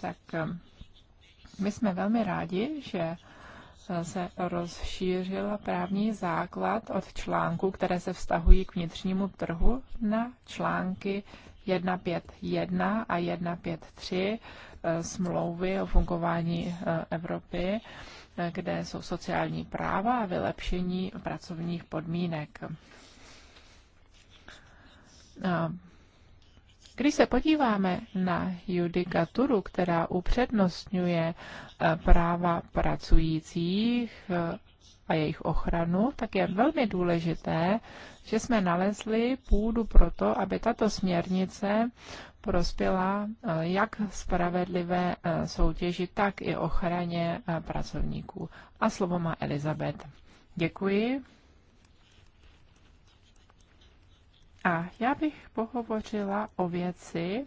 tak eh, my jsme velmi rádi, že se rozšířil právní základ od článků, které se vztahují k vnitřnímu trhu, na články 151 a 153 eh, smlouvy o fungování eh, Evropy, eh, kde jsou sociální práva a vylepšení pracovních podmínek když se podíváme na judikaturu, která upřednostňuje eh, práva pracujících eh, a jejich ochranu, tak je velmi důležité, že jsme nalezli půdu pro to, aby tato směrnice prospěla eh, jak spravedlivé soutěži, tak i ochraně pracovníků. A slovo má Elizabet. Děkuji. A já bych pohovořila o věci,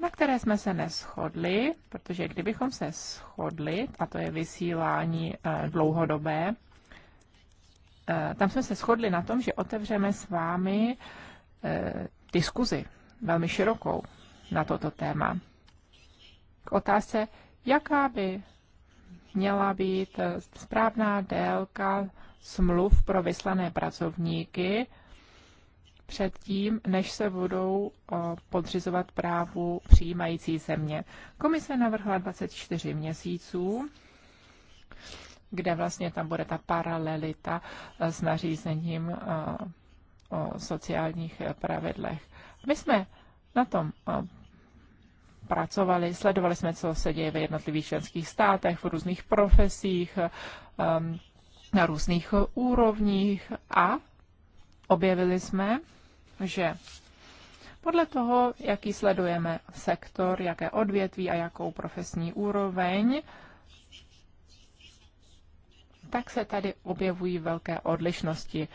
na které jsme se neschodli, protože kdybychom se shodli, a to je vysílání eh, dlouhodobé, eh, tam jsme se shodli na tom, že otevřeme s vámi eh, diskuzi velmi širokou na toto téma. K otázce, jaká by měla být správná délka smluv pro vyslané pracovníky předtím, než se budou eh, podřizovat právu přijímající země. Komise navrhla 24 měsíců, kde vlastně tam bude ta paralelita eh, s nařízením eh, o sociálních pravidlech. My jsme na tom pracovali, sledovali jsme, co se děje ve jednotlivých členských státech, v různých profesích, na různých úrovních a objevili jsme, že podle toho, jaký sledujeme sektor, jaké odvětví a jakou profesní úroveň, tak se tady objevují velké odlišnosti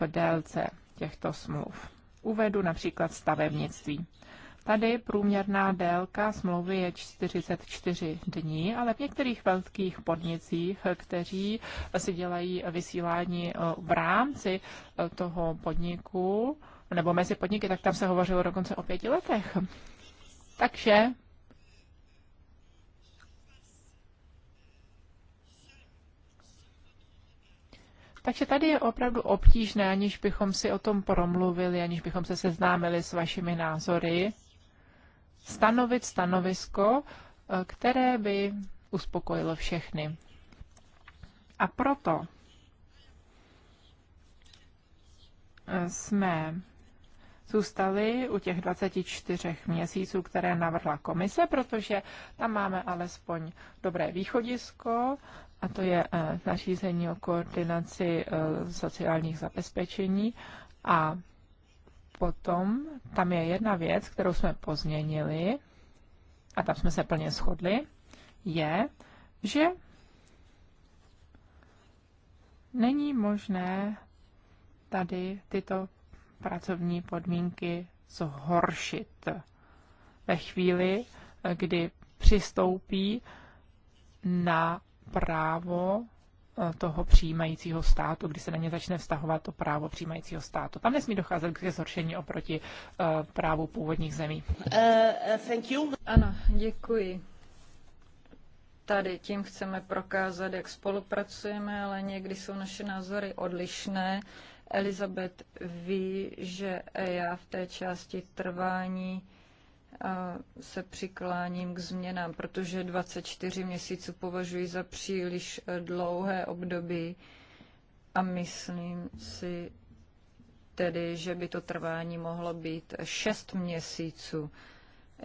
v délce těchto smluv. Uvedu například stavebnictví. Tady průměrná délka smlouvy je 44 dní, ale v některých velkých podnicích, kteří si dělají vysílání eh, v rámci eh, toho podniku nebo mezi podniky, tak tam se hovořilo dokonce o pěti letech. Takže Takže tady je opravdu obtížné, aniž bychom si o tom promluvili, aniž bychom se seznámili s vašimi názory stanovit stanovisko, eh, které by uspokojilo všechny. A proto eh, jsme zůstali u těch 24 měsíců, které navrhla komise, protože tam máme alespoň dobré východisko, a to je eh, nařízení o koordinaci sociálních zabezpečení a Potom tam je jedna věc, kterou jsme pozměnili, a tam jsme se plně shodli, je, že není možné tady tyto pracovní podmínky zhoršit ve chvíli, kdy přistoupí na právo toho přijímajícího státu, kdy se na ně začne vztahovat to právo přijímajícího státu. Tam nesmí docházet k zhoršení oproti eh, právu původních zemí. Uh, thank you. Ano, děkuji. Tady tím chceme prokázat, jak spolupracujeme, ale někdy jsou naše názory odlišné. Elizabeth ví, že já v té části trvání se přikláním k změnám, protože 24 měsíců považuji za příliš eh, dlouhé období a myslím si tedy, že by to trvání mohlo být 6 měsíců.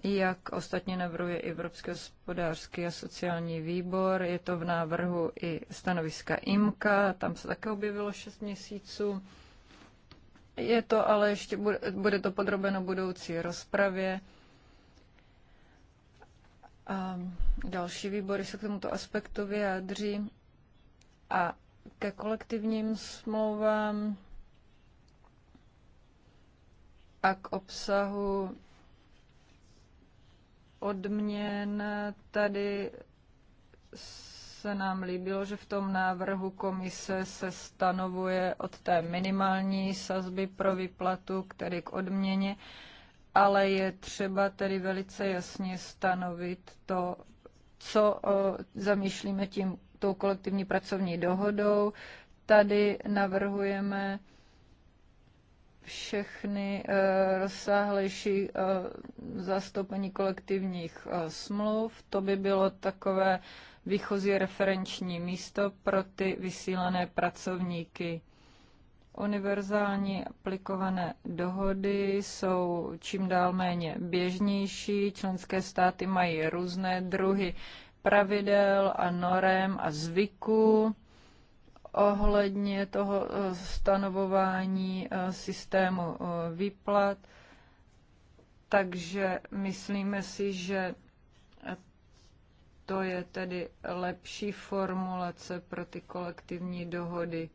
Jak ostatně navrhuje Evropský hospodářský a sociální výbor, je to v návrhu i stanoviska IMKA, tam se také objevilo 6 měsíců. Je to ale ještě, bude to podrobeno budoucí rozpravě a další výbory se k tomuto aspektu vyjádří a ke kolektivním smlouvám a k obsahu odměn tady se nám líbilo, že v tom návrhu komise se stanovuje od té minimální sazby pro výplatu, který k odměně, ale je třeba tedy velice jasně stanovit to, co zamýšlíme tím tou kolektivní pracovní dohodou. Tady navrhujeme všechny e, rozsáhlejší e, zastoupení kolektivních e, smluv. To by bylo takové výchozí referenční místo pro ty vysílané pracovníky. Univerzální aplikované dohody jsou čím dál méně běžnější, členské státy mají různé druhy pravidel a norem a zvyků ohledně toho eh, stanovování eh, systému eh, výplat. Takže myslíme si, že to je tedy lepší formulace pro ty kolektivní dohody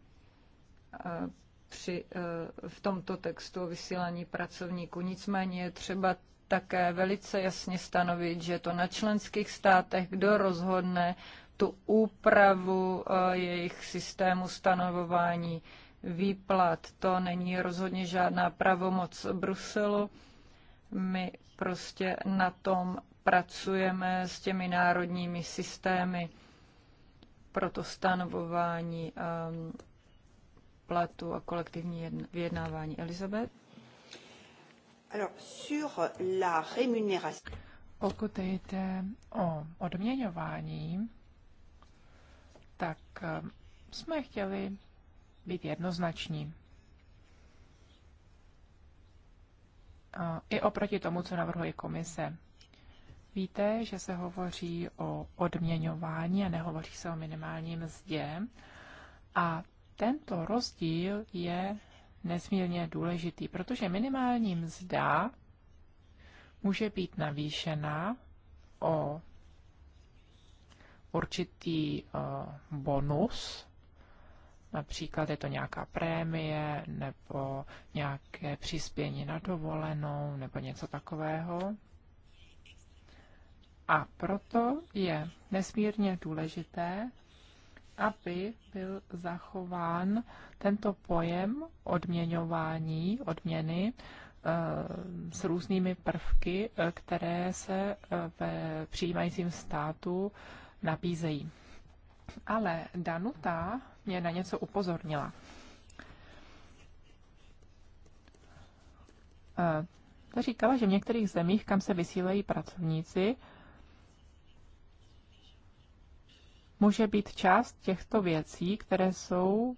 při, eh, v tomto textu o vysílání pracovníků. Nicméně je třeba také velice jasně stanovit, že to na členských státech, kdo rozhodne tu úpravu eh, jejich systému stanovování výplat. To není rozhodně žádná pravomoc Bruselu. My prostě na tom pracujeme s těmi národními systémy pro to stanovování ehm, platu a kolektivní vyjednávání. Elizabeth? Pokud jde o odměňování, tak eh, jsme chtěli být jednoznační. I oproti tomu, co navrhuje komise. Víte, že se hovoří o odměňování a nehovoří se o minimálním mzdě. A tento rozdíl je nesmírně důležitý, protože minimální mzda může být navýšena o určitý eh, bonus, například je to nějaká prémie nebo nějaké přispění na dovolenou nebo něco takového. A proto je nesmírně důležité, aby byl zachován tento pojem odměňování, odměny eh, s různými prvky, eh, které se eh, ve přijímajícím státu nabízejí. Ale Danuta mě na něco upozornila. říkala, že v některých zemích, kam se vysílají pracovníci, může být část těchto věcí, které jsou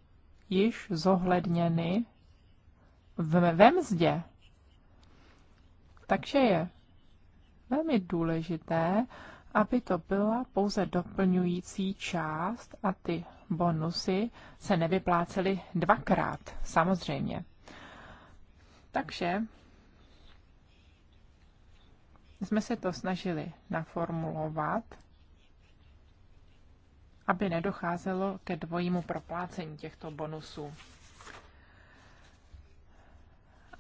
již zohledněny v, ve mzdě. Takže je velmi důležité, aby to byla pouze doplňující část a ty bonusy se nevyplácely dvakrát, samozřejmě. Takže jsme se to snažili naformulovat aby nedocházelo ke dvojímu proplácení těchto bonusů.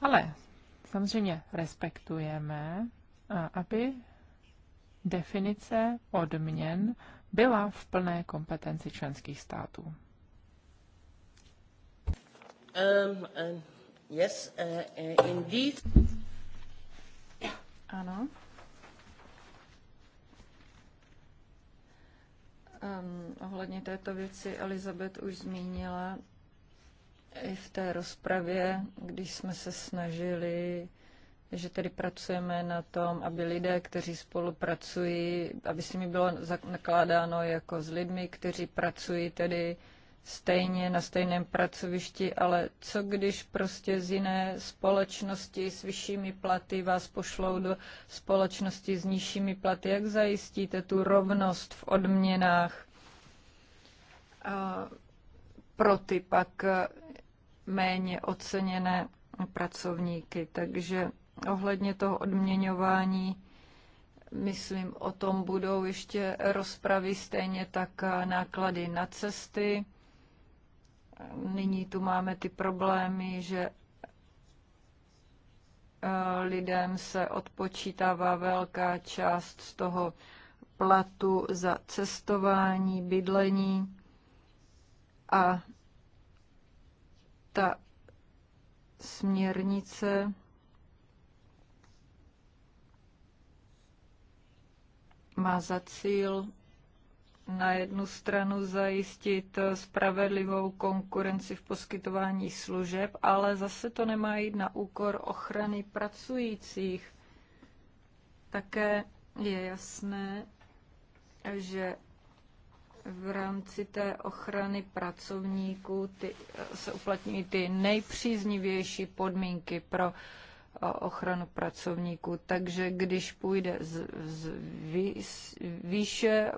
Ale samozřejmě respektujeme, aby definice odměn byla v plné kompetenci členských států. Um, um, yes, uh, uh indeed. Ano. Um, ohledně této věci Elizabeth už zmínila i v té rozpravě, když jsme se snažili, že tedy pracujeme na tom, aby lidé, kteří spolupracují, aby s nimi bylo nakládáno jako s lidmi, kteří pracují tedy stejně na stejném pracovišti, ale co když prostě z jiné společnosti s vyššími platy vás pošlou do společnosti s nižšími platy? Jak zajistíte tu rovnost v odměnách a pro ty pak méně oceněné pracovníky? Takže ohledně toho odměňování, myslím, o tom budou ještě rozpravy, stejně tak náklady na cesty nyní tu máme ty problémy, že eh, lidem se odpočítává velká část z toho platu za cestování, bydlení a ta směrnice má za cíl na jednu stranu zajistit spravedlivou konkurenci v poskytování služeb, ale zase to nemá jít na úkor ochrany pracujících. Také je jasné, že v rámci té ochrany pracovníků ty, se uplatňují ty nejpříznivější podmínky pro uh, ochranu pracovníků. Takže když půjde z, z výše e,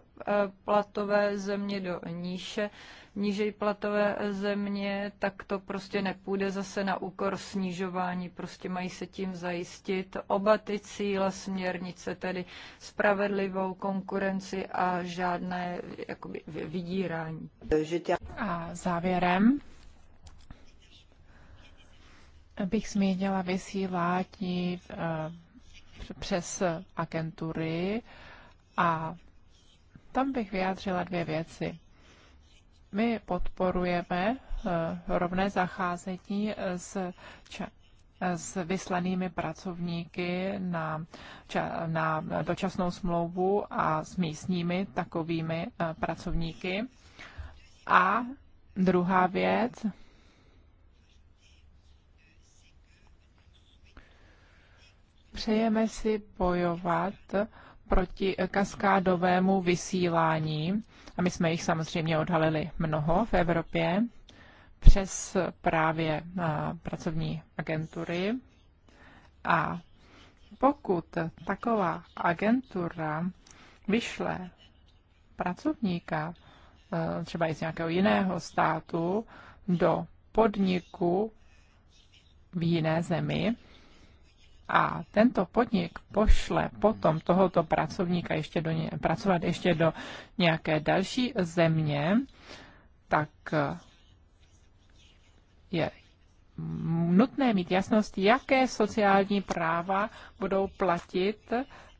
platové země do níže, nížej platové země, tak to prostě nepůjde zase na úkor snižování. Prostě mají se tím zajistit oba ty cíle směrnice, tedy spravedlivou konkurenci a žádné jakoby, vydírání. A závěrem bych zmínila vysílání eh, přes agentury a tam bych vyjádřila dvě věci. My podporujeme eh, rovné zacházení s, s vyslanými pracovníky na, na dočasnou smlouvu a s místními takovými eh, pracovníky. A druhá věc, Přejeme si bojovat proti kaskádovému vysílání, a my jsme jich samozřejmě odhalili mnoho v Evropě, přes právě pracovní agentury. A pokud taková agentura vyšle pracovníka, e, třeba i z nějakého jiného státu, do podniku v jiné zemi, a tento podnik pošle potom tohoto pracovníka ještě do ně, pracovat ještě do nějaké další země, tak eh, je nutné mít jasnost, jaké sociální práva budou platit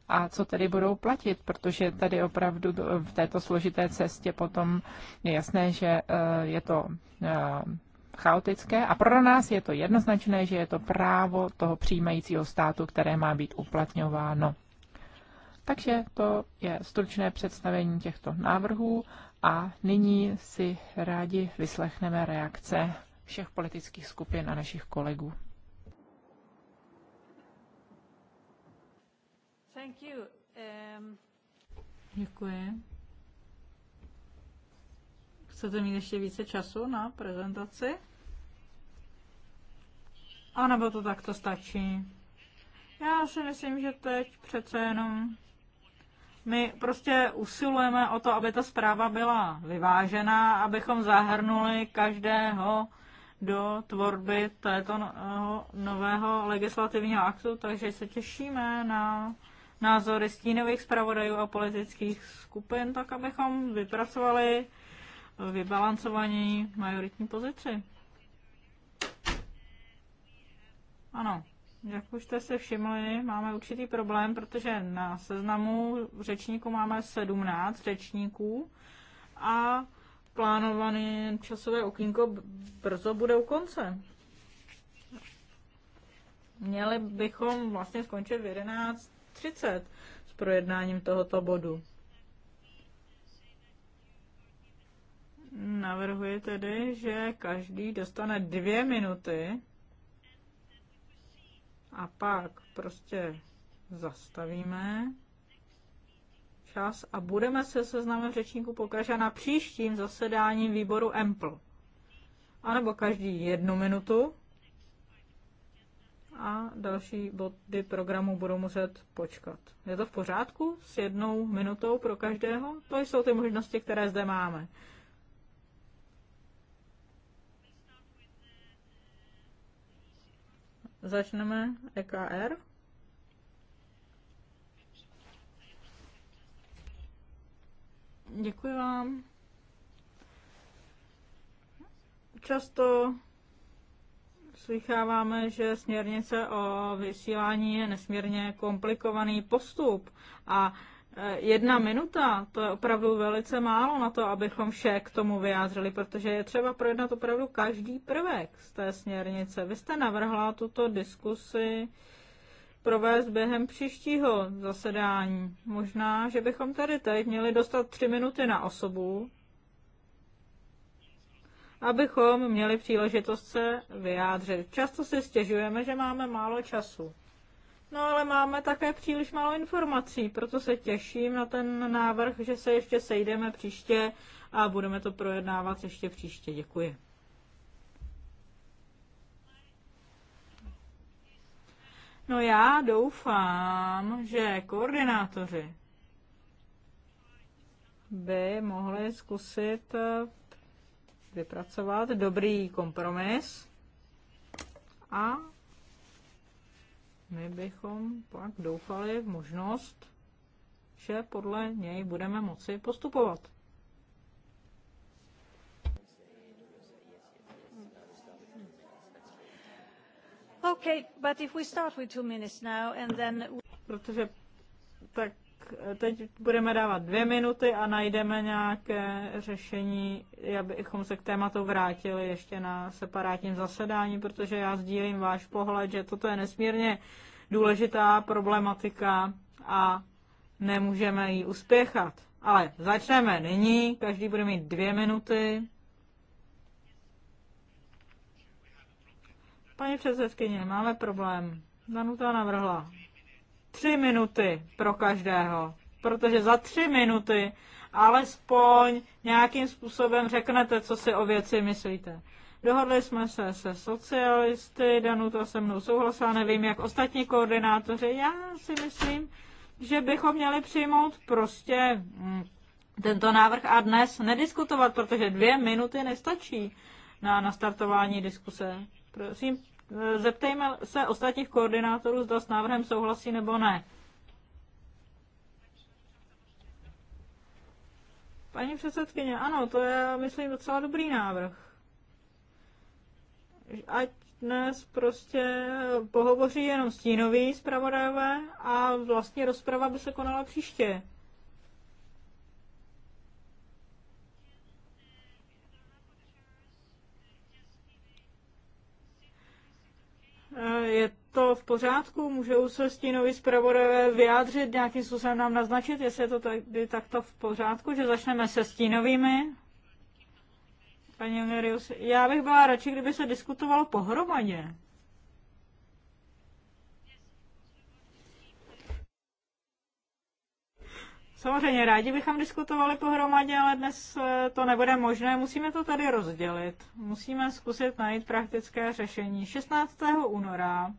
a co tedy budou platit, protože tady opravdu v této složité cestě potom je jasné, že eh, je to eh, chaotické a pro nás je to jednoznačné, že je to právo toho přijímajícího státu, které má být uplatňováno. Takže to je stručné představení těchto návrhů a nyní si rádi vyslechneme reakce všech politických skupin a našich kolegů. Thank you. Um... Děkuji. Chcete mít ještě více času na prezentaci? A nebo to takto stačí? Já si myslím, že teď přece jenom my prostě usilujeme o to, aby ta zpráva byla vyvážená, abychom zahrnuli každého do tvorby této no-, nového legislativního aktu, takže se těšíme na názory stínových zpravodajů a politických skupin, tak abychom vypracovali vybalancovaní majoritní pozici. Ano, jak už jste se všimli, máme určitý problém, protože na seznamu řečníků máme 17 řečníků a plánované časové okýnko brzo bude u konce. Měli bychom vlastně skončit v 11.30 s projednáním tohoto bodu. Navrhuji tedy, že každý dostane dvě minuty a pak prostě zastavíme čas a budeme se seznamem řečníku pokračovat na příštím zasedání výboru EMPL. A nebo každý jednu minutu a další body programu budou muset počkat. Je to v pořádku s jednou minutou pro každého? To jsou ty možnosti, které zde máme. Začneme EKR. Děkuji vám. Často slycháváme, že směrnice o vysílání je nesmírně komplikovaný postup a Jedna minuta, to je opravdu velice málo na to, abychom vše k tomu vyjádřili, protože je třeba projednat opravdu každý prvek z té směrnice. Vy jste navrhla tuto diskusi provést během příštího zasedání. Možná, že bychom tady teď měli dostat tři minuty na osobu, abychom měli příležitost se vyjádřit. Často si stěžujeme, že máme málo času. No ale máme také příliš málo informací, proto se těším na ten návrh, že se ještě sejdeme příště a budeme to projednávat ještě příště. Děkuji. No já doufám, že koordinátoři by mohli zkusit eh, vypracovat dobrý kompromis a my bychom pak doufali v možnost, že podle něj budeme moci postupovat. Okay, but if we start with two minutes now and then... Protože tak teď budeme dávat dvě minuty a najdeme nějaké řešení, abychom se k tématu vrátili ještě na separátním zasedání, protože já sdílím váš pohled, že toto je nesmírně důležitá problematika a nemůžeme ji uspěchat. Ale začneme nyní, každý bude mít dvě minuty. Paní předsedkyně, máme problém. Danuta navrhla Tři minuty pro každého, protože za tři minuty alespoň nějakým způsobem řeknete, co si o věci myslíte. Dohodli jsme se se socialisty, Danuta se mnou souhlasila, nevím jak ostatní koordinátoři. Já si myslím, že bychom měli přijmout prostě hm, tento návrh a dnes nediskutovat, protože dvě minuty nestačí na nastartování diskuse. Prosím, Zeptejme se ostatních koordinátorů, zda s návrhem souhlasí nebo ne. Paní předsedkyně, ano, to je, myslím, docela dobrý návrh. Ať dnes prostě pohovoří jenom stínoví zpravodajové a vlastně rozprava by se konala příště. je to v pořádku? Můžou se stínoví zpravodajové vyjádřit nějakým způsobem nám naznačit, jestli je to tady takto v pořádku, že začneme se stínovými? Paní Onerius, já bych byla radši, kdyby se diskutovalo pohromadě. Samozřejmě rádi bychom diskutovali pohromadě, ale dnes eh, to nebude možné. Musíme to tady rozdělit. Musíme zkusit najít praktické řešení. 16. února.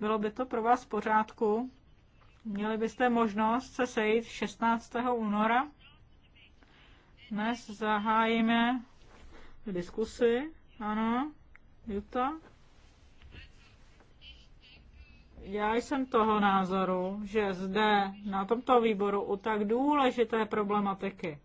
Bylo by to pro vás v pořádku? Měli byste možnost se sejít 16. února? Dnes zahájíme diskusy. Ano, Juta. Já jsem toho názoru, že zde na tomto výboru u tak důležité problematiky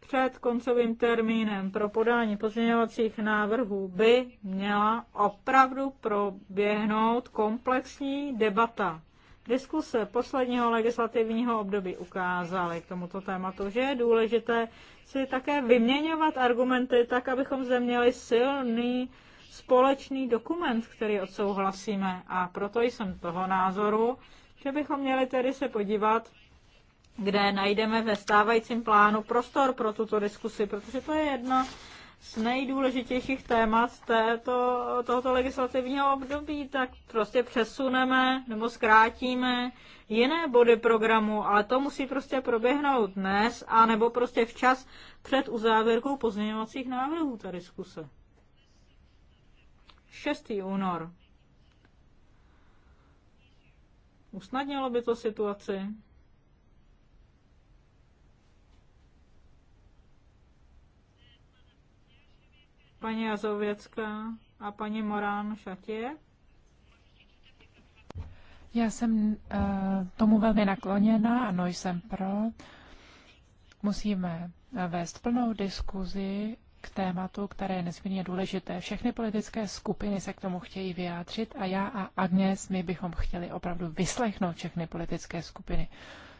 před koncovým termínem pro podání pozměňovacích návrhů by měla opravdu proběhnout komplexní debata. Diskuse posledního legislativního období ukázaly k tomuto tématu, že je důležité si také vyměňovat argumenty tak, abychom zde měli silný společný dokument, který odsouhlasíme. A proto jsem toho názoru, že bychom měli tedy se podívat, kde najdeme ve stávajícím plánu prostor pro tuto diskusi, protože to je jedna z nejdůležitějších témat této, tohoto legislativního období, tak prostě přesuneme nebo zkrátíme jiné body programu, ale to musí prostě proběhnout dnes, nebo prostě včas před uzávěrkou pozměňovacích návrhů ta diskuse. 6. únor. Usnadnilo by to situaci? Paní Jazověcká a paní Morán Šatě? Já jsem uh, tomu velmi nakloněna, ano, jsem pro. Musíme vést plnou diskuzi k tématu, které je nesmírně důležité. Všechny politické skupiny se k tomu chtějí vyjádřit a já a Agnes, my bychom chtěli opravdu vyslechnout všechny politické skupiny.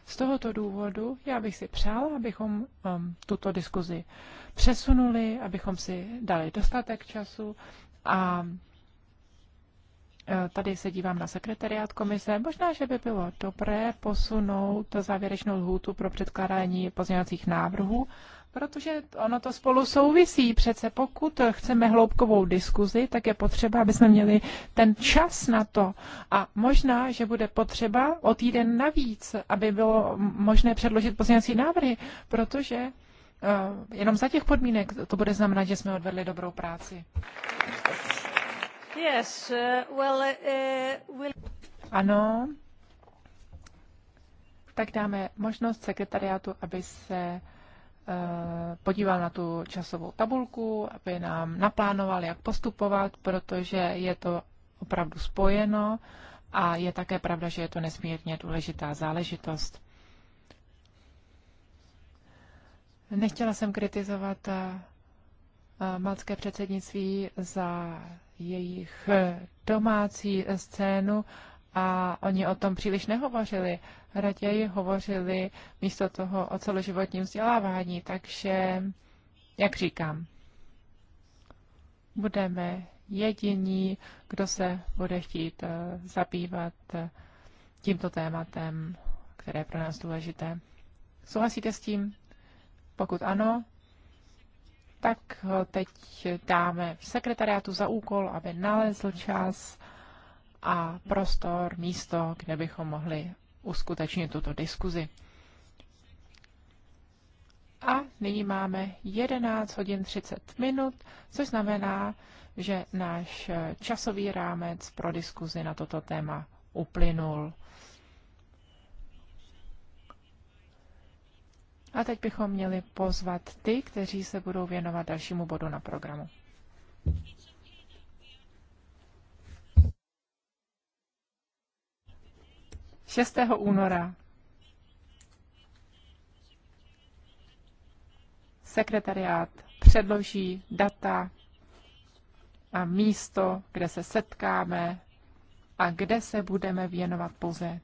Z tohoto důvodu já bych si přála, abychom um, tuto diskuzi přesunuli, abychom si dali dostatek času a eh, Tady se dívám na sekretariát komise. Možná, že by bylo dobré posunout závěrečnou lhůtu pro předkládání pozměňovacích návrhů Protože ono to spolu souvisí. Přece pokud chceme hloubkovou diskuzi, tak je potřeba, aby jsme měli ten čas na to. A možná, že bude potřeba o týden navíc, aby bylo možné předložit pozměňovací návrhy, protože uh, jenom za těch podmínek to bude znamenat, že jsme odvedli dobrou práci. Yes, uh, well, uh, we'll... Ano, tak dáme možnost sekretariátu, aby se Eh, podíval na tu časovou tabulku, aby nám naplánoval, jak postupovat, protože je to opravdu spojeno a je také pravda, že je to nesmírně důležitá záležitost. Nechtěla jsem kritizovat eh, eh, malské předsednictví za jejich domácí scénu, a oni o tom příliš nehovořili. Raději hovořili místo toho o celoživotním vzdělávání, takže, jak říkám, budeme jediní, kdo se bude chtít eh, zabývat eh, tímto tématem, které je pro nás důležité. Souhlasíte s tím? Pokud ano, tak teď dáme sekretariátu za úkol, aby nalezl čas a prostor, místo, kde bychom mohli uskutečnit tuto diskuzi. A nyní máme 11 hodin 30 minut, což znamená, že náš časový rámec pro diskuzi na toto téma uplynul. A teď bychom měli pozvat ty, kteří se budou věnovat dalšímu bodu na programu. 6. února sekretariát předloží data a místo, kde se setkáme a kde se budeme věnovat pouze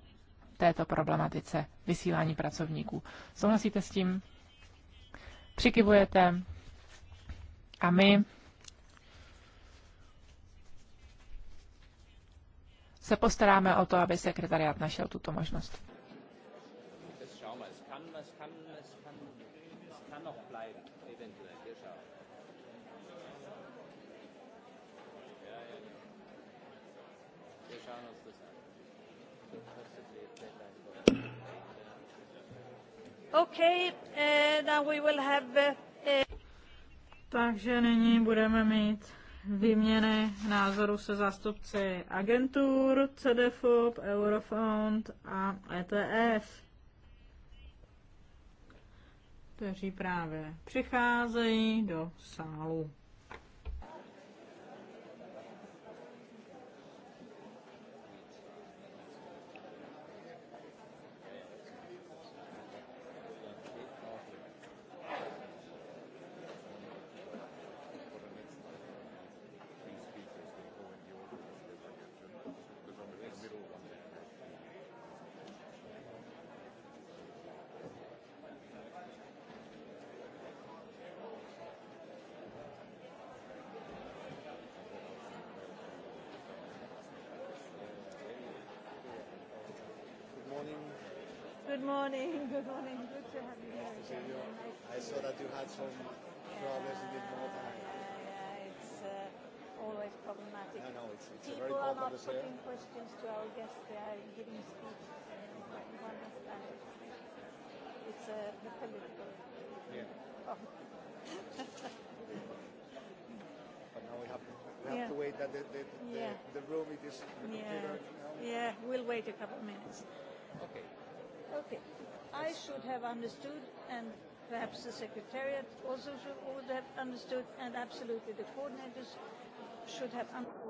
této problematice vysílání pracovníků. Souhlasíte s tím? Přikivujete a my se postaráme o to, aby sekretariát našel tuto možnost. Okay, eh, eh, Takže nyní budeme mít výměny názorů se zástupci agentur, CDFOB, Eurofond a ETF, kteří právě přicházejí do sálu. was putting there. questions to our guests. They are giving speeches, and one has done it. It's uh, the political. Yeah. Oh. but now we have to, we have yeah. to wait that the, the, the, yeah. the room it is the yeah. computer. You know? Yeah, we'll wait a couple of minutes. Okay. Okay. I should have understood, and perhaps the Secretariat also should, would have understood, and absolutely the coordinators should have understood.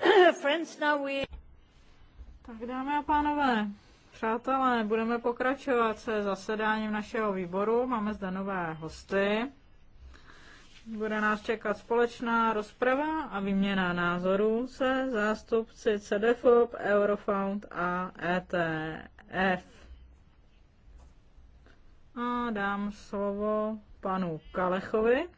Friends, now we... Tak dámy a pánové, Přátelé, budeme pokračovat se zasedáním našeho výboru. Máme zde nové hosty. Bude nás čekat společná rozprava a výměna názorů se zástupci CDFOB, Eurofound a ETF. A dám slovo panu Kalechovi,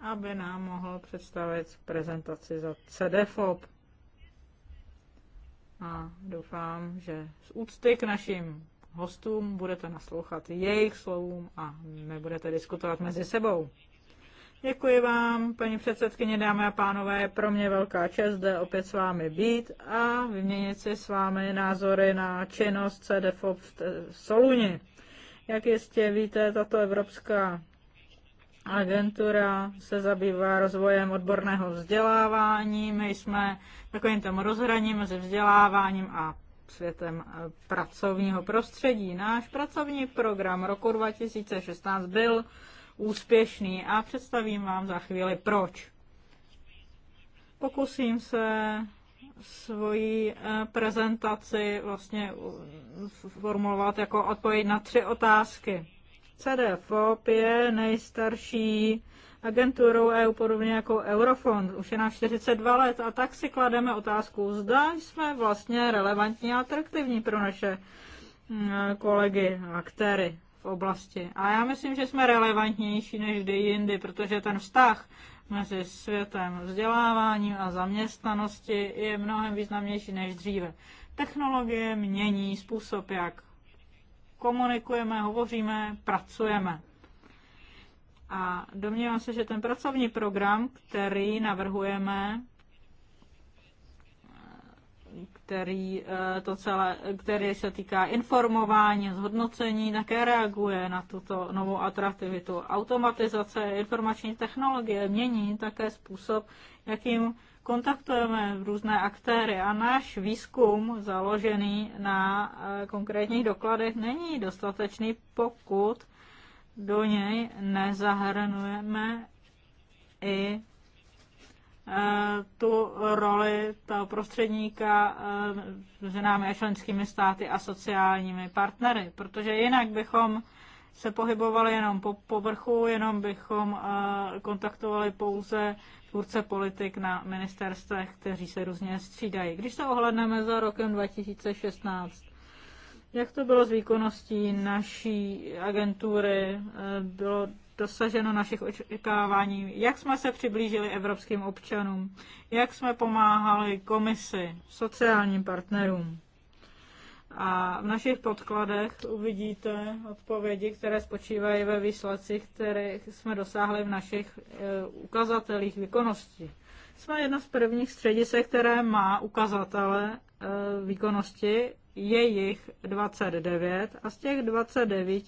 aby nám mohl představit prezentaci za CDFOB a doufám, že z úcty k našim hostům budete naslouchat jejich slovům a nebudete diskutovat mezi sebou. Děkuji vám, paní předsedkyně, dámy a pánové, je pro mě velká čest zde opět s vámi být a vyměnit si s vámi názory na činnost CDFOP v Soluni. Jak jistě víte, tato Evropská Agentura se zabývá rozvojem odborného vzdělávání. My jsme takovým tam rozhraním mezi vzděláváním a světem eh, pracovního prostředí. Náš pracovní program roku 2016 byl úspěšný a představím vám za chvíli proč. Pokusím se svoji eh, prezentaci vlastně formulovat jako odpověď na tři otázky. CDFOP je nejstarší agenturou EU, podobně jako Eurofond. Už je nám 42 let a tak si klademe otázku, zda jsme vlastně relevantní a atraktivní pro naše mm, kolegy, aktéry v oblasti. A já myslím, že jsme relevantnější než kdy jindy, protože ten vztah mezi světem vzděláváním a zaměstnanosti je mnohem významnější než dříve. Technologie mění způsob, jak komunikujeme, hovoříme, pracujeme. A domnívám se, že ten pracovní program, který navrhujeme, který, eh, to celé, který se týká informování, zhodnocení, také reaguje na tuto novou atraktivitu. Automatizace informační technologie mění také způsob, jakým kontaktujeme různé aktéry a náš výzkum založený na eh, konkrétních dokladech není dostatečný, pokud do něj nezahrnujeme i eh, tu roli toho prostředníka eh, mezi námi a členskými státy a sociálními partnery, protože jinak bychom se pohybovali jenom po povrchu, jenom bychom kontaktovali pouze tvůrce politik na ministerstvech, kteří se různě střídají. Když se ohledneme za rokem 2016, jak to bylo s výkonností naší agentury? Eh, bylo dosaženo našich očekávání? Jak jsme se přiblížili evropským občanům? Jak jsme pomáhali komisi, sociálním partnerům? A v našich podkladech uvidíte odpovědi, které spočívají ve výsledcích, které jsme dosáhli v našich e, ukazatelích výkonnosti. Jsme jedna z prvních středisek, které má ukazatele e, výkonnosti, je jich 29 a z těch 29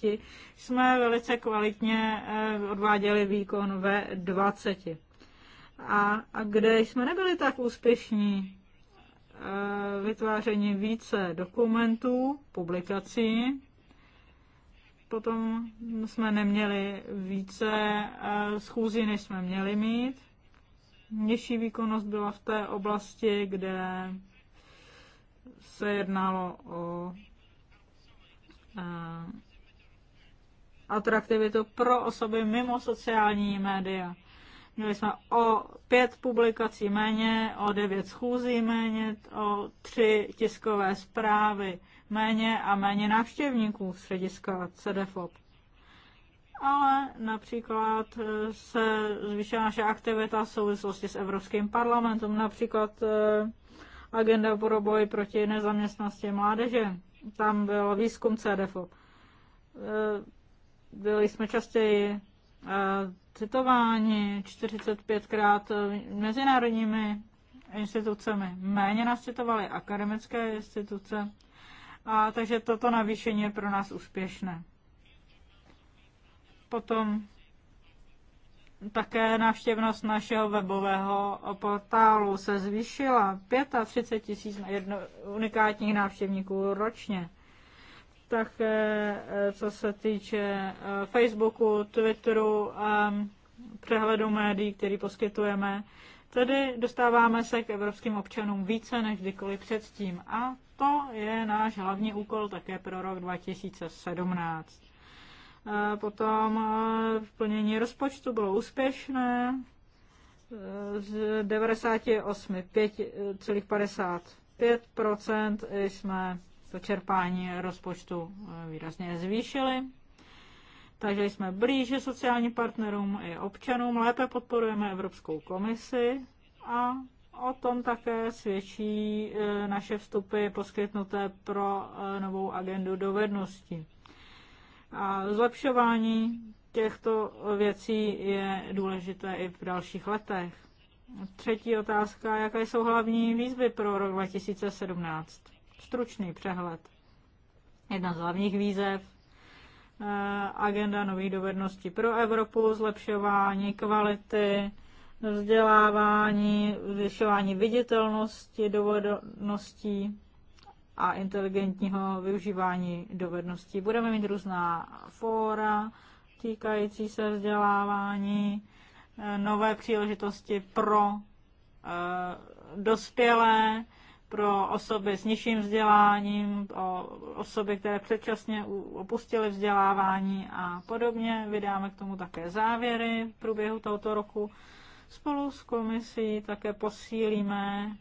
jsme velice kvalitně e, odváděli výkon ve 20. A, a kde jsme nebyli tak úspěšní, Eh, vytváření více dokumentů, publikací. Potom jsme neměli více eh, schůzí, než jsme měli mít. Nižší výkonnost byla v té oblasti, kde se jednalo o eh, atraktivitu pro osoby mimo sociální média. Měli jsme o pět publikací méně, o devět schůzí méně, o tři tiskové zprávy méně a méně návštěvníků střediska CDFOP. Ale například eh, se zvýšila naše aktivita v souvislosti s Evropským parlamentem, například eh, agenda pro boj proti nezaměstnanosti mládeže. Tam byl výzkum CDFOP. Eh, byli jsme častěji citováni 45krát mezinárodními institucemi. Méně nás citovaly akademické instituce, a takže toto navýšení je pro nás úspěšné. Potom také návštěvnost našeho webového portálu se zvýšila 35 tisíc unikátních návštěvníků ročně také eh, co se týče eh, Facebooku, Twitteru a přehledu médií, který poskytujeme. Tedy dostáváme se k evropským občanům více než kdykoliv předtím a to je náš hlavní úkol také pro rok 2017. Eh, potom plnění rozpočtu bylo úspěšné z 98,55% jsme to čerpání rozpočtu eh, výrazně zvýšili. Takže jsme blíže sociálním partnerům i občanům, lépe podporujeme Evropskou komisi a o tom také svědčí eh, naše vstupy poskytnuté pro eh, novou agendu dovedností. A zlepšování těchto věcí je důležité i v dalších letech. Třetí otázka, jaké jsou hlavní výzvy pro rok 2017? stručný přehled. Jedna z hlavních výzev eh, agenda nových dovedností pro Evropu, zlepšování kvality, vzdělávání, zvyšování viditelnosti dovedností a inteligentního využívání dovedností. Budeme mít různá fóra týkající se vzdělávání, eh, nové příležitosti pro eh, dospělé, pro osoby s nižším vzděláním, o osoby, které předčasně opustily vzdělávání a podobně. Vydáme k tomu také závěry v průběhu tohoto roku. Spolu s komisí také posílíme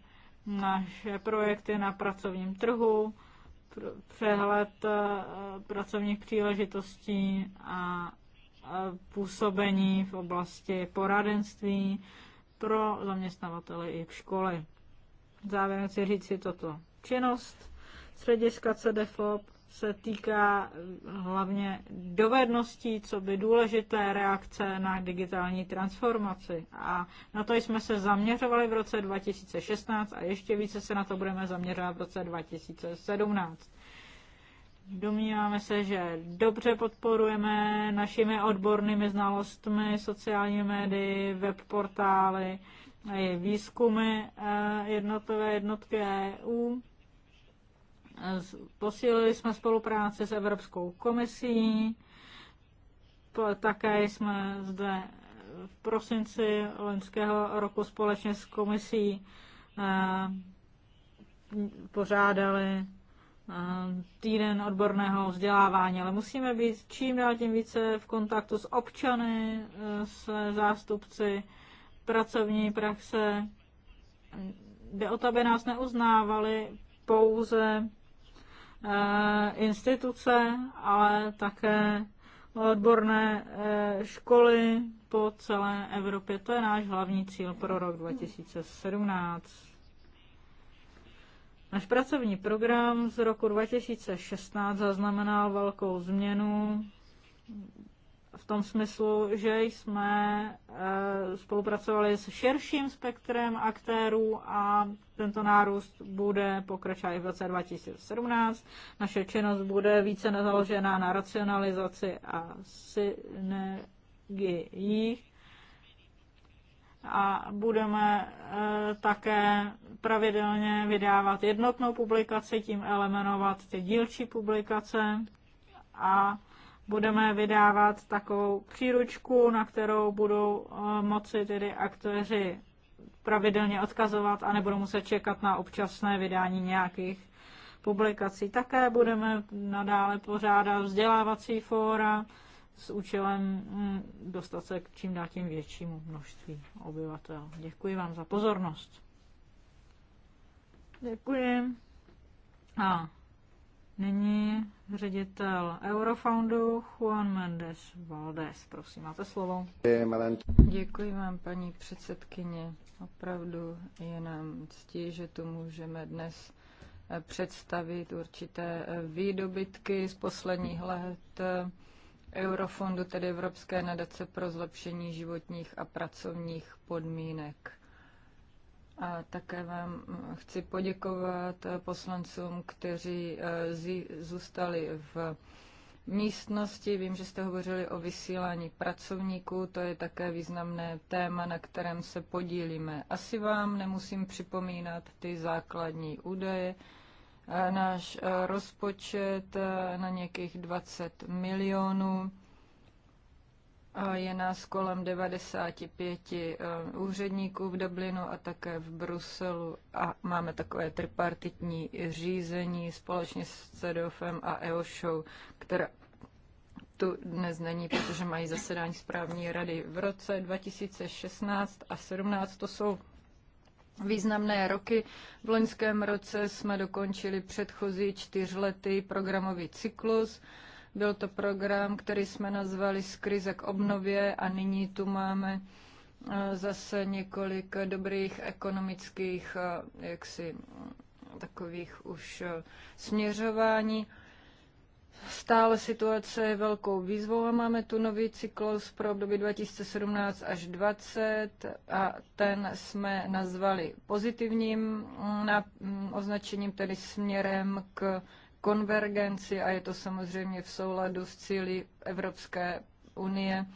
naše projekty na pracovním trhu, přehled eh, pracovních příležitostí a eh, působení v oblasti poradenství pro zaměstnavatele i v školy závěrem chci říct si toto. Činnost z hlediska CDFOP se týká eh, hlavně dovedností, co by důležité reakce na digitální transformaci. A na to jsme se zaměřovali v roce 2016 a ještě více se na to budeme zaměřovat v roce 2017. Domníváme se, že dobře podporujeme našimi odbornými znalostmi sociální médii, web portály, výzkumy eh, jednotové jednotky EU. Posílili jsme spolupráci s Evropskou komisí, také jsme zde v prosinci loňského roku společně s komisí eh, pořádali eh, týden odborného vzdělávání, ale musíme být čím dál tím více v kontaktu s občany, s zástupci pracovní praxe. Jde o to, aby nás neuznávali pouze eh, instituce, ale také odborné eh, školy po celé Evropě. To je náš hlavní cíl pro rok 2017. Náš pracovní program z roku 2016 zaznamenal velkou změnu v tom smyslu, že jsme eh, spolupracovali s širším spektrem aktérů a tento nárůst bude pokračovat i v roce 2017. Naše činnost bude více nezaložená na racionalizaci a synergiích a budeme eh, také pravidelně vydávat jednotnou publikaci, tím elemenovat ty dílčí publikace a budeme vydávat takovou příručku, na kterou budou eh, moci tedy aktéři pravidelně odkazovat a nebudou muset čekat na občasné vydání nějakých publikací. Také budeme nadále pořádat vzdělávací fóra s účelem hm, dostat se k čím dál tím většímu množství obyvatel. Děkuji vám za pozornost. Děkuji. A Nyní ředitel Eurofoundu Juan Mendes Valdés. Prosím, máte slovo. Děkuji vám, paní předsedkyně. Opravdu je nám ctí, že tu můžeme dnes eh, představit určité eh, výdobytky z posledních let eh, Eurofondu, tedy Evropské nadace pro zlepšení životních a pracovních podmínek. A také vám mm, chci poděkovat eh, poslancům, kteří eh, zůstali v místnosti. Vím, že jste hovořili o vysílání pracovníků, to je také významné téma, na kterém se podílíme. Asi vám nemusím připomínat ty základní údaje. Eh, náš rozpočet na nějakých 20 milionů je nás kolem 95 eh, úředníků v Dublinu a také v Bruselu a máme takové tripartitní řízení společně s CDFem a EOShow, která tu dnes není, protože mají zasedání správní rady v roce 2016 a 17. To jsou významné roky. V loňském roce jsme dokončili předchozí čtyřletý programový cyklus. Byl to program, který jsme nazvali Z krize k obnově a nyní tu máme e, zase několik dobrých ekonomických e, jaksi, takových už e, směřování. Stále situace je velkou výzvou a máme tu nový cyklus pro období 2017 až 2020 a ten jsme nazvali pozitivním označením, tedy směrem k konvergenci a je to samozřejmě v souladu s cíly Evropské unie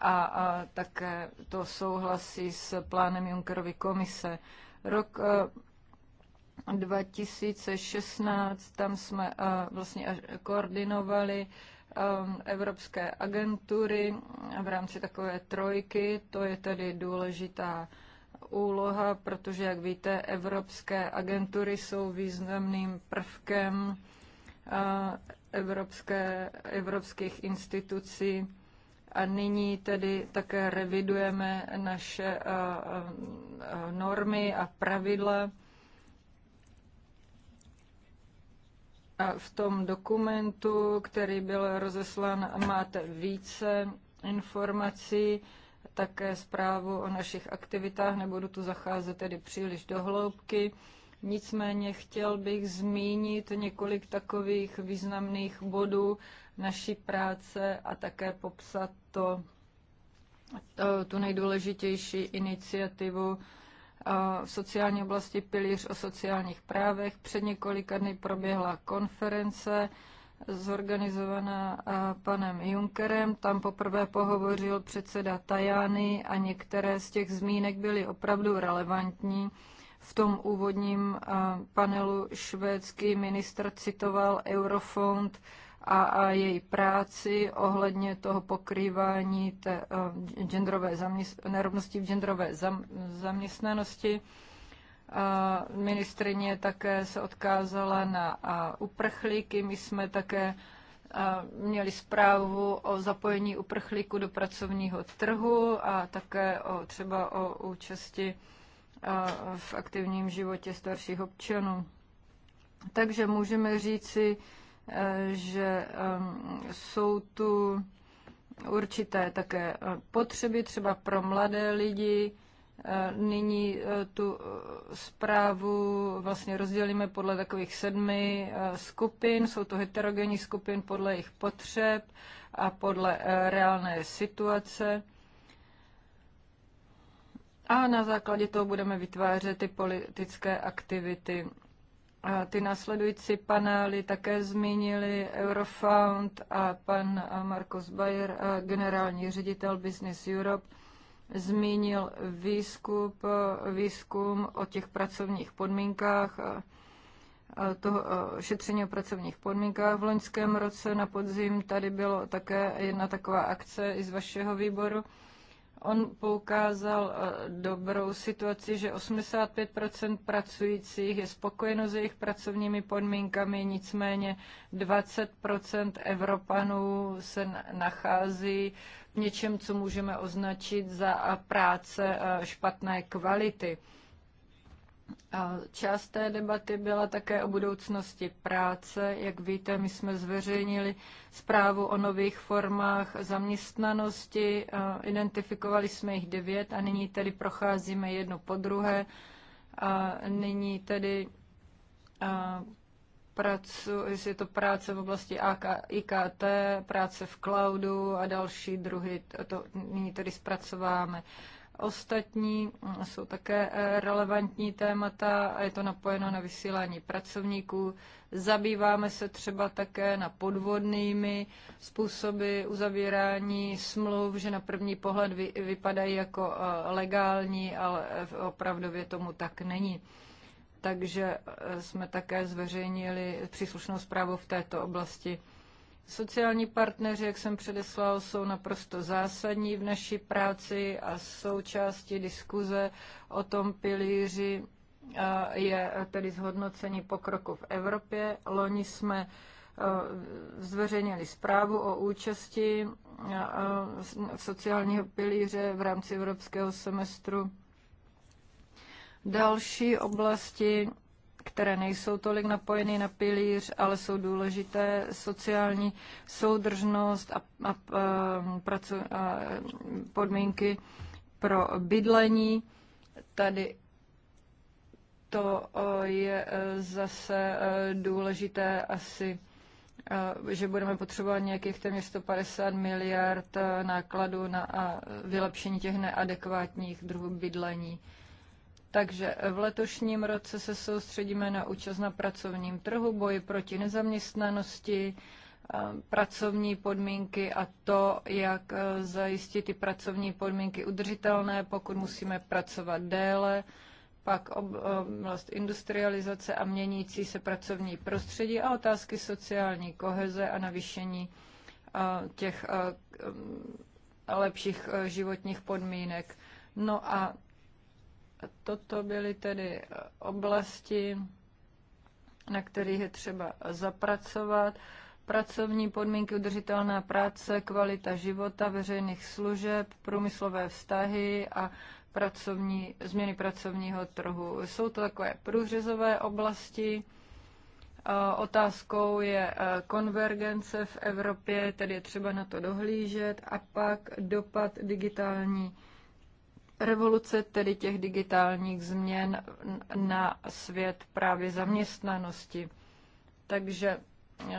a, a také to souhlasí s plánem Junckerovy komise. Rok 2016, eh, tam jsme eh, vlastně koordinovali eh, evropské agentury v rámci takové trojky. To je tedy důležitá úloha, protože, jak víte, evropské agentury jsou významným prvkem evropské, evropských institucí. A nyní tedy také revidujeme naše normy a pravidla. A v tom dokumentu, který byl rozeslán, máte více informací, také zprávu o našich aktivitách, nebudu tu zacházet tedy příliš do hloubky. Nicméně chtěl bych zmínit několik takových významných bodů naší práce a také popsat to, to tu nejdůležitější iniciativu eh, v sociální oblasti pilíř o sociálních právech. Před několika dny proběhla konference zorganizovaná eh, panem Junkerem. Tam poprvé pohovořil předseda Tajány a některé z těch zmínek byly opravdu relevantní. V tom úvodním eh, panelu švédský ministr citoval Eurofond a, a její práci ohledně toho pokrývání té, eh, genderové zaměst- nerovnosti v genderové zam- zaměstnanosti. Uh, ministrině také se odkázala na uh, uprchlíky. My jsme také měli zprávu o zapojení uprchlíků do pracovního trhu a také o, třeba o účasti v aktivním životě starších občanů. Takže můžeme říci, e, že jsou tu určité také e, potřeby, třeba pro mladé lidi. E, nyní tu zprávu vlastně rozdělíme podle takových sedmi skupin. Jsou to heterogenní skupin podle jejich potřeb a podle reálné situace. A na základě toho budeme vytvářet ty politické aktivity. A ty následující panely také zmínili Eurofound a pan Markus Bayer, generální ředitel Business Europe, zmínil výzkup, výzkum o těch pracovních podmínkách, To šetření o pracovních podmínkách. V loňském roce na podzim tady bylo také jedna taková akce i z vašeho výboru. On poukázal eh, dobrou situaci, že 85 pracujících je spokojeno s jejich pracovními podmínkami, nicméně 20 Evropanů se nachází v něčem, co můžeme označit za eh, práce eh, špatné kvality. A část té debaty byla také o budoucnosti práce. Jak víte, my jsme zveřejnili zprávu o nových formách zaměstnanosti, identifikovali jsme jich devět a nyní tedy procházíme jedno po druhé. A nyní tedy a pracu, je to práce v oblasti AK, IKT, práce v cloudu a další druhy, to nyní tedy zpracováme ostatní mm, jsou také eh, relevantní témata a je to napojeno na vysílání pracovníků. Zabýváme se třeba také na podvodnými způsoby uzavírání smluv, že na první pohled vy, vypadají jako eh, legální, ale eh, opravdově tomu tak není. Takže jsme také zveřejnili příslušnou zprávu v této oblasti. Sociální partneři, jak jsem předeslal, jsou naprosto zásadní v naší práci a součástí diskuze o tom pilíři je tedy zhodnocení pokroku v Evropě. Loni jsme zveřejnili zprávu o účasti sociálního pilíře v rámci evropského semestru. Další oblasti které nejsou tolik napojeny na pilíř, ale jsou důležité sociální soudržnost a, a, e, a, a podmínky pro bydlení. Tady to e, je e, zase důležité asi že budeme potřebovat nějakých téměř 150 miliard nákladů na vylepšení těch neadekvátních druhů bydlení. Takže v letošním roce se soustředíme na účast na pracovním trhu, boji proti nezaměstnanosti, pracovní podmínky a to, jak e, zajistit ty pracovní podmínky udržitelné, pokud musíme pracovat déle, pak e, oblast industrializace a měnící se pracovní prostředí a otázky sociální koheze a navýšení e, těch lepších životních podmínek. No a Toto byly tedy eh, oblasti, na kterých je třeba zapracovat. Pracovní podmínky, udržitelná práce, kvalita života, veřejných služeb, průmyslové vztahy a pracovní, změny pracovního trhu. Jsou to takové průřezové oblasti. Eh, otázkou je eh, konvergence v Evropě, tedy je třeba na to dohlížet a pak dopad digitální revoluce tedy těch digitálních změn na svět právě zaměstnanosti. Takže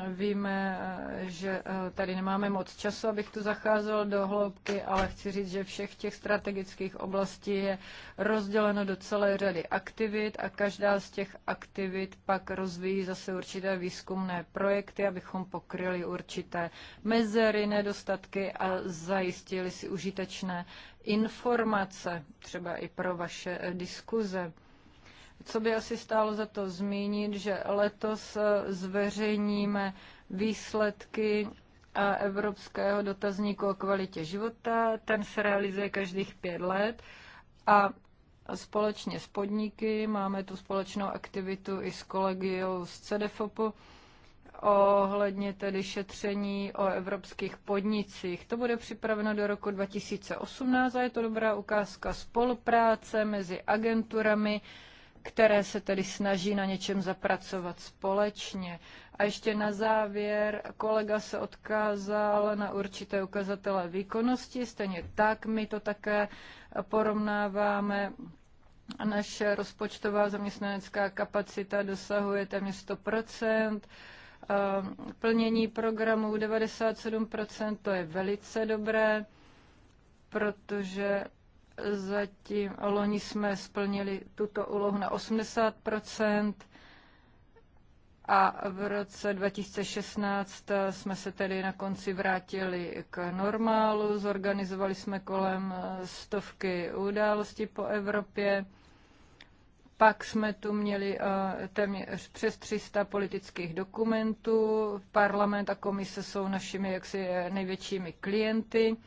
Víme, že eh, tady nemáme moc času, abych tu zacházel do hloubky, ale chci říct, že všech těch strategických oblastí je rozděleno do celé řady aktivit a každá z těch aktivit pak rozvíjí zase určité výzkumné projekty, abychom pokryli určité mezery, nedostatky a zajistili si užitečné informace, třeba i pro vaše eh, diskuze co by asi stálo za to zmínit, že letos eh, zveřejníme výsledky eh, evropského dotazníku o kvalitě života. Ten se realizuje každých pět let a společně s podniky máme tu společnou aktivitu i s kolegiou z CDFOPu ohledně tedy šetření o evropských podnicích. To bude připraveno do roku 2018 a je to dobrá ukázka spolupráce mezi agenturami, které se tedy snaží na něčem zapracovat společně. A ještě na závěr, kolega se odkázal na určité ukazatele výkonnosti, stejně tak my to také porovnáváme naše rozpočtová zaměstnanecká kapacita dosahuje téměř 100 Plnění programů 97 to je velice dobré, protože Zatím loni jsme splnili tuto úlohu na 80 a v roce 2016 jsme se tedy na konci vrátili k normálu, zorganizovali jsme kolem stovky událostí po Evropě. Pak jsme tu měli eh, téměř přes 300 politických dokumentů. Parlament a komise jsou našimi jaksi eh, největšími klienty.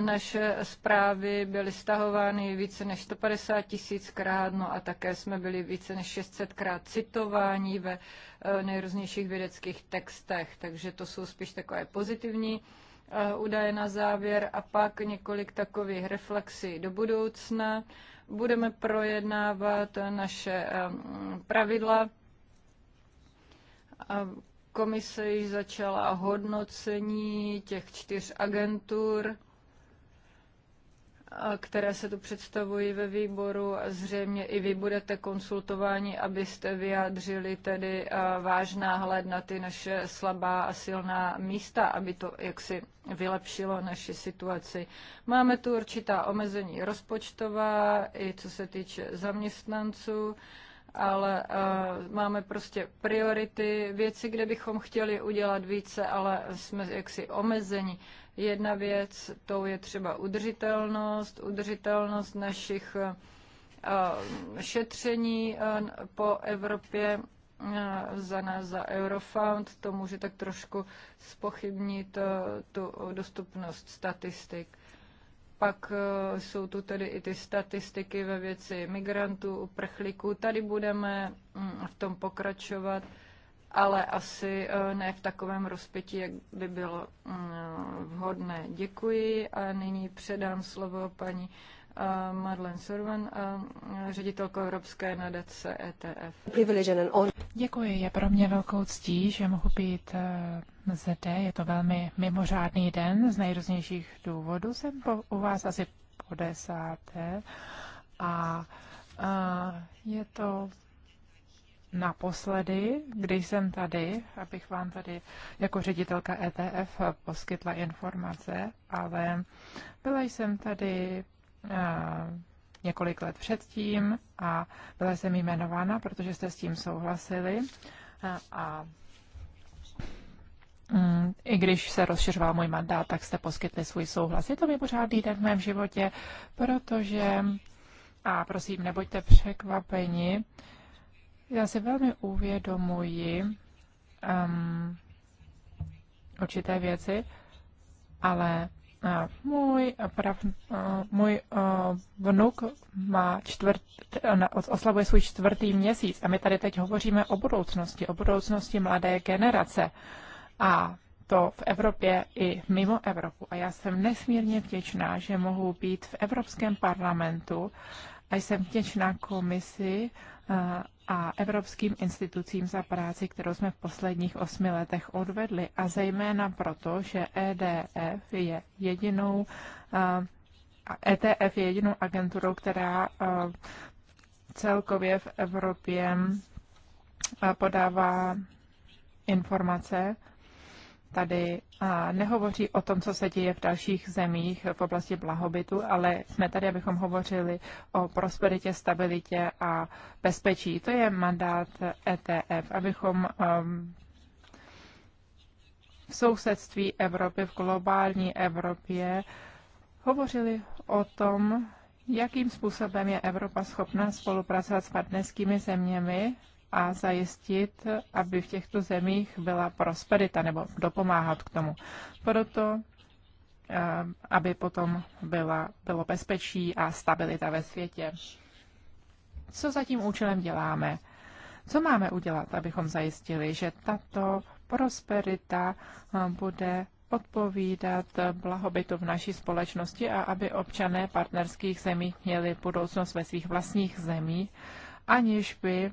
Naše zprávy byly stahovány více než 150 tisíckrát, no a také jsme byli více než 600krát citováni ve e, nejrůznějších vědeckých textech, takže to jsou spíš takové pozitivní e, údaje na závěr a pak několik takových reflexí do budoucna. Budeme projednávat naše e, pravidla. Komise již začala hodnocení těch čtyř agentur které se tu představují ve výboru. Zřejmě i vy budete konsultováni, abyste vyjádřili tedy váš náhled na ty naše slabá a silná místa, aby to jaksi vylepšilo naši situaci. Máme tu určitá omezení rozpočtová, i co se týče zaměstnanců ale uh, máme prostě priority, věci, kde bychom chtěli udělat více, ale jsme jaksi omezeni. Jedna věc, to je třeba udržitelnost, udržitelnost našich uh, šetření uh, po Evropě uh, za nás, za Eurofound, to může tak trošku spochybnit uh, tu dostupnost statistik. Pak eh, jsou tu tedy i ty statistiky ve věci migrantů, uprchlíků. Tady budeme mm, v tom pokračovat, ale asi eh, ne v takovém rozpětí, jak by bylo mm, vhodné. Děkuji a nyní předám slovo paní Eh, Madeleine Survan, eh, ředitelko Evropské nadace ETF. Děkuji, je pro mě velkou ctí, že mohu být eh, zde. Je to velmi mimořádný den z nejrůznějších důvodů. Jsem po, u vás asi po desáté a, a je to naposledy, když jsem tady, abych vám tady jako ředitelka ETF poskytla informace, ale byla jsem tady Eh, několik let předtím a byla jsem jmenována, protože jste s tím souhlasili. Eh, a, a mm, i když se rozšiřoval můj mandát, tak jste poskytli svůj souhlas. Je to mimořádný den v mém životě, protože, a prosím, nebuďte překvapeni, já si velmi uvědomuji um, určité věci, ale můj, prav, můj vnuk má čtvrt, oslavuje svůj čtvrtý měsíc a my tady teď hovoříme o budoucnosti, o budoucnosti mladé generace. A to v Evropě i mimo Evropu. A já jsem nesmírně vděčná, že mohu být v Evropském parlamentu a jsem vděčná komisi a evropským institucím za práci, kterou jsme v posledních osmi letech odvedli, a zejména proto, že EDF je jedinou, ETF je jedinou agenturou, která celkově v Evropě podává informace tady nehovoří o tom, co se děje v dalších zemích v oblasti blahobytu, ale jsme tady, abychom hovořili o prosperitě, stabilitě a bezpečí. To je mandát ETF, abychom um, v sousedství Evropy, v globální Evropě hovořili o tom, jakým způsobem je Evropa schopna spolupracovat s partnerskými zeměmi a zajistit, aby v těchto zemích byla prosperita nebo dopomáhat k tomu. Proto eh, aby potom byla, bylo bezpečí a stabilita ve světě. Co za tím účelem děláme? Co máme udělat, abychom zajistili, že tato prosperita eh, bude odpovídat blahobytu v naší společnosti a aby občané partnerských zemí měli budoucnost ve svých vlastních zemích, aniž by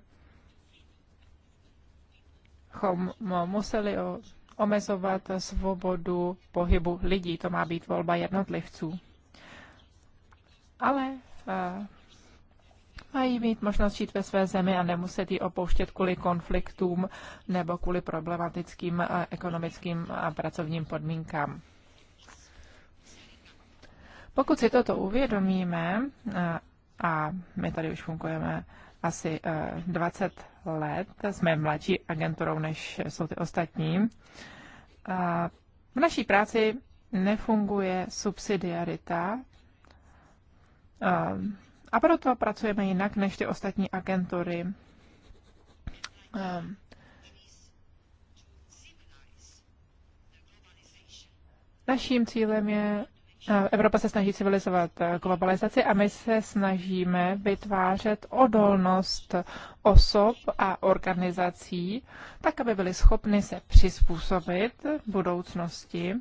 bychom museli omezovat svobodu pohybu lidí. To má být volba jednotlivců. Ale eh, mají mít možnost žít ve své zemi a nemuset ji opouštět kvůli konfliktům nebo kvůli problematickým eh, ekonomickým a pracovním podmínkám. Pokud si toto uvědomíme, eh, a my tady už fungujeme asi 20 let, jsme mladší agenturou, než jsou ty ostatní. A v naší práci nefunguje subsidiarita a proto pracujeme jinak než ty ostatní agentury. Ehm. Naším cílem je Evropa se snaží civilizovat eh, globalizaci a my se snažíme vytvářet odolnost osob a organizací, tak aby byly schopny se přizpůsobit budoucnosti,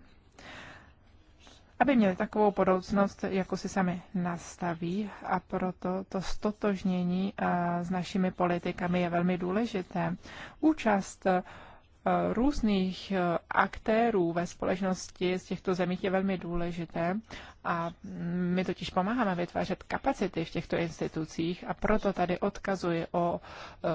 aby měli takovou budoucnost, jako si sami nastaví a proto to stotožnění eh, s našimi politikami je velmi důležité. Účast Eh, různých eh, aktérů ve společnosti z těchto zemí je velmi důležité a my totiž pomáháme vytvářet kapacity v těchto institucích a proto tady odkazuji o, eh,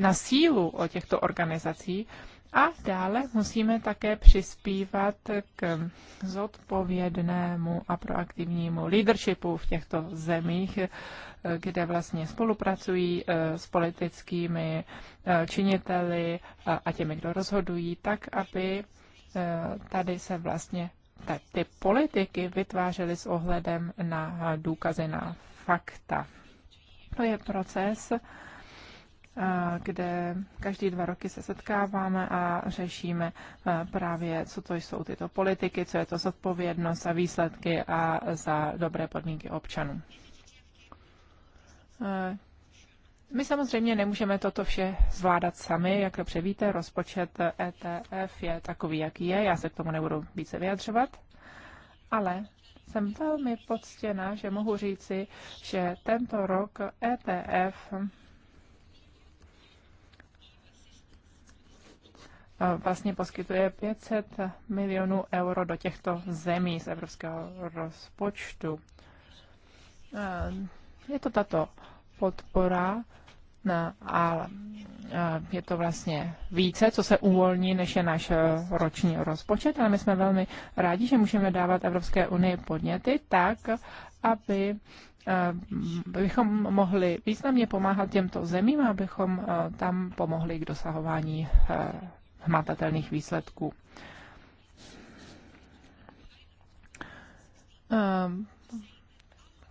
na sílu o těchto organizací a dále musíme také přispívat k zodpovědnému a proaktivnímu leadershipu v těchto zemích, kde vlastně spolupracují eh, s politickými eh, činiteli a těmi, kdo rozhodují, tak, aby eh, tady se vlastně ty politiky vytvářely s ohledem na důkazy, na fakta. To je proces, kde každý dva roky se setkáváme a řešíme právě, co to jsou tyto politiky, co je to zodpovědnost a výsledky a za dobré podmínky občanů. My samozřejmě nemůžeme toto vše zvládat sami, jak dobře víte, rozpočet ETF je takový, jaký je, já se k tomu nebudu více vyjadřovat, ale jsem velmi poctěna, že mohu říci, že tento rok ETF vlastně poskytuje 500 milionů euro do těchto zemí z evropského rozpočtu. Je to tato podpora no, a je to vlastně více, co se uvolní, než je náš roční rozpočet, ale my jsme velmi rádi, že můžeme dávat Evropské unii podněty tak, aby bychom mohli významně pomáhat těmto zemím, abychom tam pomohli k dosahování hmatatelných výsledků. Ehm,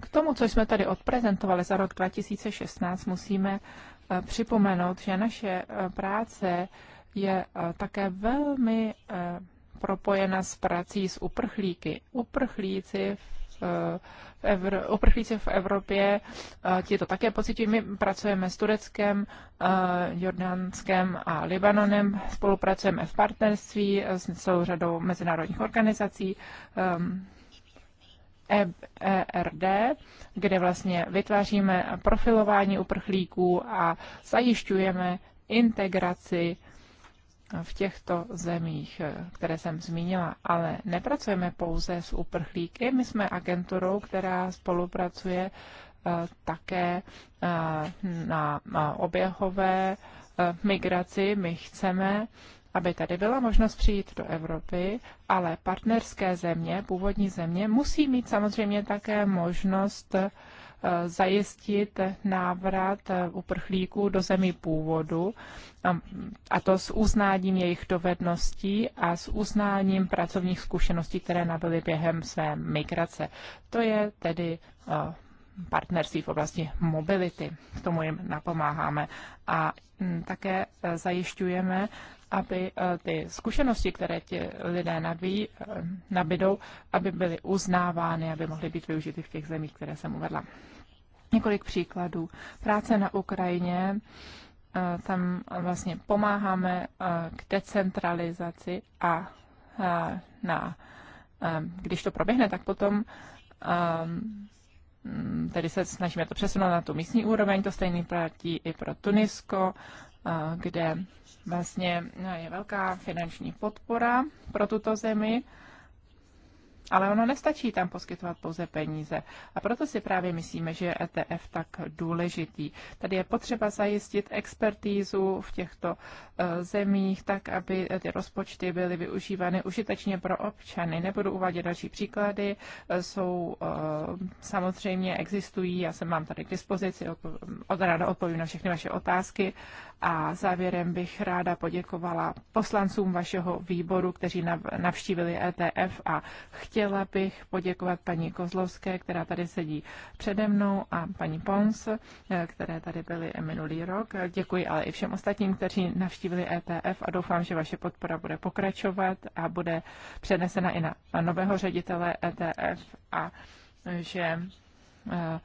k tomu, co jsme tady odprezentovali za rok 2016, musíme eh, připomenout, že naše eh, práce je eh, také velmi propojena s prací s uprchlíky. Uprchlíci v v Evro- uprchlíci v Evropě, eh, ti to také pocitují. My pracujeme s Tureckem, eh, Jordánskem a Libanonem, spolupracujeme v partnerství eh, s celou řadou mezinárodních organizací, ERD, ehm, e- e kde vlastně vytváříme profilování uprchlíků a zajišťujeme integraci v těchto zemích, eh, které jsem zmínila, ale nepracujeme pouze s uprchlíky. My jsme agenturou, která spolupracuje eh, také eh, na oběhové migraci. My chceme, aby tady byla možnost přijít do Evropy, ale partnerské země, původní země, musí mít samozřejmě také možnost zajistit návrat uprchlíků do zemí původu, a to s uznáním jejich dovedností a s uznáním pracovních zkušeností, které nabyly během své migrace. To je tedy partnerství v oblasti mobility. K tomu jim napomáháme. A také e, zajišťujeme, aby eh, ty zkušenosti, které ti lidé nabí, eh, nabidou, aby byly uznávány, aby mohly být využity v těch zemích, které jsem uvedla. Několik příkladů. Práce na Ukrajině, eh, tam vlastně pomáháme k decentralizaci a na, když to proběhne, tak potom tedy se snažíme to přesunout na tu místní úroveň, to stejný platí i pro Tunisko, kde vlastně je velká finanční podpora pro tuto zemi, ale ono nestačí tam poskytovat pouze peníze. A proto si právě myslíme, že je ETF tak důležitý. Tady je potřeba zajistit expertízu v těchto e, zemích, tak aby ty rozpočty byly využívány užitečně pro občany. Nebudu uvádět další příklady, e, jsou e, samozřejmě existují, já jsem mám tady k dispozici, od ráda odpovím na všechny vaše otázky a závěrem bych ráda poděkovala poslancům vašeho výboru, kteří navštívili ETF a chtěla bych poděkovat paní Kozlovské, která tady sedí přede mnou a paní Pons, eh, které tady byly minulý rok. Děkuji ale i všem ostatním, kteří navštívili ETF a doufám, že vaše podpora bude pokračovat a bude přenesena i na nového ředitele ETF a že eh,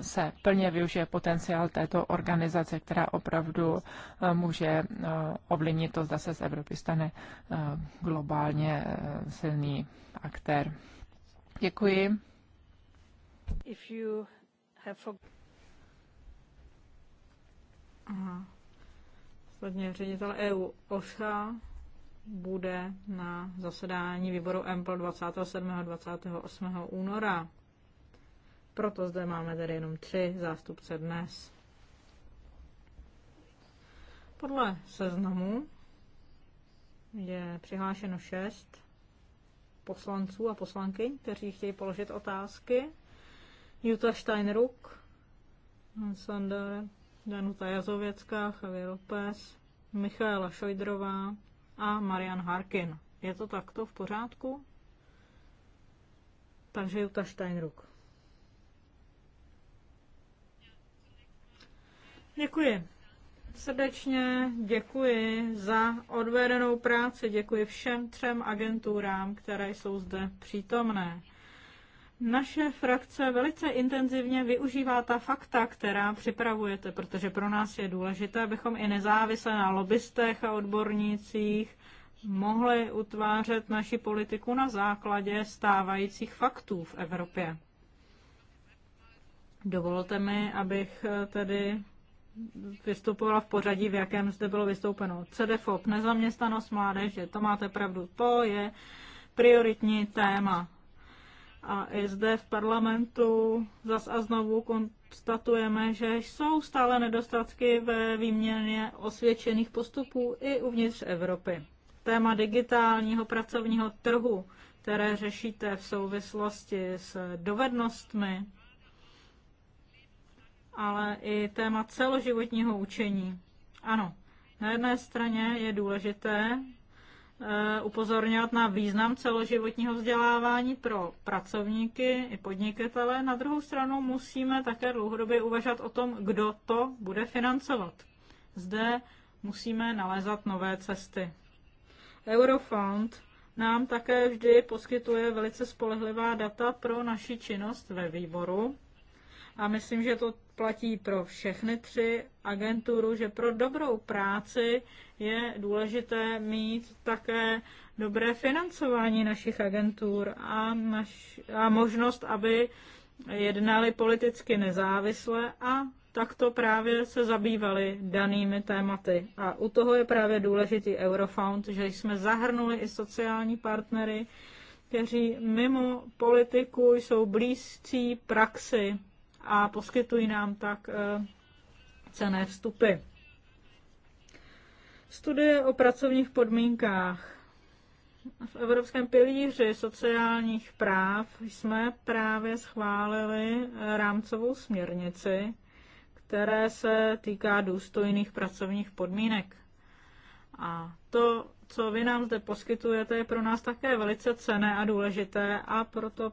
se plně využije potenciál této organizace, která opravdu eh, může eh, ovlivnit to, zda se z Evropy stane eh, globálně silný aktér. Děkuji. Aha. Sledně ředitel EU OSHA bude na zasedání výboru MPL 27. a 28. února. Proto zde máme tedy jenom tři zástupce dnes. Podle seznamu je přihlášeno šest poslanců a poslankyň, kteří chtějí položit otázky. Jutta Steinruck, Sander, Danuta Jazověcká, Javier López, Michaela Šojdrová a Marian Harkin. Je to takto v pořádku? Takže Jutta Steinruck. Děkuji. Srdečně děkuji za odvedenou práci, děkuji všem třem agenturám, které jsou zde přítomné. Naše frakce velice intenzivně využívá ta fakta, která připravujete, protože pro nás je důležité, abychom i nezávisle na lobbystech a odbornících mohli utvářet naši politiku na základě stávajících faktů v Evropě. Dovolte mi, abych tedy vystupovala v pořadí, v jakém zde bylo vystoupeno. CDFOP, nezaměstnanost mládeže, to máte pravdu, to je prioritní téma. A i zde v parlamentu zas a znovu konstatujeme, že jsou stále nedostatky ve výměně osvědčených postupů i uvnitř Evropy. Téma digitálního pracovního trhu, které řešíte v souvislosti s dovednostmi ale i téma celoživotního učení. Ano, na jedné straně je důležité eh, upozorňovat na význam celoživotního vzdělávání pro pracovníky i podnikatele. Na druhou stranu musíme také dlouhodobě uvažovat o tom, kdo to bude financovat. Zde musíme nalézat nové cesty. Eurofond nám také vždy poskytuje velice spolehlivá data pro naši činnost ve výboru a myslím, že to platí pro všechny tři agenturu, že pro dobrou práci je důležité mít také dobré financování našich agentur a, naš, a možnost, aby jednali politicky nezávisle a takto právě se zabývali danými tématy. A u toho je právě důležitý Eurofound, že jsme zahrnuli i sociální partnery, kteří mimo politiku jsou blízcí praxi a poskytují nám tak eh, cené vstupy. Studie o pracovních podmínkách. V Evropském pilíři sociálních práv jsme právě schválili eh, rámcovou směrnici, které se týká důstojných pracovních podmínek. A to co vy nám zde poskytujete, je pro nás také velice cené a důležité a proto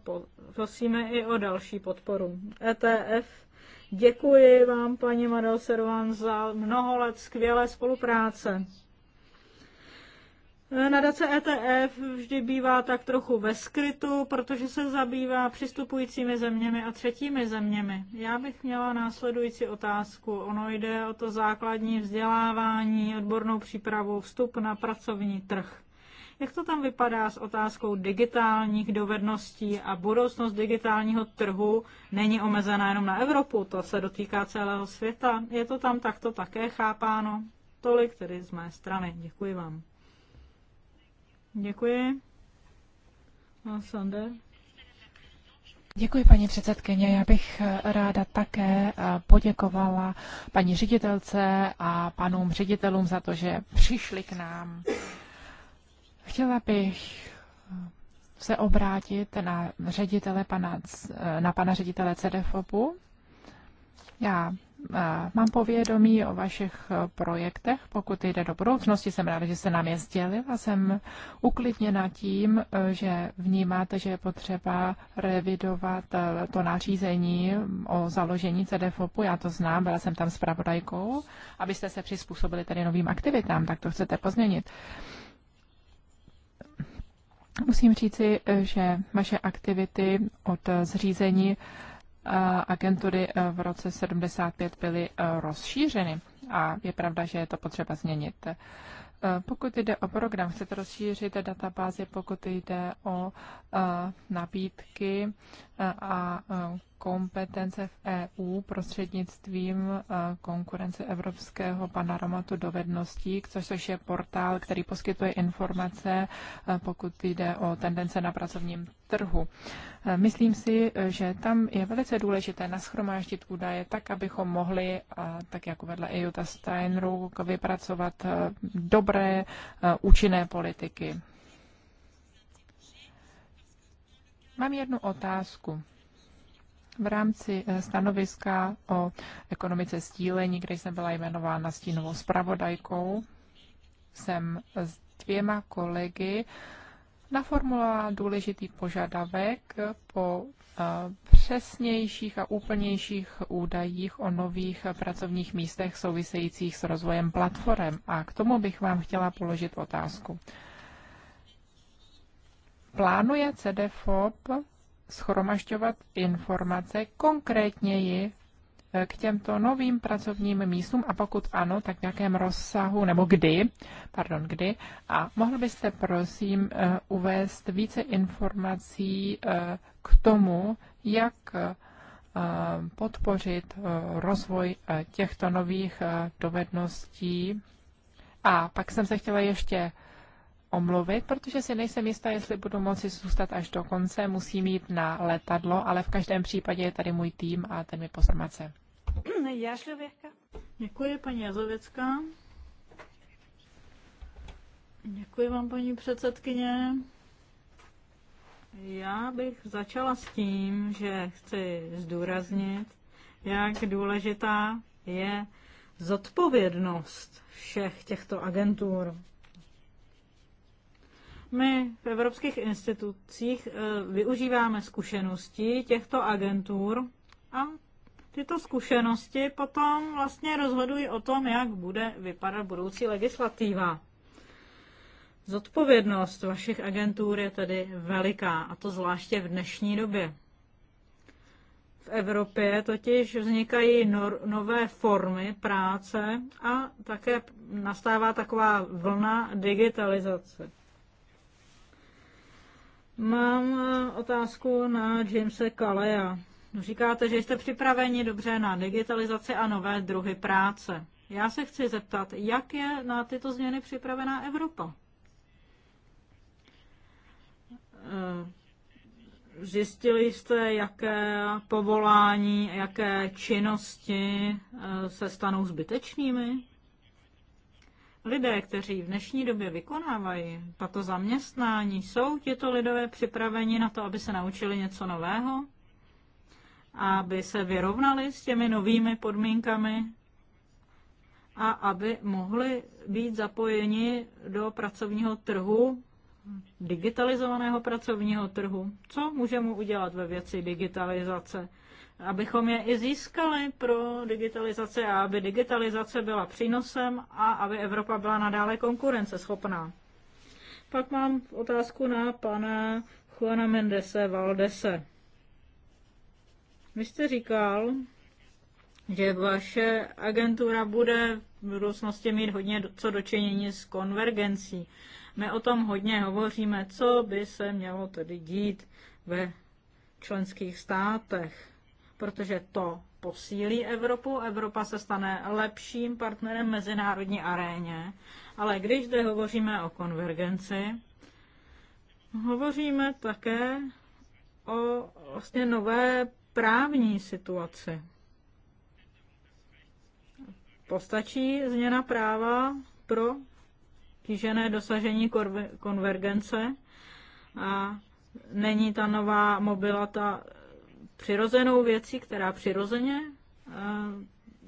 prosíme i o další podporu. ETF Děkuji vám, paní Servan, za mnoho let skvělé spolupráce. Nadace ETF vždy bývá tak trochu ve skrytu, protože se zabývá přistupujícími zeměmi a třetími zeměmi. Já bych měla následující otázku. Ono jde o to základní vzdělávání, odbornou přípravu, vstup na pracovní trh. Jak to tam vypadá s otázkou digitálních dovedností a budoucnost digitálního trhu není omezená jenom na Evropu, to se dotýká celého světa. Je to tam takto také chápáno? Tolik tedy z mé strany. Děkuji vám. Děkuji. A sande. Děkuji, paní předsedkyně. Já bych eh, ráda také eh, poděkovala paní ředitelce a panům ředitelům za to, že přišli k nám. Chtěla bych eh, se obrátit na ředitele pana, na pana ředitele CDFOPu. Já mám povědomí o vašich eh, projektech, pokud jde do budoucnosti. Jsem ráda, že se nám je a Jsem uklidněna tím, eh, že vnímáte, že je potřeba revidovat eh, to nařízení mm, o založení CDFOPu. Já to znám, byla jsem tam s pravodajkou, abyste se přizpůsobili tedy novým aktivitám, tak to chcete pozměnit. Musím říci, že vaše aktivity od zřízení agentury e, v roce 75 byly e, rozšířeny a je pravda, že je to potřeba změnit. E, pokud jde o program, chcete rozšířit databázy, pokud jde o nabídky a kompetence v EU prostřednictvím eh, konkurence Evropského panoramatu dovedností, což je portál, který poskytuje informace, eh, pokud jde o tendence na pracovním trhu. Eh, myslím si, že tam je velice důležité naschromáždit údaje tak, abychom mohli, tak jako vedle Ejuta Steinru, vypracovat dobré, účinné politiky. Mám jednu otázku v rámci eh, stanoviska o ekonomice stílení, kde jsem byla jmenována stínovou zpravodajkou, jsem s dvěma kolegy naformulovala důležitý požadavek po eh, přesnějších a úplnějších údajích o nových pracovních místech souvisejících s rozvojem platform. A k tomu bych vám chtěla položit otázku. Plánuje CDFOP schromažďovat informace konkrétněji e, k těmto novým pracovním místům a pokud ano, tak v jakém rozsahu nebo kdy, pardon, kdy. A mohl byste prosím e, uvést více informací e, k tomu, jak podpořit rozvoj těchto nových dovedností. A pak jsem se chtěla ještě omluvit, protože si nejsem jistá, jestli budu moci zůstat až do konce. Musím jít na letadlo, ale v každém případě je tady můj tým a ten mi posmace. Děkuji, paní Jazověcka. Děkuji vám, paní předsedkyně. Já bych začala s tím, že chci zdůraznit, jak důležitá je zodpovědnost všech těchto agentur. My v evropských institucích eh, využíváme zkušenosti těchto agentur a tyto zkušenosti potom vlastně rozhodují o tom, jak bude vypadat budoucí legislativa. Zodpovědnost vašich agentur je tedy veliká, a to zvláště v dnešní době. V Evropě totiž vznikají nor- nové formy práce a také nastává taková vlna digitalizace. Mám eh, otázku na Jamese Kalea. Říkáte, že jste připraveni dobře na digitalizaci a nové druhy práce. Já se chci zeptat, jak je na tyto změny připravená Evropa? Eh, zjistili jste, jaké povolání, jaké činnosti eh, se stanou zbytečnými? lidé, kteří v dnešní době vykonávají tato zaměstnání, jsou tito lidové připraveni na to, aby se naučili něco nového, aby se vyrovnali s těmi novými podmínkami a aby mohli být zapojeni do pracovního trhu, digitalizovaného pracovního trhu. Co můžeme udělat ve věci digitalizace? abychom je i získali pro digitalizaci a aby digitalizace byla přínosem a aby Evropa byla nadále konkurenceschopná. Pak mám otázku na pana Juana Mendese Valdese. Vy jste říkal, že vaše agentura bude v budoucnosti mít hodně co dočinění s konvergencí. My o tom hodně hovoříme, co by se mělo tedy dít ve členských státech protože to posílí Evropu, Evropa se stane lepším partnerem mezinárodní aréně. Ale když zde hovoříme o konvergenci, hovoříme také o vlastně nové právní situaci. Postačí změna práva pro kýžené dosažení konvergence a není ta nová mobilita přirozenou věcí, která přirozeně eh,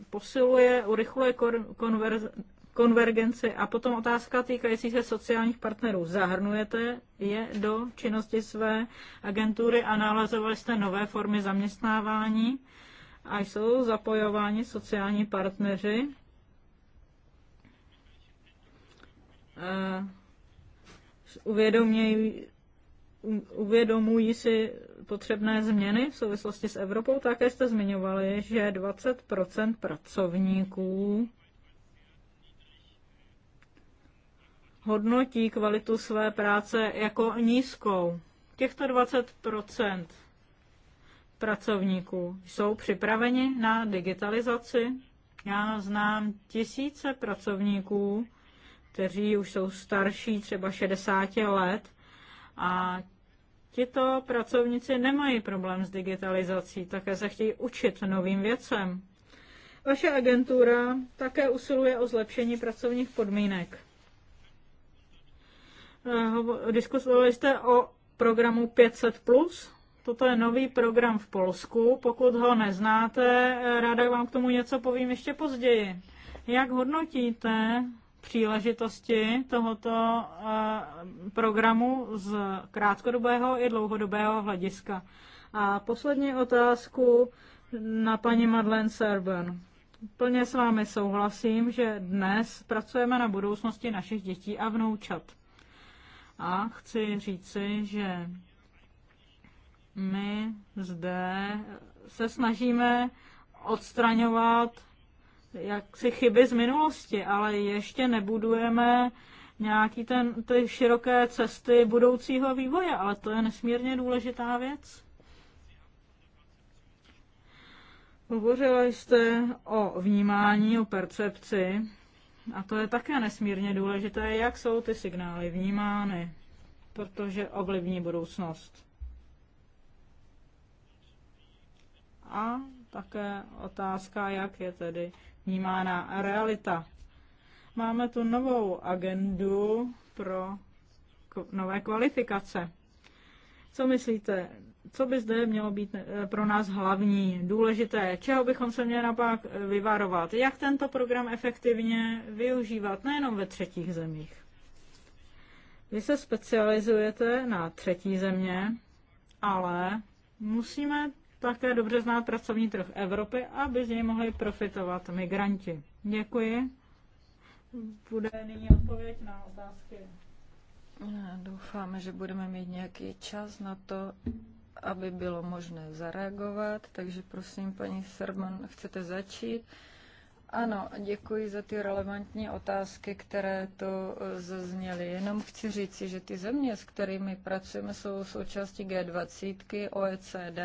posiluje, urychluje konvergenci a potom otázka týkající se sociálních partnerů. Zahrnujete je do činnosti své agentury a nalazovali jste nové formy zaměstnávání a jsou zapojováni sociální partneři. Eh, uvědomují, uvědomují si potřebné změny v souvislosti s Evropou. Také jste zmiňovali, že 20 pracovníků hodnotí kvalitu své práce jako nízkou. Těchto 20 pracovníků jsou připraveni na digitalizaci. Já znám tisíce pracovníků, kteří už jsou starší, třeba 60 let, a Tito pracovníci nemají problém s digitalizací, také se chtějí učit novým věcem. Vaše agentura také usiluje o zlepšení pracovních podmínek. Eh, diskutovali jste o programu 500. Toto je nový program v Polsku. Pokud ho neznáte, eh, ráda vám k tomu něco povím ještě později. Jak hodnotíte příležitosti tohoto eh, programu z krátkodobého i dlouhodobého hlediska. A poslední otázku na paní Madeleine Serben. Plně s vámi souhlasím, že dnes pracujeme na budoucnosti našich dětí a vnoučat. A chci říci, že my zde se snažíme odstraňovat jaksi chyby z minulosti, ale ještě nebudujeme nějaký ten, ty široké cesty budoucího vývoje, ale to je nesmírně důležitá věc. Hovořila jste o vnímání, o percepci a to je také nesmírně důležité, jak jsou ty signály vnímány, protože ovlivní budoucnost. A také otázka, jak je tedy vnímána realita. Máme tu novou agendu pro nové kvalifikace. Co myslíte, co by zde mělo být eh, pro nás hlavní, důležité, čeho bychom se měli napak eh, vyvarovat, jak tento program efektivně využívat nejenom ve třetích zemích? Vy se specializujete na třetí země, ale musíme také dobře znát pracovní trh Evropy, aby z něj mohli profitovat migranti. Děkuji. Bude nyní odpověď na otázky. Doufáme, že budeme mít nějaký čas na to, aby bylo možné zareagovat. Takže prosím, paní Serban, chcete začít? Ano, děkuji za ty relevantní otázky, které to eh, zazněly. Jenom chci říci, že ty země, s kterými pracujeme, jsou součástí G20, OECD,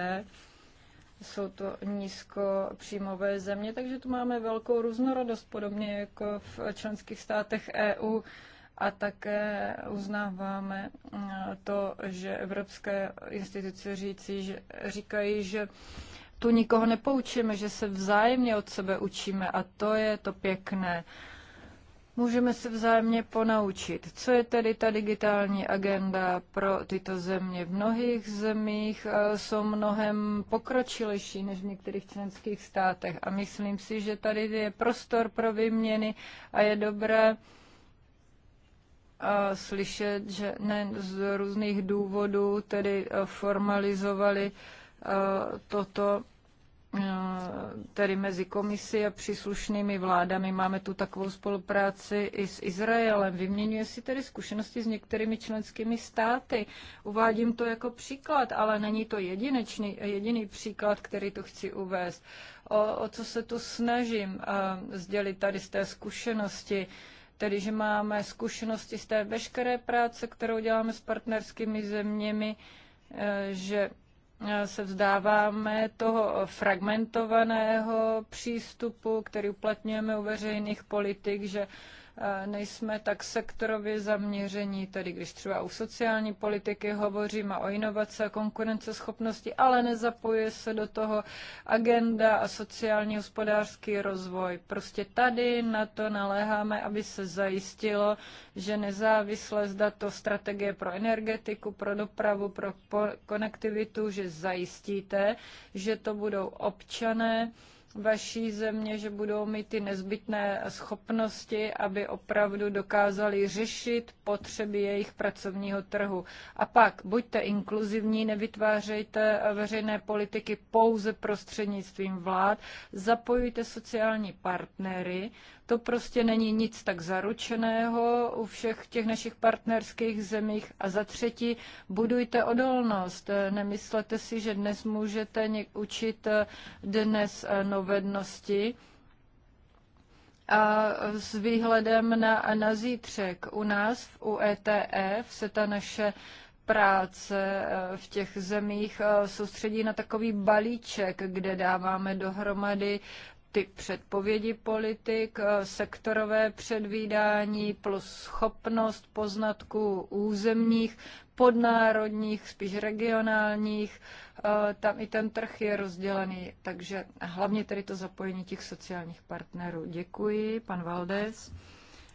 jsou to nízkopříjmové země, takže tu máme velkou různorodost, podobně jako v členských státech EU. A také uznáváme eh, to, že evropské instituce říci, že, říkají, že tu nikoho nepoučíme, že se vzájemně od sebe učíme a to je to pěkné. Uh, Můžeme se vzájemně ponaučit, co je tedy ta digitální agenda pro tyto země. V mnohých zemích eh, jsou mnohem pokročilejší než v některých členských státech a myslím si, že tady je prostor pro vyměny a je dobré eh, slyšet, že ne z různých důvodů tedy eh, formalizovali toto Eh, tedy mezi komisí a příslušnými vládami. Máme tu takovou spolupráci i s Izraelem. Vyměňuje si tedy zkušenosti s některými členskými státy. Uvádím to jako příklad, ale není to jedinečný, jediný příklad, který tu chci uvést. O, o co se tu snažím eh, sdělit tady z té zkušenosti tedy že máme zkušenosti z té veškeré práce, kterou děláme s partnerskými zeměmi, eh, že se vzdáváme toho fragmentovaného přístupu, který uplatňujeme u veřejných politik, že nejsme tak sektorově zaměření, tedy když třeba u sociální politiky hovořím a o inovace a konkurenceschopnosti, ale nezapojuje se do toho agenda a sociální hospodářský rozvoj. Prostě tady na to naléháme, aby se zajistilo, že nezávisle zda to strategie pro energetiku, pro dopravu, pro konektivitu, že zajistíte, že to budou občané, vaší země, že budou mít ty nezbytné schopnosti, aby opravdu dokázali řešit potřeby jejich pracovního trhu. A pak buďte inkluzivní, nevytvářejte veřejné politiky pouze prostřednictvím vlád, zapojujte sociální partnery, to prostě není nic tak zaručeného u všech těch našich partnerských zemích. A za třetí, budujte odolnost. Nemyslete si, že dnes můžete učit eh, dnes eh, novednosti, a s výhledem na, na zítřek. U nás v UETF se ta naše práce eh, v těch zemích soustředí na takový balíček, kde dáváme dohromady ty předpovědi politik, eh, sektorové předvídání plus schopnost poznatků územních, podnárodních, spíš regionálních. Eh, tam i ten trh je rozdělený, takže hlavně tedy to zapojení těch sociálních partnerů. Děkuji, pan Valdez.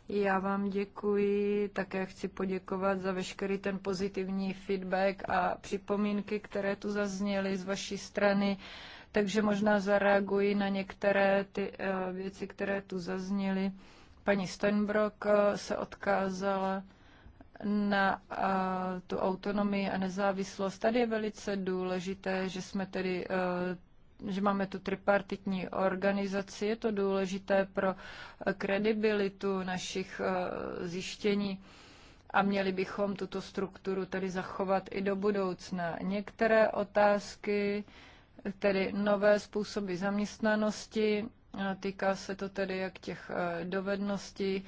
Já vám děkuji, také chci poděkovat za veškerý ten pozitivní feedback a připomínky, které tu zazněly z vaší strany. Uh, takže možná zareaguji na některé ty eh, věci, které tu zazněly. Paní Steinbrock eh, se odkázala na eh, tu autonomii a nezávislost. Tady je velice důležité, že jsme tedy že máme tu tripartitní organizaci, je to důležité pro kredibilitu našich zjištění a měli bychom tuto strukturu tedy zachovat i do budoucna. Některé otázky tedy nové způsoby zaměstnanosti, týká se to tedy jak těch e, dovedností,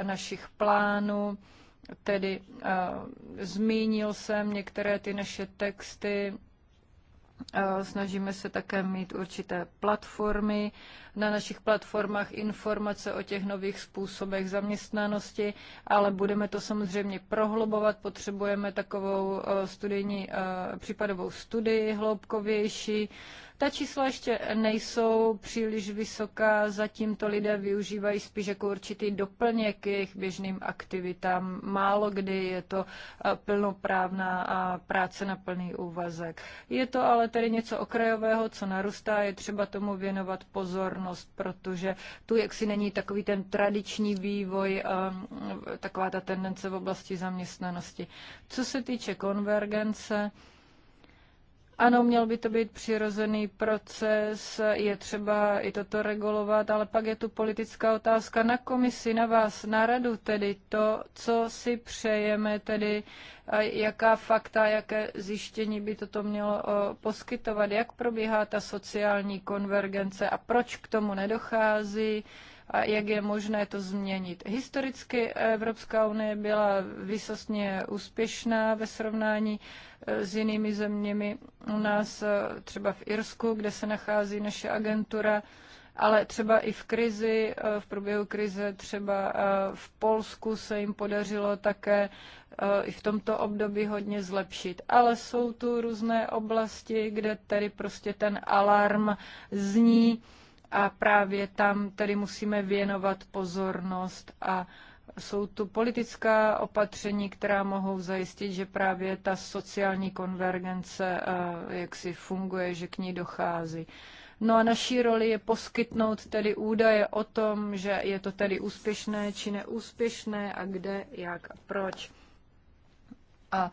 e, našich plánů, tedy e, zmínil jsem některé ty naše texty, snažíme se také mít určité platformy, na našich platformách informace o těch nových způsobech zaměstnanosti, ale budeme to samozřejmě prohlubovat. Potřebujeme takovou eh, studijní, eh, případovou studii hloubkovější. Ta čísla ještě nejsou příliš vysoká, zatím to lidé využívají spíš jako určitý doplněk k jejich běžným aktivitám. Málo kdy je to eh, plnoprávná práce na plný úvazek. Je to ale tedy něco okrajového, co narůstá, je třeba tomu věnovat pozornost pozornost, protože tu jaksi není takový ten tradiční vývoj, ehm, taková ta tendence v oblasti zaměstnanosti. Co se týče konvergence, ano, měl by to být přirozený proces, je třeba i toto regulovat, ale pak je tu politická otázka na komisi, na vás, na radu, tedy to, co si přejeme, tedy jaká fakta, jaké zjištění by toto mělo poskytovat, jak probíhá ta sociální konvergence a proč k tomu nedochází, a jak je možné to změnit. Historicky Evropská unie byla výsostně úspěšná ve srovnání eh, s jinými zeměmi. U nás eh, třeba v Irsku, kde se nachází naše agentura, ale třeba i v krizi, eh, v průběhu krize třeba v Polsku se jim podařilo také i v tomto období hodně zlepšit. Ale jsou tu různé oblasti, kde tady prostě ten alarm zní a právě tam tedy musíme věnovat pozornost a jsou tu politická opatření, která mohou zajistit, že právě ta sociální konvergence eh, jak si funguje, že k ní dochází. No a naší roli je poskytnout tedy údaje o tom, že je to tedy úspěšné či neúspěšné a kde, jak a proč. A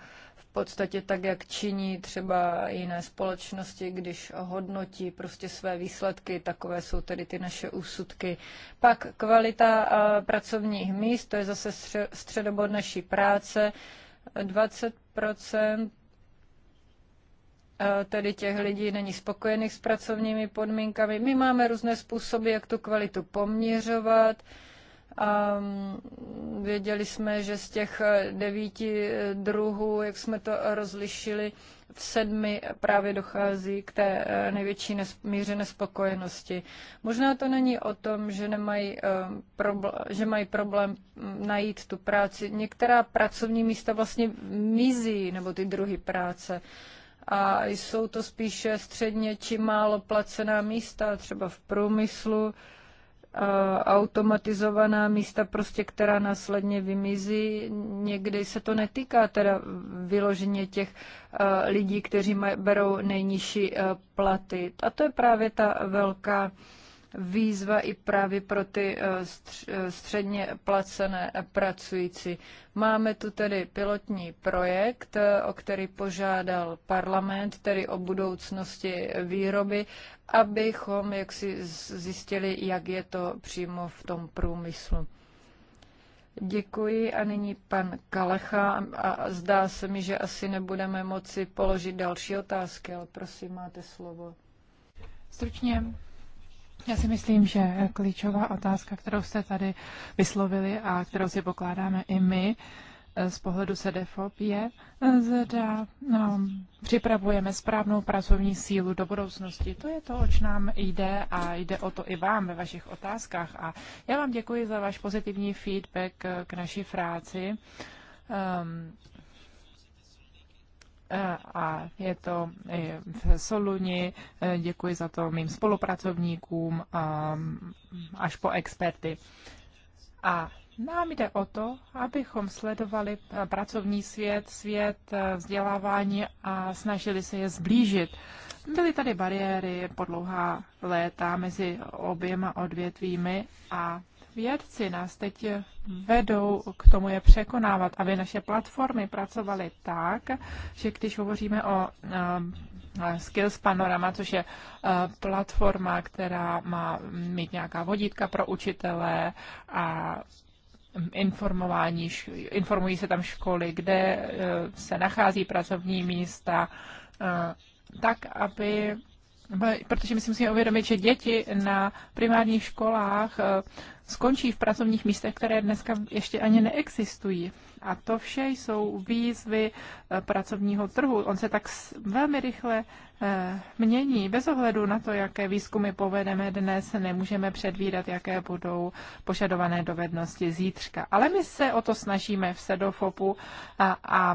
podstatě tak, jak činí třeba jiné společnosti, když hodnotí prostě své výsledky, takové jsou tedy ty naše úsudky. Pak kvalita pracovních míst, to je zase středobod naší práce, 20 tedy těch lidí není spokojených s pracovními podmínkami. My máme různé způsoby, jak tu kvalitu poměřovat. Um, věděli jsme, že z těch eh, devíti eh, druhů, jak jsme to rozlišili, v sedmi právě dochází k té eh, největší míře nespokojenosti. Možná to není o tom, že, nemají, ehm, probl- že mají problém hm, najít tu práci. Některá pracovní místa vlastně mizí, nebo ty druhy práce. A jsou to spíše středně či málo placená místa, třeba v průmyslu, automatizovaná místa, prostě, která následně vymizí. Někdy se to netýká teda vyloženě těch lidí, kteří berou nejnižší platy. A to je právě ta velká výzva i právě pro ty eh, eh, středně placené pracující. Máme tu tedy pilotní projekt, eh, o který požádal parlament, tedy o budoucnosti výroby, abychom si zjistili, jak je to přímo v tom průmyslu. Děkuji a nyní pan Kalecha a zdá se mi, že asi nebudeme moci položit další otázky, ale prosím, máte slovo. Stručně já si myslím, že klíčová otázka, kterou jste tady vyslovili a kterou si pokládáme i my eh, z pohledu SEDEFOP, je, eh, zda no, připravujeme správnou pracovní sílu do budoucnosti. To je to, oč nám jde a jde o to i vám ve vašich otázkách. A já vám děkuji za váš pozitivní feedback eh, k naší práci. Um, a je to v Soluni. Děkuji za to mým spolupracovníkům až po experty. A nám jde o to, abychom sledovali pracovní svět, svět vzdělávání a snažili se je zblížit. Byly tady bariéry po dlouhá léta mezi oběma odvětvími a vědci nás teď vedou k tomu je překonávat, aby naše platformy pracovaly tak, že když hovoříme o um, Skills Panorama, což je uh, platforma, která má mít nějaká vodítka pro učitele a informování, informují se tam školy, kde uh, se nachází pracovní místa, uh, tak, aby protože my si musíme uvědomit, že děti na primárních školách eh, skončí v pracovních místech, které dneska ještě ani neexistují. A to vše jsou výzvy eh, pracovního trhu. On se tak velmi rychle eh, mění. Bez ohledu na to, jaké výzkumy povedeme dnes, nemůžeme předvídat, jaké budou požadované dovednosti zítřka. Ale my se o to snažíme v Sedofopu a, a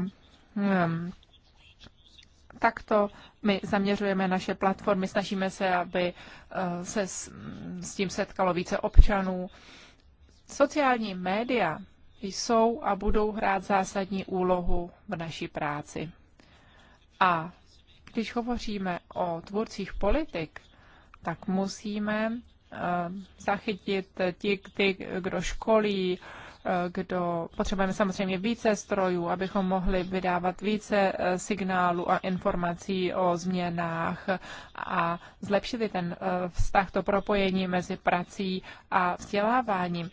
hmm, takto my zaměřujeme naše platformy, snažíme se, aby eh, se s, s tím setkalo více občanů. Sociální média jsou a budou hrát zásadní úlohu v naší práci. A když hovoříme o tvůrcích politik, tak musíme eh, zachytit ti, ty, kdo školí, kdo potřebujeme samozřejmě více strojů, abychom mohli vydávat více eh, signálů a informací o změnách a zlepšili ten eh, vztah, to propojení mezi prací a vzděláváním.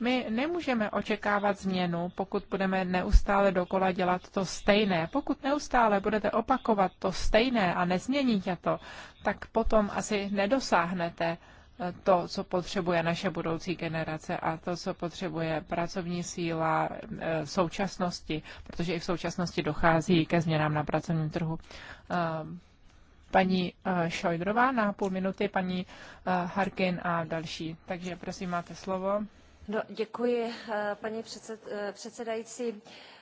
My nemůžeme očekávat změnu, pokud budeme neustále dokola dělat to stejné. Pokud neustále budete opakovat to stejné a nezměníte to, tak potom asi nedosáhnete to, co potřebuje naše budoucí generace a to, co potřebuje pracovní síla v e, současnosti, protože i v současnosti dochází ke změnám na pracovním trhu. E, paní e, Šojdrová na půl minuty, paní Harkin a další. Takže prosím, máte slovo. No, děkuji, paní předsed, předsedající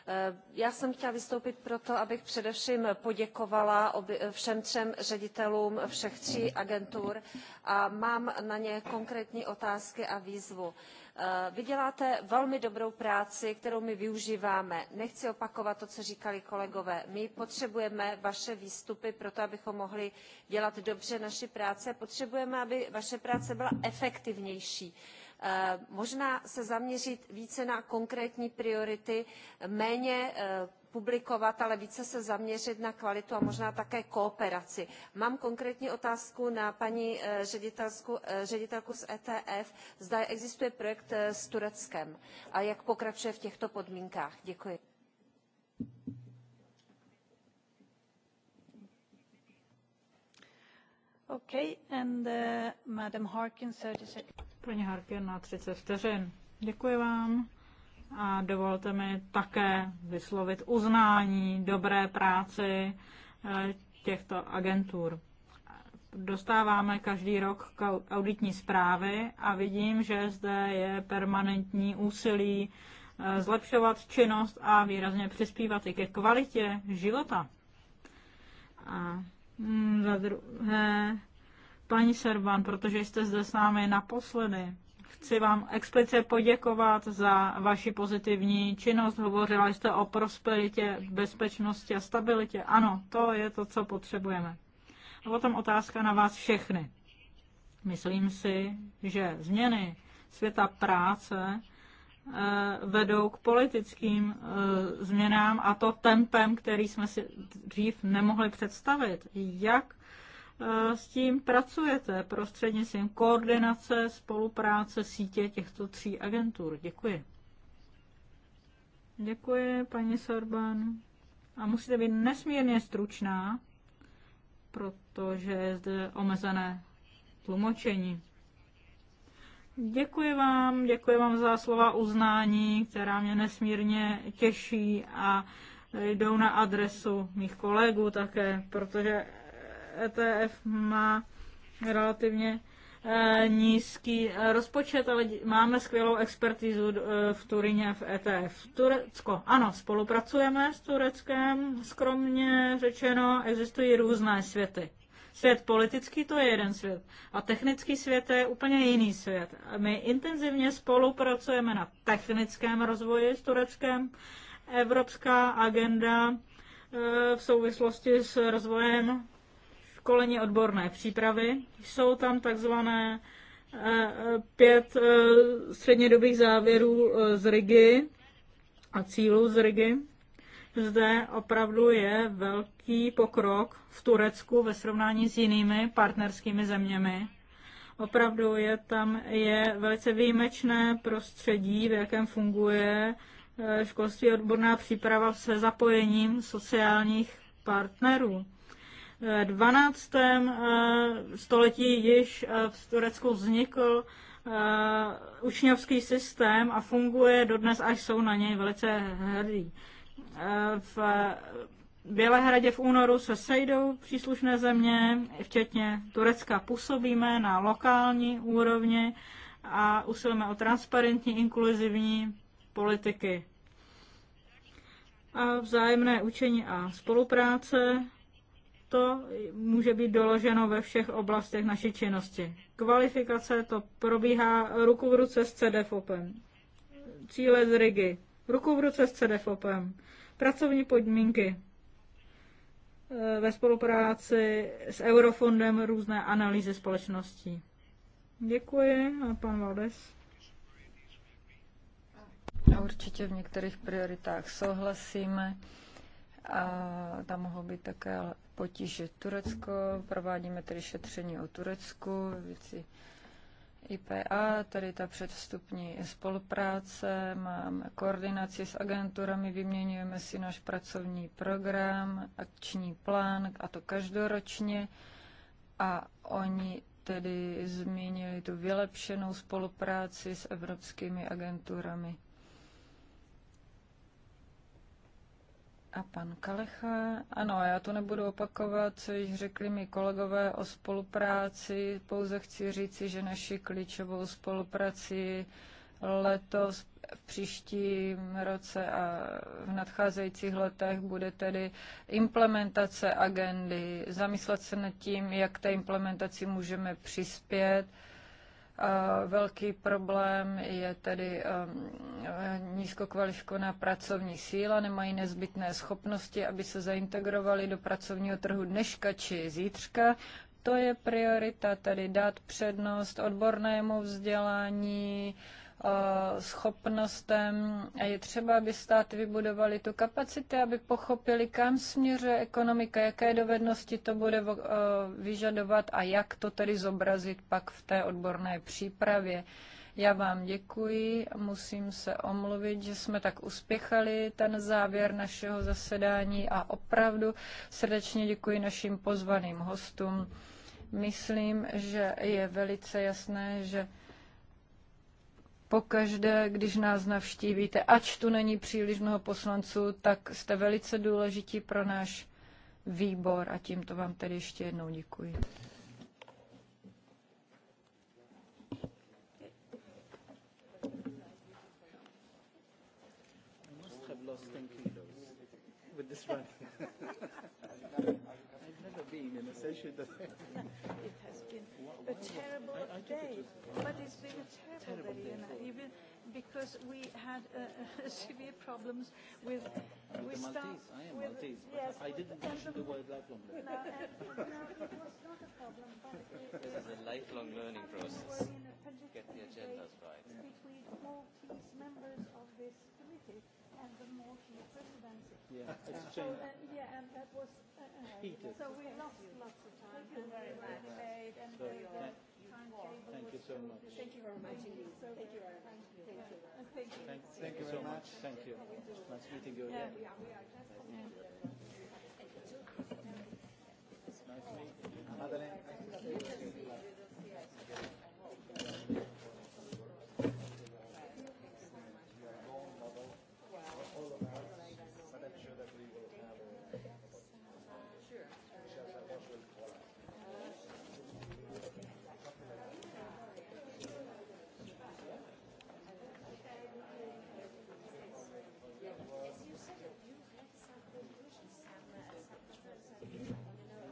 Eh, já jsem chtěla vystoupit proto abych především poděkovala eh, všem třem ředitelům všech tří agentur a mám na ně konkrétní otázky a výzvu. Eh, vy děláte velmi dobrou práci kterou my využíváme nechci opakovat to co říkali kolegové my potřebujeme vaše výstupy proto abychom mohli dělat dobře naši práci a potřebujeme aby vaše práce byla efektivnější Eh, možná se zaměřit více na konkrétní priority, méně eh, publikovat, ale více se zaměřit na kvalitu a možná také kooperaci. Mám konkrétní otázku na paní eh, ředitelku z ETF, zda existuje projekt s Tureckem a jak pokračuje v těchto podmínkách. Děkuji. and Madam Harkin, Paní Harkin na 30 vteřin. Děkuji vám a dovolte mi také vyslovit uznání dobré práci eh, těchto agentur. Dostáváme každý rok auditní zprávy a vidím, že zde je permanentní úsilí eh, zlepšovat činnost a výrazně přispívat i ke kvalitě života. A mm, za druhé, Paní Serban, protože jste zde s námi naposledy, chci vám explice poděkovat za vaši pozitivní činnost. Hovořila jste o prosperitě, bezpečnosti a stabilitě. Ano, to je to, co potřebujeme. A potom otázka na vás všechny. Myslím si, že změny světa práce eh, vedou k politickým eh, změnám a to tempem, který jsme si dřív nemohli představit. Jak s tím pracujete prostřednictvím koordinace, spolupráce, sítě těchto tří agentur? Děkuji. Děkuji, paní Sorban. A musíte být nesmírně stručná, protože je zde omezené tlumočení. Děkuji vám, děkuji vám za slova uznání, která mě nesmírně těší a jdou na adresu mých kolegů také, protože ETF má relativně e, nízký e, rozpočet, ale máme skvělou expertizu e, v Turině v ETF. Turecko, ano, spolupracujeme s Tureckem, skromně řečeno, existují různé světy. Svět politický to je jeden svět a technický svět je úplně jiný svět. My intenzivně spolupracujeme na technickém rozvoji s Tureckem. Evropská agenda v souvislosti s rozvojem školení odborné přípravy. Jsou tam takzvané eh, pět eh, střednědobých závěrů eh, z Rigi a cílů z Rigi. Zde opravdu je velký pokrok v Turecku ve srovnání s jinými partnerskými zeměmi. Opravdu je tam je velice výjimečné prostředí, v jakém funguje školství odborná příprava se zapojením sociálních partnerů. 12. Eh, století již eh, v Turecku vznikl eh, učňovský systém a funguje dodnes a jsou na něj velice hrdí. V Bělehradě v únoru se sejdou příslušné země, včetně Turecka. Působíme na lokální úrovni a usilujeme o transparentní, inkluzivní politiky. A vzájemné učení a spolupráce to může být doloženo ve všech oblastech naší činnosti. Kvalifikace to probíhá ruku v ruce s CDFOPem. Cíle z RIGY. Ruku v ruce s CDFOPem. Pracovní podmínky. E, ve spolupráci s Eurofondem různé analýzy společností. Děkuji, a pan Valdes. Určitě v některých prioritách souhlasíme a tam mohou být také potíže Turecko. Provádíme tedy šetření o Turecku, věci IPA, tedy ta předvstupní spolupráce, máme koordinaci s agenturami, vyměňujeme si náš pracovní program, akční plán, a to každoročně. A oni tedy zmínili tu vylepšenou spolupráci s evropskými agenturami. a pan Kalecha. Ano, já to nebudu opakovat, co již řekli mi kolegové o spolupráci. Pouze chci říci, že naši klíčovou spolupráci letos, v příštím roce a v nadcházejících letech bude tedy implementace agendy. Zamyslet se nad tím, jak té implementaci můžeme přispět Velký problém je tedy um, nízkokvalifikovaná pracovní síla, nemají nezbytné schopnosti, aby se zaintegrovali do pracovního trhu dneška či zítřka. To je priorita, tedy dát přednost odbornému vzdělání, Eh, schopnostem a je třeba, aby státy vybudovaly tu kapacitu, aby pochopili, kam směřuje ekonomika, jaké dovednosti to bude eh, vyžadovat a jak to tedy zobrazit pak v té odborné přípravě. Já vám děkuji musím se omluvit, že jsme tak uspěchali ten závěr našeho zasedání a opravdu srdečně děkuji našim pozvaným hostům. Myslím, že je velice jasné, že pokaždé, když nás navštívíte, ač tu není příliš mnoho poslanců, tak jste velice důležití pro náš výbor a tímto vám tedy ještě jednou děkuji. a it has been a terrible day, but it's been a terrible terrible day for even because we had uh, uh severe problems with with, with the Maltese. I am with, Maltese, but yes, I didn't mention the, the word lifelong learning. No, and, no, it was not a problem, but it, this is a lifelong learning process. Get the agendas right. Yeah. Between Maltese members of this committee and the Maltese presidency. Yeah, it's so, uh, yeah, and that was uh, uh, so we lost lots of time. Thank you very much. And, uh, Thank you so much. Thank you very much indeed. Thank you very much. Thank you. Thank you. Thank, thank you so much. Thank you. Nice meeting you again. Yeah, we are just nice meeting you. Nice meeting you. Madeleine.